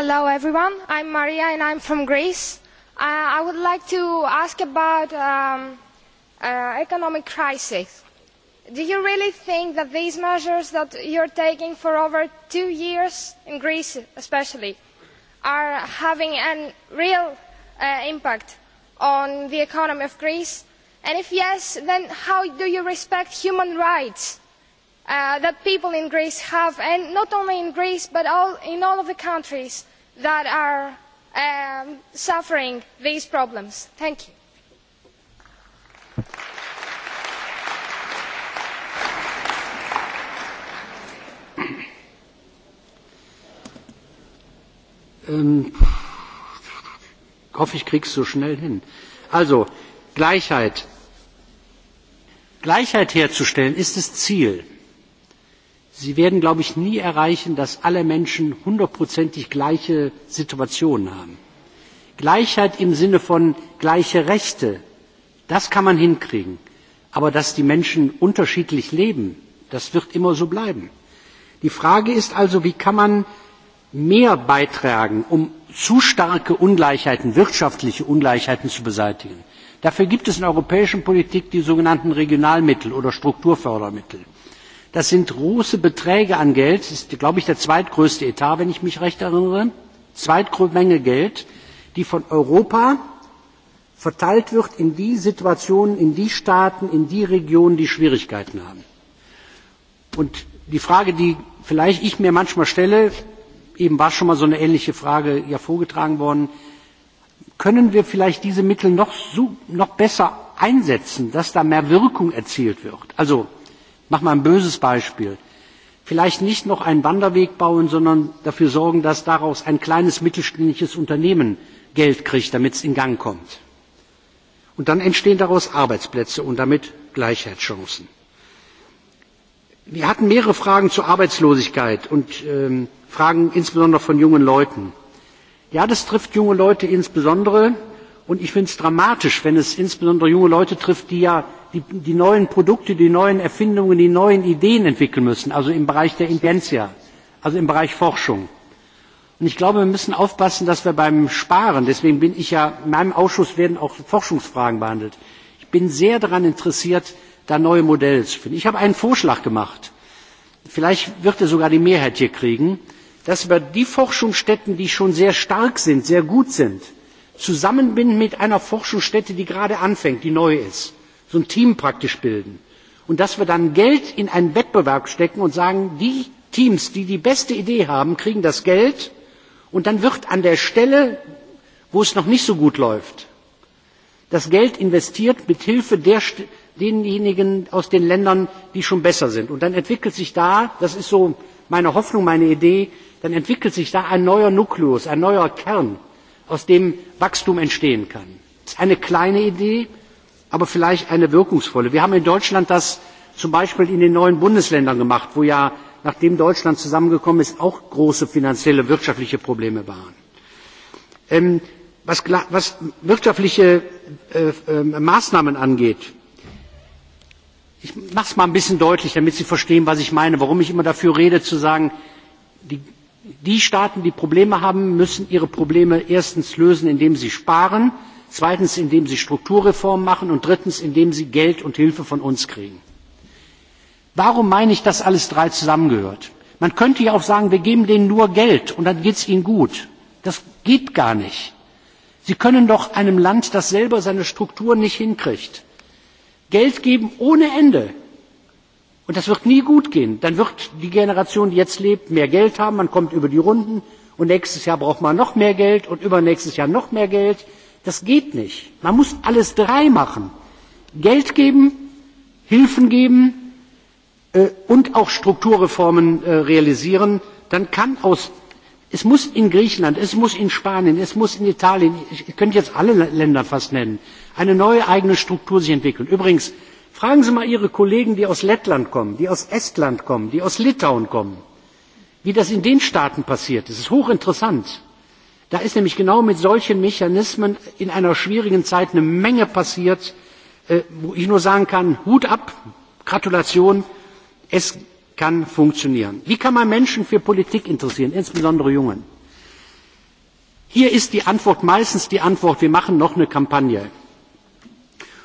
Hello everyone. I'm Maria and I'm from Greece. I would like to ask about economic crisis. Do you really think that these measures that you're taking for over two years in Greece, especially, are having a real impact on the economy of Greece? And if yes, then how do you respect human rights that people in Greece have, and not only in Greece but in all of the countries? that are suffering these problems. Thank you. Ich hoffe, ich kriege es so schnell hin. Also, Gleichheit. Gleichheit herzustellen ist das Ziel. Sie werden, glaube ich, nie erreichen, dass alle Menschen hundertprozentig gleiche Situationen haben. Gleichheit im Sinne von gleiche Rechte, das kann man hinkriegen. Aber dass die Menschen unterschiedlich leben, das wird immer so bleiben. Die Frage ist also, wie kann man mehr beitragen, um zu starke Ungleichheiten, wirtschaftliche Ungleichheiten zu beseitigen. Dafür gibt es in der europäischen Politik die sogenannten Regionalmittel oder Strukturfördermittel. Das sind große Beträge an Geld. Das ist, glaube ich, der zweitgrößte Etat, wenn ich mich recht erinnere. Zweitgrößte Menge Geld, die von Europa verteilt wird in die Situationen, in die Staaten, in die Regionen, die Schwierigkeiten haben. Und die Frage, die vielleicht ich mir manchmal stelle, eben war schon mal so eine ähnliche Frage vorgetragen worden, können wir vielleicht diese Mittel noch besser einsetzen, dass da mehr Wirkung erzielt wird? Also Ich mache mal ein böses Beispiel. Vielleicht nicht noch einen Wanderweg bauen, sondern dafür sorgen, dass daraus ein kleines mittelständisches Unternehmen Geld kriegt, damit es in Gang kommt. Und dann entstehen daraus Arbeitsplätze und damit Gleichheitschancen. Wir hatten mehrere Fragen zur Arbeitslosigkeit und Fragen insbesondere von jungen Leuten. Ja, das trifft junge Leute insbesondere, und ich finde es dramatisch, wenn es insbesondere junge Leute trifft, die ja die neuen Produkte, die neuen Erfindungen, die neuen Ideen entwickeln müssen, also im Bereich der Intelligenzia, also im Bereich Forschung. Und ich glaube, wir müssen aufpassen, dass wir beim Sparen, deswegen bin ich ja, in meinem Ausschuss werden auch Forschungsfragen behandelt. Ich bin sehr daran interessiert, da neue Modelle zu finden. Ich habe einen Vorschlag gemacht. Vielleicht wird er sogar die Mehrheit hier kriegen, dass wir die Forschungsstätten, die schon sehr stark sind, sehr gut sind, zusammenbinden mit einer Forschungsstätte, die gerade anfängt, die neu ist so ein Team praktisch bilden. Und dass wir dann Geld in einen Wettbewerb stecken und sagen, die Teams, die die beste Idee haben, kriegen das Geld und dann wird an der Stelle, wo es noch nicht so gut läuft, das Geld investiert mit Hilfe derjenigen aus den Ländern, die schon besser sind. Und dann entwickelt sich da, das ist so meine Hoffnung, meine Idee, dann entwickelt sich da ein neuer Nukleus, ein neuer Kern, aus dem Wachstum entstehen kann. Das ist eine kleine Idee, aber vielleicht eine wirkungsvolle. Wir haben in Deutschland das zum Beispiel in den neuen Bundesländern gemacht, wo ja, nachdem Deutschland zusammengekommen ist, auch große finanzielle wirtschaftliche Probleme waren. Was wirtschaftliche Maßnahmen angeht, ich mache es mal ein bisschen deutlich, damit Sie verstehen, was ich meine, warum ich immer dafür rede, zu sagen, die Staaten, die Probleme haben, müssen ihre Probleme erstens lösen, indem sie sparen zweitens indem sie strukturreformen machen und drittens indem sie geld und hilfe von uns kriegen. warum meine ich dass alles drei zusammengehört? man könnte ja auch sagen wir geben denen nur geld und dann geht es ihnen gut. das geht gar nicht. sie können doch einem land das selber seine strukturen nicht hinkriegt geld geben ohne ende und das wird nie gut gehen. dann wird die generation die jetzt lebt mehr geld haben man kommt über die runden und nächstes jahr braucht man noch mehr geld und übernächstes jahr noch mehr geld Das geht nicht. Man muss alles drei machen. Geld geben, Hilfen geben und auch Strukturreformen realisieren. Dann kann aus, es muss in Griechenland, es muss in Spanien, es muss in Italien, ich könnte jetzt alle Länder fast nennen, eine neue eigene Struktur sich entwickeln. Übrigens, fragen Sie mal Ihre Kollegen, die aus Lettland kommen, die aus Estland kommen, die aus Litauen kommen, wie das in den Staaten passiert. Das ist hochinteressant. Da ist nämlich genau mit solchen Mechanismen in einer schwierigen Zeit eine Menge passiert, wo ich nur sagen kann, Hut ab, Gratulation, es kann funktionieren. Wie kann man Menschen für Politik interessieren, insbesondere Jungen? Hier ist die Antwort meistens die Antwort, wir machen noch eine Kampagne.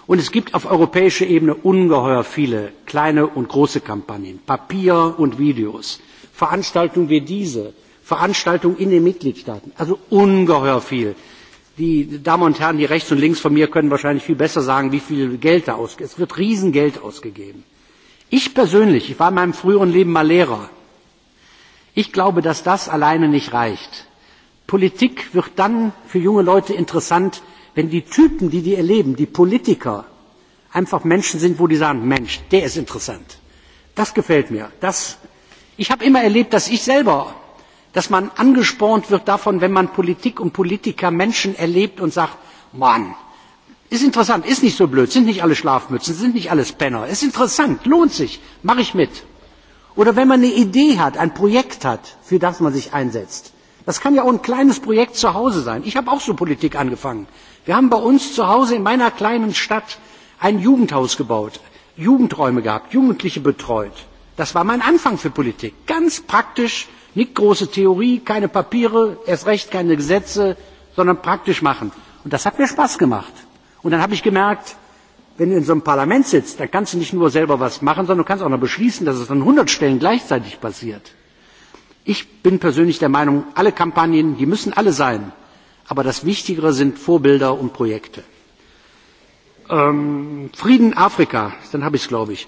Und es gibt auf europäischer Ebene ungeheuer viele kleine und große Kampagnen, Papier und Videos, Veranstaltungen wie diese, Veranstaltungen in den Mitgliedstaaten. Also ungeheuer viel. Die Damen und Herren, die rechts und links von mir können wahrscheinlich viel besser sagen, wie viel Geld da ausgegeben wird. Es wird Riesengeld ausgegeben. Ich persönlich, ich war in meinem früheren Leben mal Lehrer. Ich glaube, dass das alleine nicht reicht. Politik wird dann für junge Leute interessant, wenn die Typen, die die erleben, die Politiker, einfach Menschen sind, wo die sagen, Mensch, der ist interessant. Das gefällt mir. Ich habe immer erlebt, dass ich selber dass man angespornt wird davon, wenn man Politik und Politiker Menschen erlebt und sagt, Mann, ist interessant, ist nicht so blöd, sind nicht alle Schlafmützen, sind nicht alles Penner, ist interessant, lohnt sich, mache ich mit. Oder wenn man eine Idee hat, ein Projekt hat, für das man sich einsetzt. Das kann ja auch ein kleines Projekt zu Hause sein. Ich habe auch so Politik angefangen. Wir haben bei uns zu Hause in meiner kleinen Stadt ein Jugendhaus gebaut, Jugendräume gehabt, Jugendliche betreut Das war mein Anfang für Politik. Ganz praktisch, nicht große Theorie, keine Papiere, erst recht keine Gesetze, sondern praktisch machen. Und das hat mir Spaß gemacht. Und dann habe ich gemerkt, wenn du in so einem Parlament sitzt, dann kannst du nicht nur selber was machen, sondern du kannst auch noch beschließen, dass es an 100 Stellen gleichzeitig passiert. Ich bin persönlich der Meinung, alle Kampagnen, die müssen alle sein. Aber das Wichtigere sind Vorbilder und Projekte. Frieden Afrika, dann habe ich es, glaube ich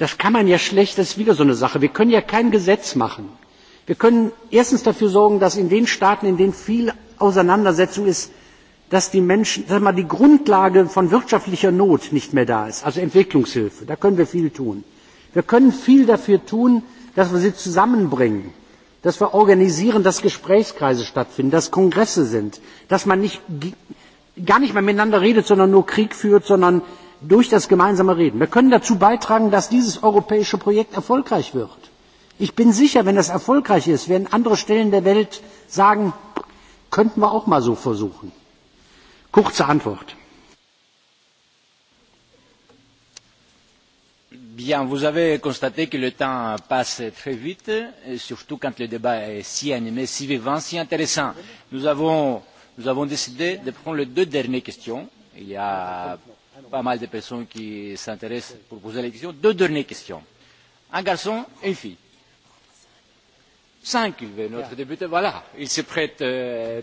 das kann man ja schlecht, das ist wieder so eine Sache. Wir können ja kein Gesetz machen. Wir können erstens dafür sorgen, dass in den Staaten, in denen viel Auseinandersetzung ist, dass die Menschen, die Grundlage von wirtschaftlicher Not nicht mehr da ist, also Entwicklungshilfe. Da können wir viel tun. Wir können viel dafür tun, dass wir sie zusammenbringen, dass wir organisieren, dass Gesprächskreise stattfinden, dass Kongresse sind, dass man nicht, gar nicht mehr miteinander redet, sondern nur Krieg führt, sondern durch das gemeinsame Reden. Wir können dazu beitragen, dass dieses europäische Projekt erfolgreich wird. Ich bin sicher, wenn das erfolgreich ist, werden andere Stellen der Welt sagen, könnten wir auch mal so versuchen. Kurze Antwort. Bien, vous avez constaté que le temps passe très vite, surtout quand le débat est si animé, si vivant, si intéressant. Nous avons décidé de prendre les deux dernières questions. Il y a pas mal de personnes qui s'intéressent pour poser la question. Deux dernières questions. Un garçon et une fille. Cinq, il veut notre député, voilà. Il se prête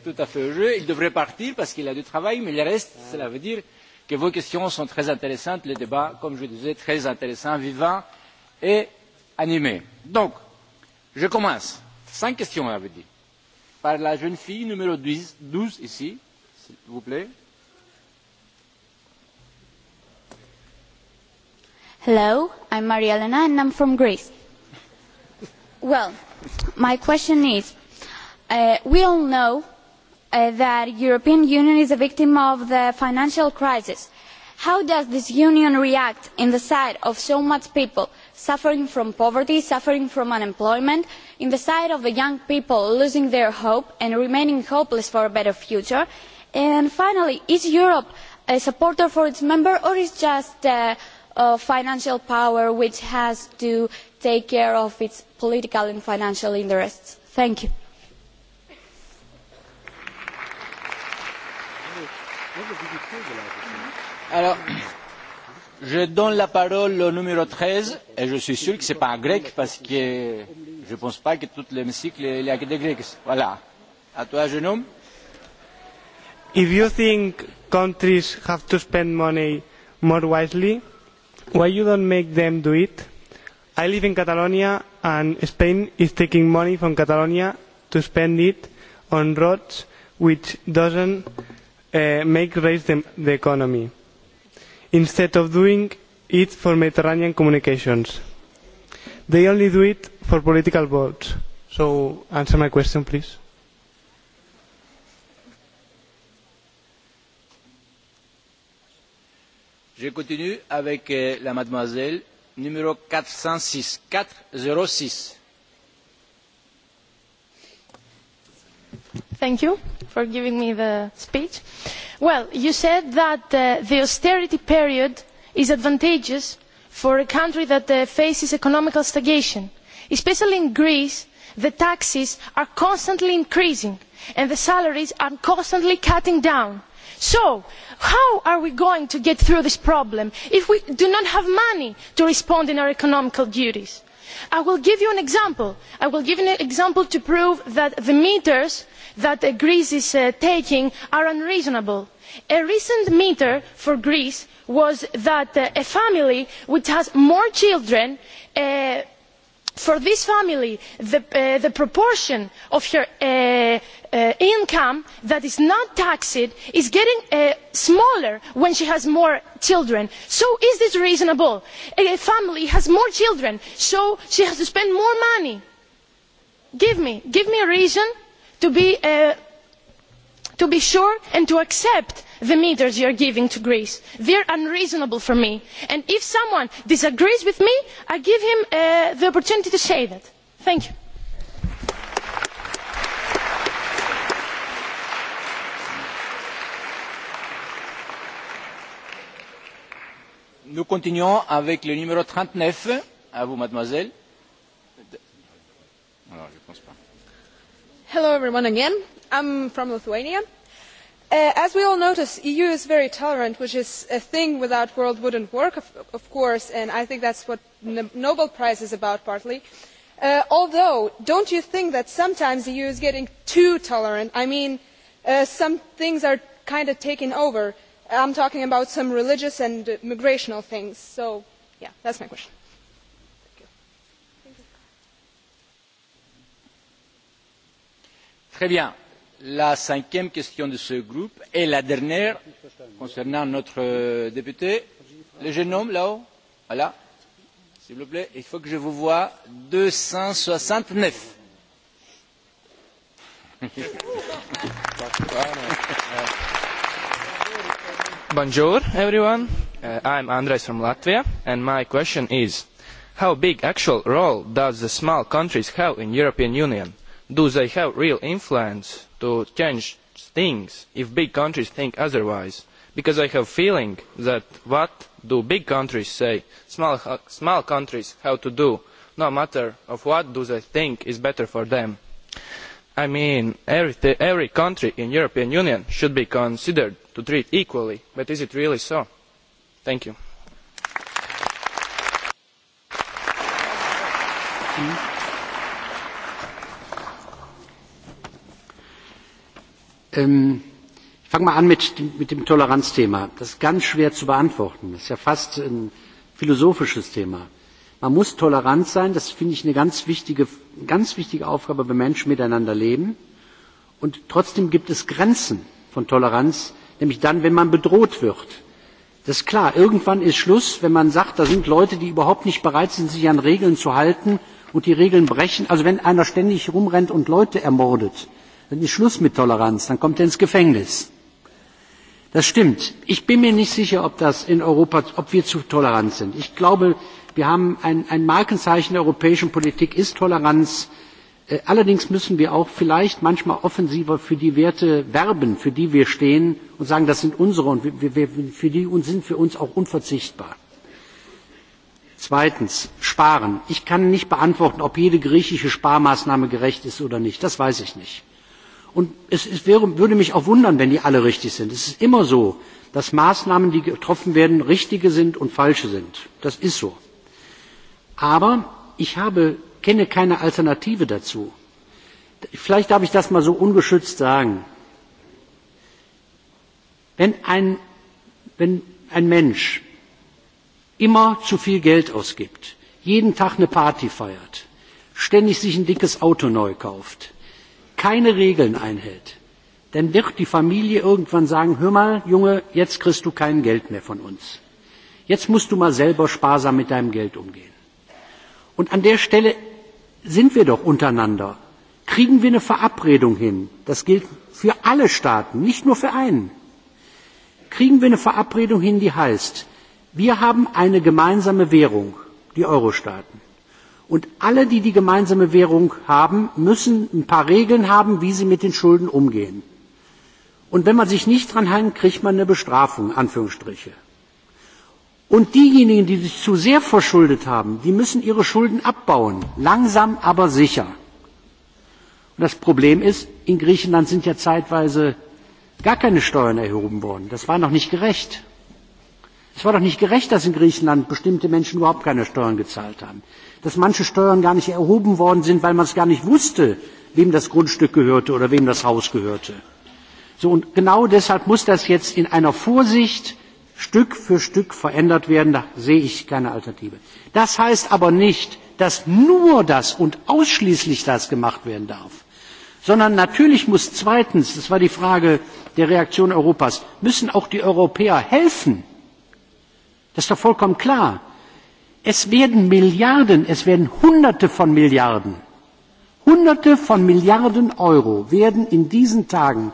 tout à fait au jeu. Il devrait partir parce qu'il a du travail, mais le reste, cela veut dire que vos questions sont très intéressantes, le débat, comme je disais, très intéressant, vivant et animé. Donc, je commence. Cinq questions, à avait dit. Par la jeune fille, numéro 12, ici, s'il vous plaît. Hello, I'm Maria Elena and I'm from Greece. Well, my question is, we all know that the European Union is a victim of the financial crisis. How does this union react in the sight of so much people suffering from poverty, suffering from unemployment, in the sight of young people losing their hope and remaining hopeless for a better future? And finally, is Europe a supporter for its members or is just financial power which has to take care of its political and financial interests. Thank you. Alors, je donne la parole au numéro 13, et je suis sûr que ce n'est pas un grec, parce que je ne pense pas que tout l'hémicycle est des grecs. Voilà. À toi, jeune homme. If you think countries have to spend money more wisely, Why you don't make them do it? I live in Catalonia and Spain is taking money from Catalonia to spend it on roads which doesn't make raise the economy, instead of doing it for Mediterranean communications. They only do it for political votes. So answer my question, please. Je continue avec la mademoiselle numéro 406. 406. Thank you for giving me the speech. Well, you said that the austerity period is advantageous for a country that faces economic stagnation. Especially in Greece, the taxes are constantly increasing and the salaries are constantly cutting down so how are we going to get through this problem if we do not have money to respond in our economic duties? i will give you an example. i will give an example to prove that the meters that greece is taking are unreasonable. a recent meter for greece was that a family which has more children for this family the proportion of her income that is not taxed is getting smaller when she has more children. so is this reasonable? a family has more children so she has to spend more money. give me a reason to be sure and to accept the meters you are giving to greece. they are unreasonable for me and if someone disagrees with me i give him the opportunity to say that. thank you. Nous continuons avec le numéro 39. À vous, mademoiselle. Hello, everyone, again. I'm from Lithuania as we all notice the eu is very tolerant which is a thing without the world wouldn't work of course and i think that's what the nobel prize is about partly although don't you think that sometimes the eu is getting too tolerant? i mean some things are kind of taking over I'm talking about some religious and migrational things so yeah that's my question la cinquième question de ce groupe est la dernière concernant notre député. Le jeune homme là-haut, voilà, s'il vous plaît, il faut que je vous voie 269. Bonjour everyone, I'm Andres from Latvia and my question is, how big actual role does the small countries have in European Union? do they have real influence to change things if big countries think otherwise? Because I have a feeling that what do big countries say, small countries have to do, no matter of what do they think is better for them. I mean, every country in the European Union should be considered to treat equally, but is it really so? Thank you. Ich fange mal an mit dem Toleranzthema. Das ist ganz schwer zu beantworten. Das ist ja fast ein philosophisches Thema. Man muss tolerant sein. Das finde ich eine ganz wichtige Aufgabe, wenn Menschen miteinander leben. Und trotzdem gibt es Grenzen von Toleranz, nämlich dann, wenn man bedroht wird. Das ist klar. Irgendwann ist Schluss, wenn man sagt, da sind Leute, die überhaupt nicht bereit sind, sich an Regeln zu halten und die Regeln brechen. Also wenn einer ständig rumrennt und Leute ermordet, dann ist Schluss mit Toleranz, dann kommt er ins Gefängnis. Das stimmt. Ich bin mir nicht sicher, ob das in Europa, ob wir zu tolerant sind. Ich glaube, wir haben ein Markenzeichen der europäischen Politik ist Toleranz. Allerdings müssen wir auch vielleicht manchmal offensiver für die Werte werben, für die wir stehen und sagen, das sind unsere und die sind für uns auch unverzichtbar. Zweitens, Sparen. Ich kann nicht beantworten, ob jede griechische Sparmaßnahme gerecht ist oder nicht. Das weiß ich nicht. Und es würde mich auch wundern, wenn die alle richtig sind. Es ist immer so, dass Maßnahmen, die getroffen werden, richtige sind und falsche sind. Das ist so. Aber ich kenne keine Alternative dazu. Vielleicht darf ich das mal so ungeschützt sagen. Wenn ein Mensch immer zu viel Geld ausgibt, jeden Tag eine Party feiert, ständig sich ein dickes Auto neu kauft, keine Regeln einhält, dann wird die Familie irgendwann sagen, hör mal, Junge, jetzt kriegst du kein Geld mehr von uns. Jetzt musst du mal selber sparsam mit deinem Geld umgehen. Und an der Stelle sind wir doch untereinander. Kriegen wir eine Verabredung hin? Das gilt für alle Staaten, nicht nur für einen. Kriegen wir eine Verabredung hin, die heißt, wir haben eine gemeinsame Währung, die Eurostaaten. Und alle, die die gemeinsame Währung haben, müssen ein paar Regeln haben, wie sie mit den Schulden umgehen. Und wenn man sich nicht dran hält, kriegt man eine Bestrafung, Anführungsstriche. Und diejenigen, die sich zu sehr verschuldet haben, die müssen ihre Schulden abbauen, langsam aber sicher. das Problem ist, in Griechenland sind ja zeitweise gar keine Steuern erhoben worden. Das war noch nicht gerecht. Es war doch nicht gerecht, dass in Griechenland bestimmte Menschen überhaupt keine Steuern gezahlt haben dass manche Steuern gar nicht erhoben worden sind, weil man es gar nicht wusste, wem das Grundstück gehörte oder wem das Haus gehörte. Und genau deshalb muss das jetzt in einer Vorsicht Stück für Stück verändert werden. Da sehe ich keine Alternative. Das heißt aber nicht, dass nur das und ausschließlich das gemacht werden darf. Sondern natürlich muss zweitens, das war die Frage der Reaktion Europas, müssen auch die Europäer helfen. Das ist doch vollkommen klar. Es werden Milliarden, es werden Hunderte von Milliarden, Hunderte von Milliarden Euro werden in diesen Tagen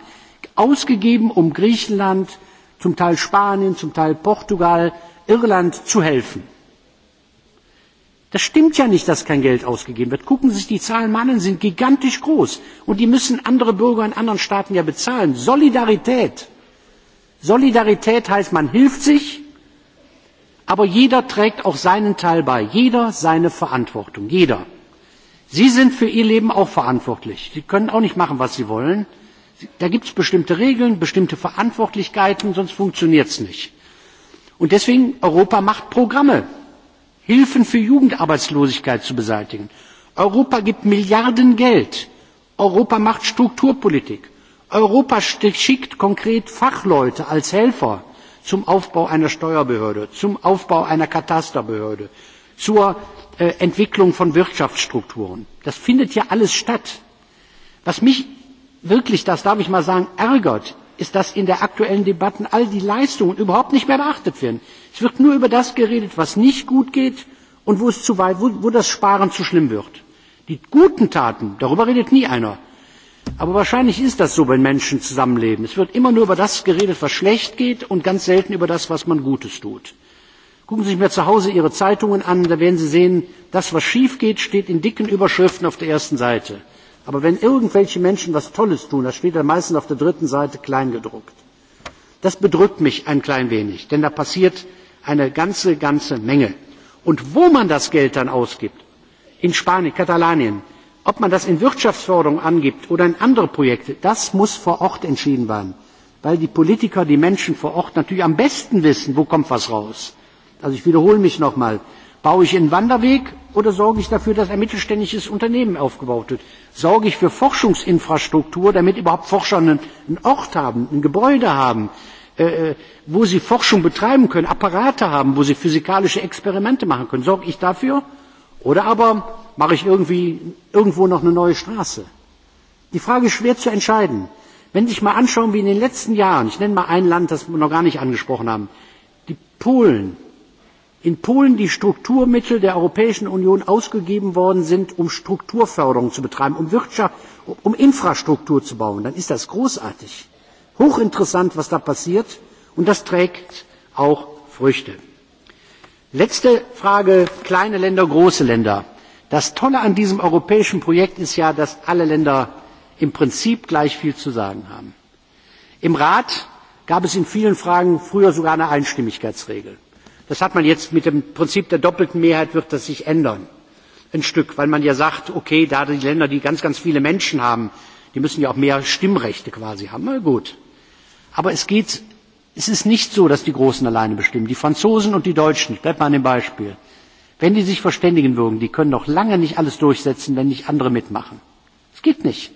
ausgegeben, um Griechenland, zum Teil Spanien, zum Teil Portugal, Irland zu helfen. Das stimmt ja nicht, dass kein Geld ausgegeben wird. Gucken Sie sich die Zahlen mal an, sind gigantisch groß. Und die müssen andere Bürger in anderen Staaten ja bezahlen. Solidarität. Solidarität heißt, man hilft sich, aber jeder trägt auch seinen teil bei jeder seine verantwortung jeder. sie sind für ihr leben auch verantwortlich sie können auch nicht machen was sie wollen da gibt es bestimmte regeln bestimmte verantwortlichkeiten sonst funktioniert es nicht. und deswegen europa macht programme hilfen für jugendarbeitslosigkeit zu beseitigen europa gibt milliarden geld europa macht strukturpolitik europa schickt konkret fachleute als helfer zum Aufbau einer Steuerbehörde, zum Aufbau einer Katasterbehörde, zur Entwicklung von Wirtschaftsstrukturen. Das findet ja alles statt. Was mich wirklich, das darf ich mal sagen, ärgert, ist, dass in der aktuellen Debatte all die Leistungen überhaupt nicht mehr beachtet werden. Es wird nur über das geredet, was nicht gut geht und wo das Sparen zu schlimm wird. Die guten Taten, darüber redet nie einer. Aber wahrscheinlich ist das so, wenn Menschen zusammenleben. Es wird immer nur über das geredet, was schlecht geht, und ganz selten über das, was man Gutes tut. Gucken Sie sich mal zu Hause Ihre Zeitungen an, da werden Sie sehen, das, was schief geht, steht in dicken Überschriften auf der ersten Seite. Aber wenn irgendwelche Menschen etwas Tolles tun, das steht dann meistens auf der dritten Seite kleingedruckt. Das bedrückt mich ein klein wenig, denn da passiert eine ganze, ganze Menge. Und wo man das Geld dann ausgibt, in Spanien, Katalanien, Ob man das in Wirtschaftsförderung angibt oder in andere Projekte, das muss vor Ort entschieden werden, weil die Politiker, die Menschen vor Ort natürlich am besten wissen, wo etwas was Also ich wiederhole mich noch einmal Baue ich einen Wanderweg oder sorge ich dafür, dass ein mittelständisches Unternehmen aufgebaut wird? Sorge ich für Forschungsinfrastruktur, damit überhaupt Forscher einen Ort haben, ein Gebäude haben, wo sie Forschung betreiben können, Apparate haben, wo sie physikalische Experimente machen können? Sorge ich dafür? Oder aber mache ich irgendwie irgendwo noch eine neue Straße? Die Frage ist schwer zu entscheiden. Wenn ich sich mal anschaue, wie in den letzten Jahren, ich nenne mal ein Land, das wir noch gar nicht angesprochen haben, die Polen, in Polen die Strukturmittel der Europäischen Union ausgegeben worden sind, um Strukturförderung zu betreiben, um Wirtschaft, um Infrastruktur zu bauen, dann ist das großartig. Hochinteressant, was da passiert, und das trägt auch Früchte letzte frage kleine länder große länder das tolle an diesem europäischen projekt ist ja dass alle länder im prinzip gleich viel zu sagen haben. im rat gab es in vielen fragen früher sogar eine einstimmigkeitsregel. das hat man jetzt mit dem prinzip der doppelten mehrheit wird das sich ändern ein stück weil man ja sagt okay da die länder die ganz ganz viele menschen haben die müssen ja auch mehr stimmrechte quasi haben. na gut. aber es geht Es ist nicht so, dass die Großen alleine bestimmen. Die Franzosen und die Deutschen, ich bleibe mal an dem Beispiel, wenn die sich verständigen würden, die können noch lange nicht alles durchsetzen, wenn nicht andere mitmachen. Das geht nicht.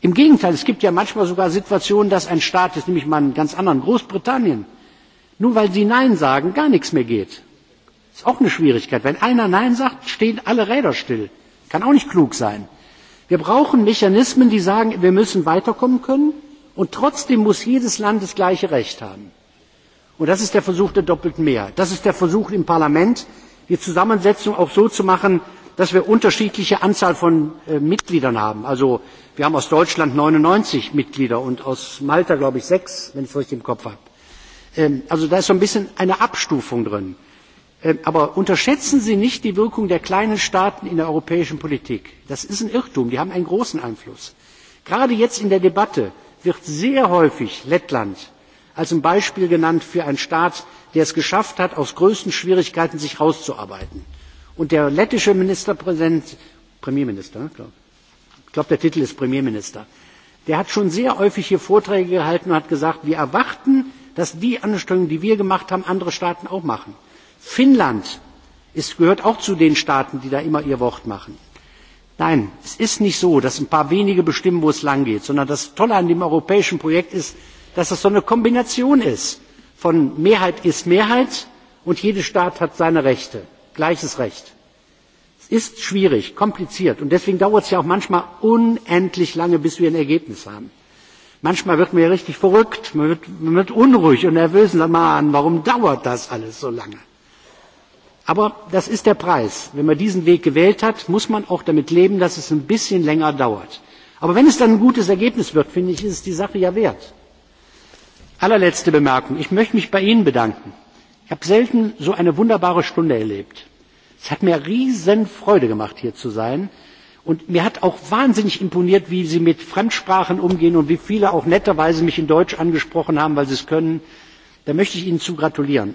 Im Gegenteil, es gibt ja manchmal sogar Situationen, dass ein Staat, jetzt nehme ich einen ganz anderen, Großbritannien, nur weil sie Nein sagen, gar nichts mehr geht. Das ist auch eine Schwierigkeit. Wenn einer Nein sagt, stehen alle Räder still. Kann auch nicht klug sein. Wir brauchen Mechanismen, die sagen, wir müssen weiterkommen können. Und trotzdem muss jedes Land das gleiche Recht haben. Und das ist der Versuch der doppelten Mehrheit. Das ist der Versuch im Parlament, die Zusammensetzung auch so zu machen, dass wir unterschiedliche Anzahl von Mitgliedern haben. Also wir haben aus Deutschland 99 Mitglieder und aus Malta, glaube ich, sechs, wenn ich es richtig im Kopf habe. Also da ist so ein bisschen eine Abstufung drin. Aber unterschätzen Sie nicht die Wirkung der kleinen Staaten in der europäischen Politik. Das ist ein Irrtum. Die haben einen großen Einfluss. Gerade jetzt in der Debatte wird sehr häufig Lettland als ein Beispiel genannt für einen Staat, der es geschafft hat, aus größten Schwierigkeiten sich herauszuarbeiten. Und der lettische Ministerpräsident, Premierminister, ich glaube, der Titel ist Premierminister, der hat schon sehr häufig hier Vorträge gehalten und hat gesagt, wir erwarten, dass die Anstrengungen, die wir gemacht haben, andere Staaten auch machen. Finnland gehört auch zu den Staaten, die da immer ihr Wort machen. Nein, es ist nicht so, dass ein paar wenige bestimmen, wo es lang geht, sondern das Tolle an dem europäischen Projekt ist, dass es so eine Kombination ist von Mehrheit ist Mehrheit und jeder Staat hat seine Rechte, gleiches Recht. Es ist schwierig, kompliziert und deswegen dauert es ja auch manchmal unendlich lange, bis wir ein Ergebnis haben. Manchmal wird man ja richtig verrückt, man wird unruhig und nervös und sagt, warum dauert das alles so lange? Aber das ist der Preis. Wenn man diesen Weg gewählt hat, muss man auch damit leben, dass es ein bisschen länger dauert. Aber wenn es dann ein gutes Ergebnis wird, finde ich, ist es die Sache ja wert. Allerletzte Bemerkung. Ich möchte mich bei Ihnen bedanken. Ich habe selten so eine wunderbare Stunde erlebt. Es hat mir riesen Freude gemacht, hier zu sein. Und mir hat auch wahnsinnig imponiert, wie Sie mit Fremdsprachen umgehen und wie viele auch netterweise mich in Deutsch angesprochen haben, weil sie es können. Da möchte ich Ihnen zu gratulieren.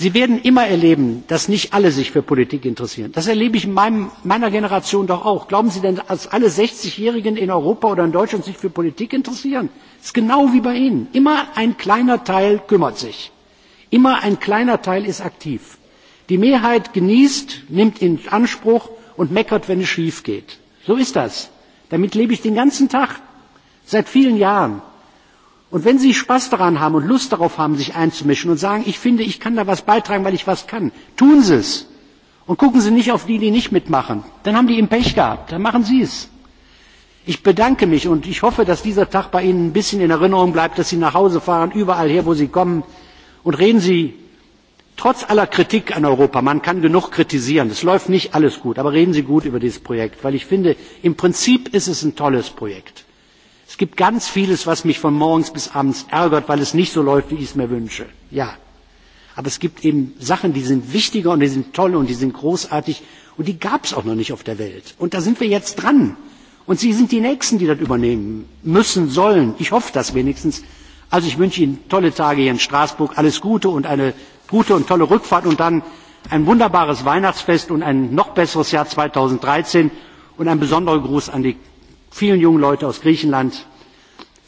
Sie werden immer erleben, dass sich nicht alle sich für Politik interessieren. Das erlebe ich in meiner Generation doch auch. Glauben Sie denn, dass alle 60-Jährigen in Europa oder in Deutschland sich für Politik interessieren? Das ist genau wie bei Ihnen. Immer ein kleiner Teil kümmert sich. Immer ein kleiner Teil ist aktiv. Die Mehrheit genießt, nimmt in Anspruch und meckert, wenn es schief geht. So ist das. Damit lebe ich den ganzen Tag, seit vielen Jahren. Und wenn Sie Spaß daran haben und Lust darauf haben, sich einzumischen und sagen, ich finde, ich kann da was beitragen, weil ich was kann, tun Sie es. Und gucken Sie nicht auf die, die nicht mitmachen. Dann haben die im Pech gehabt. Dann machen Sie es. Ich bedanke mich und ich hoffe, dass dieser Tag bei Ihnen ein bisschen in Erinnerung bleibt, dass Sie nach Hause fahren, überall her, wo Sie kommen. Und reden Sie trotz aller Kritik an Europa. Man kann genug kritisieren. Es läuft nicht alles gut. Aber reden Sie gut über dieses Projekt. Weil ich finde, im Prinzip ist es ein tolles Projekt. Es gibt ganz vieles, was mich von morgens bis abends ärgert, weil es nicht so läuft, wie ich es mir wünsche. Ja. Aber es gibt eben Sachen, die sind wichtiger und die sind toll und die sind großartig und die gab es auch noch nicht auf der Welt. Und da sind wir jetzt dran. Und Sie sind die Nächsten, die das übernehmen müssen, sollen. Ich hoffe das wenigstens. Also ich wünsche Ihnen tolle Tage hier in Straßburg, alles Gute und eine gute und tolle Rückfahrt und dann ein wunderbares Weihnachtsfest und ein noch besseres Jahr 2013 und einen besonderer Gruß an die vielen jungen Leute aus Griechenland.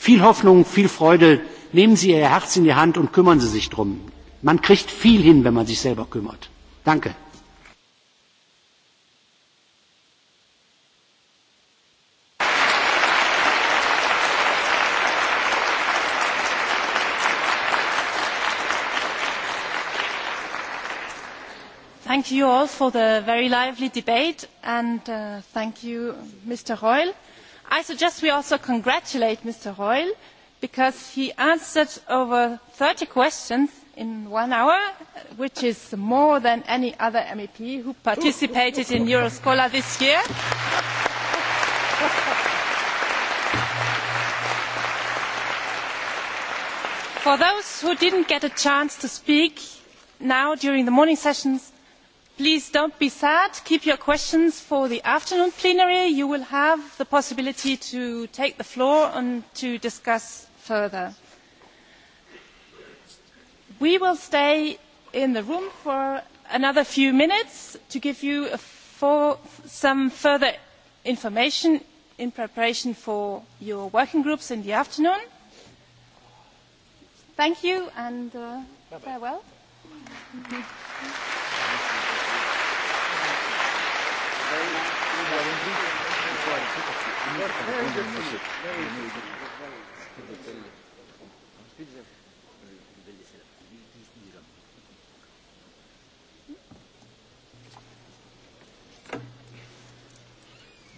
Viel Hoffnung, viel Freude. Nehmen Sie Ihr Herz in die Hand und kümmern Sie sich drum. Man kriegt viel hin, wenn man sich selber kümmert. Danke. Thank you all for the very lively debate and thank you, Mr. Reul. I suggest we also congratulate Mr. Reul because he answered over 30 questions in one hour, which is more than any other MEP who participated in Euroscola this year. For those who did didn't get a chance to speak now during the morning sessions, Please don't be sad. Keep your questions for the afternoon plenary. You will have the possibility to take the floor and to discuss further. We will stay in the room for another few minutes to give you some further information in preparation for your working groups in the afternoon. Thank you and farewell.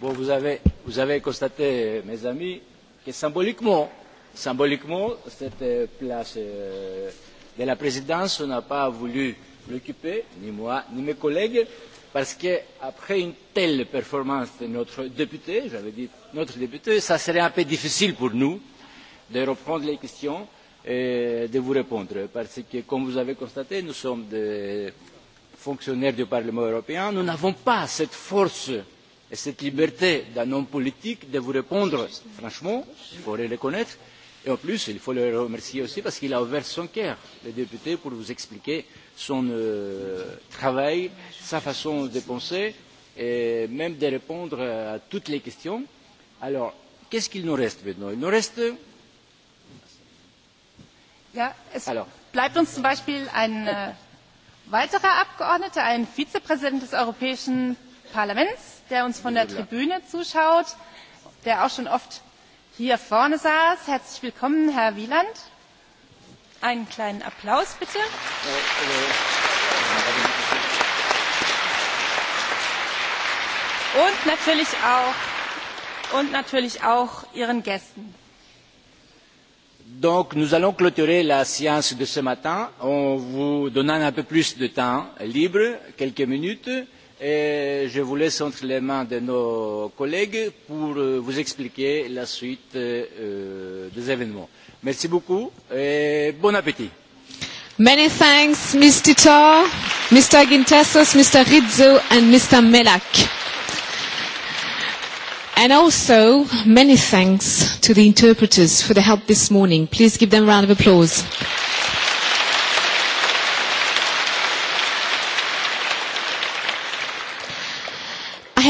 Bon, vous avez, vous avez constaté, mes amis, que symboliquement, symboliquement, cette place de la présidence, on n'a pas voulu l'occuper, ni moi, ni mes collègues, parce qu'après une telle performance de notre député, j'avais dit notre député, ça serait un peu difficile pour nous de reprendre les questions et de vous répondre. Parce que, comme vous avez constaté, nous sommes des fonctionnaires du Parlement européen. Nous n'avons pas cette force et cette liberté d'un homme politique de vous répondre, franchement, il faudrait le connaître Et en plus, il faut le remercier aussi parce qu'il a ouvert son cœur, le député, pour vous expliquer son travail, sa façon de penser et même de répondre à toutes les questions. Alors, qu'est-ce qu'il nous reste maintenant Il nous reste. Ja, es Alors. bleibt uns zum Beispiel ein weiterer Abgeordneter, ein Vizepräsident des Europäischen Parlaments, der uns von der Tribüne zuschaut, der auch schon oft hier vorne saß. Herzlich willkommen, Herr Wieland. Einen kleinen Applaus bitte. Und natürlich auch, und natürlich auch Ihren Gästen. Donc, nous allons clôturer la séance de ce matin en vous donnant un peu plus de temps libre, quelques minutes et je vous laisse entre les mains de nos collègues pour vous expliquer la suite des événements. Merci beaucoup et bon appétit. Many thanks, Ms. Titor, Mr. Gintasos, Mr. Rizzo, and Mr. Melak. And also, many thanks to the interpreters for the help this morning. Please give them a round of applause.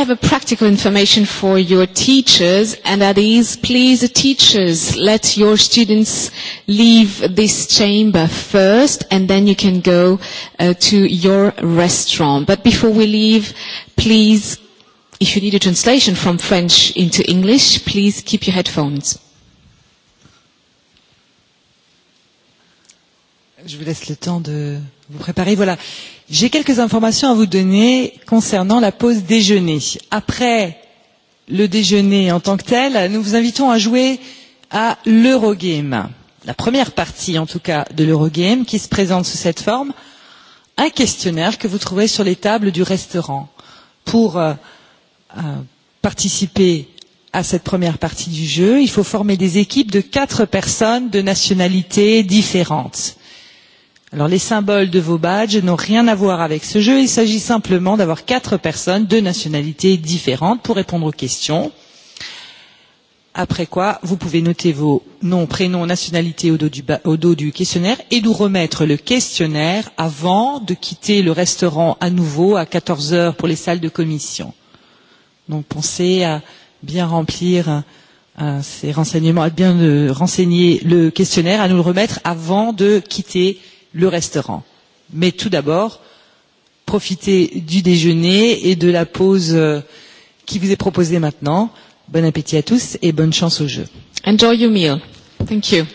have a practical information for your teachers, and that is, please, teachers, let your students leave this chamber first, and then you can go to your restaurant. But before we leave, please, if you need a translation from French into English, please keep your headphones. Je vous laisse le temps de vous préparer. Voilà. J'ai quelques informations à vous donner concernant la pause déjeuner. Après le déjeuner en tant que tel, nous vous invitons à jouer à l'Eurogame. La première partie, en tout cas, de l'Eurogame, qui se présente sous cette forme. Un questionnaire que vous trouvez sur les tables du restaurant. Pour participer à cette première partie du jeu, il faut former des équipes de quatre personnes de nationalités différentes. Alors les symboles de vos badges n'ont rien à voir avec ce jeu, il s'agit simplement d'avoir quatre personnes de nationalités différentes pour répondre aux questions. Après quoi, vous pouvez noter vos noms, prénoms, nationalités au dos du, au dos du questionnaire et nous remettre le questionnaire avant de quitter le restaurant à nouveau à 14 heures pour les salles de commission. Donc pensez à bien remplir ces renseignements, à bien renseigner le questionnaire, à nous le remettre avant de quitter le restaurant. Mais tout d'abord, profitez du déjeuner et de la pause qui vous est proposée maintenant. Bon appétit à tous et bonne chance au jeu. Enjoy your meal. Thank you.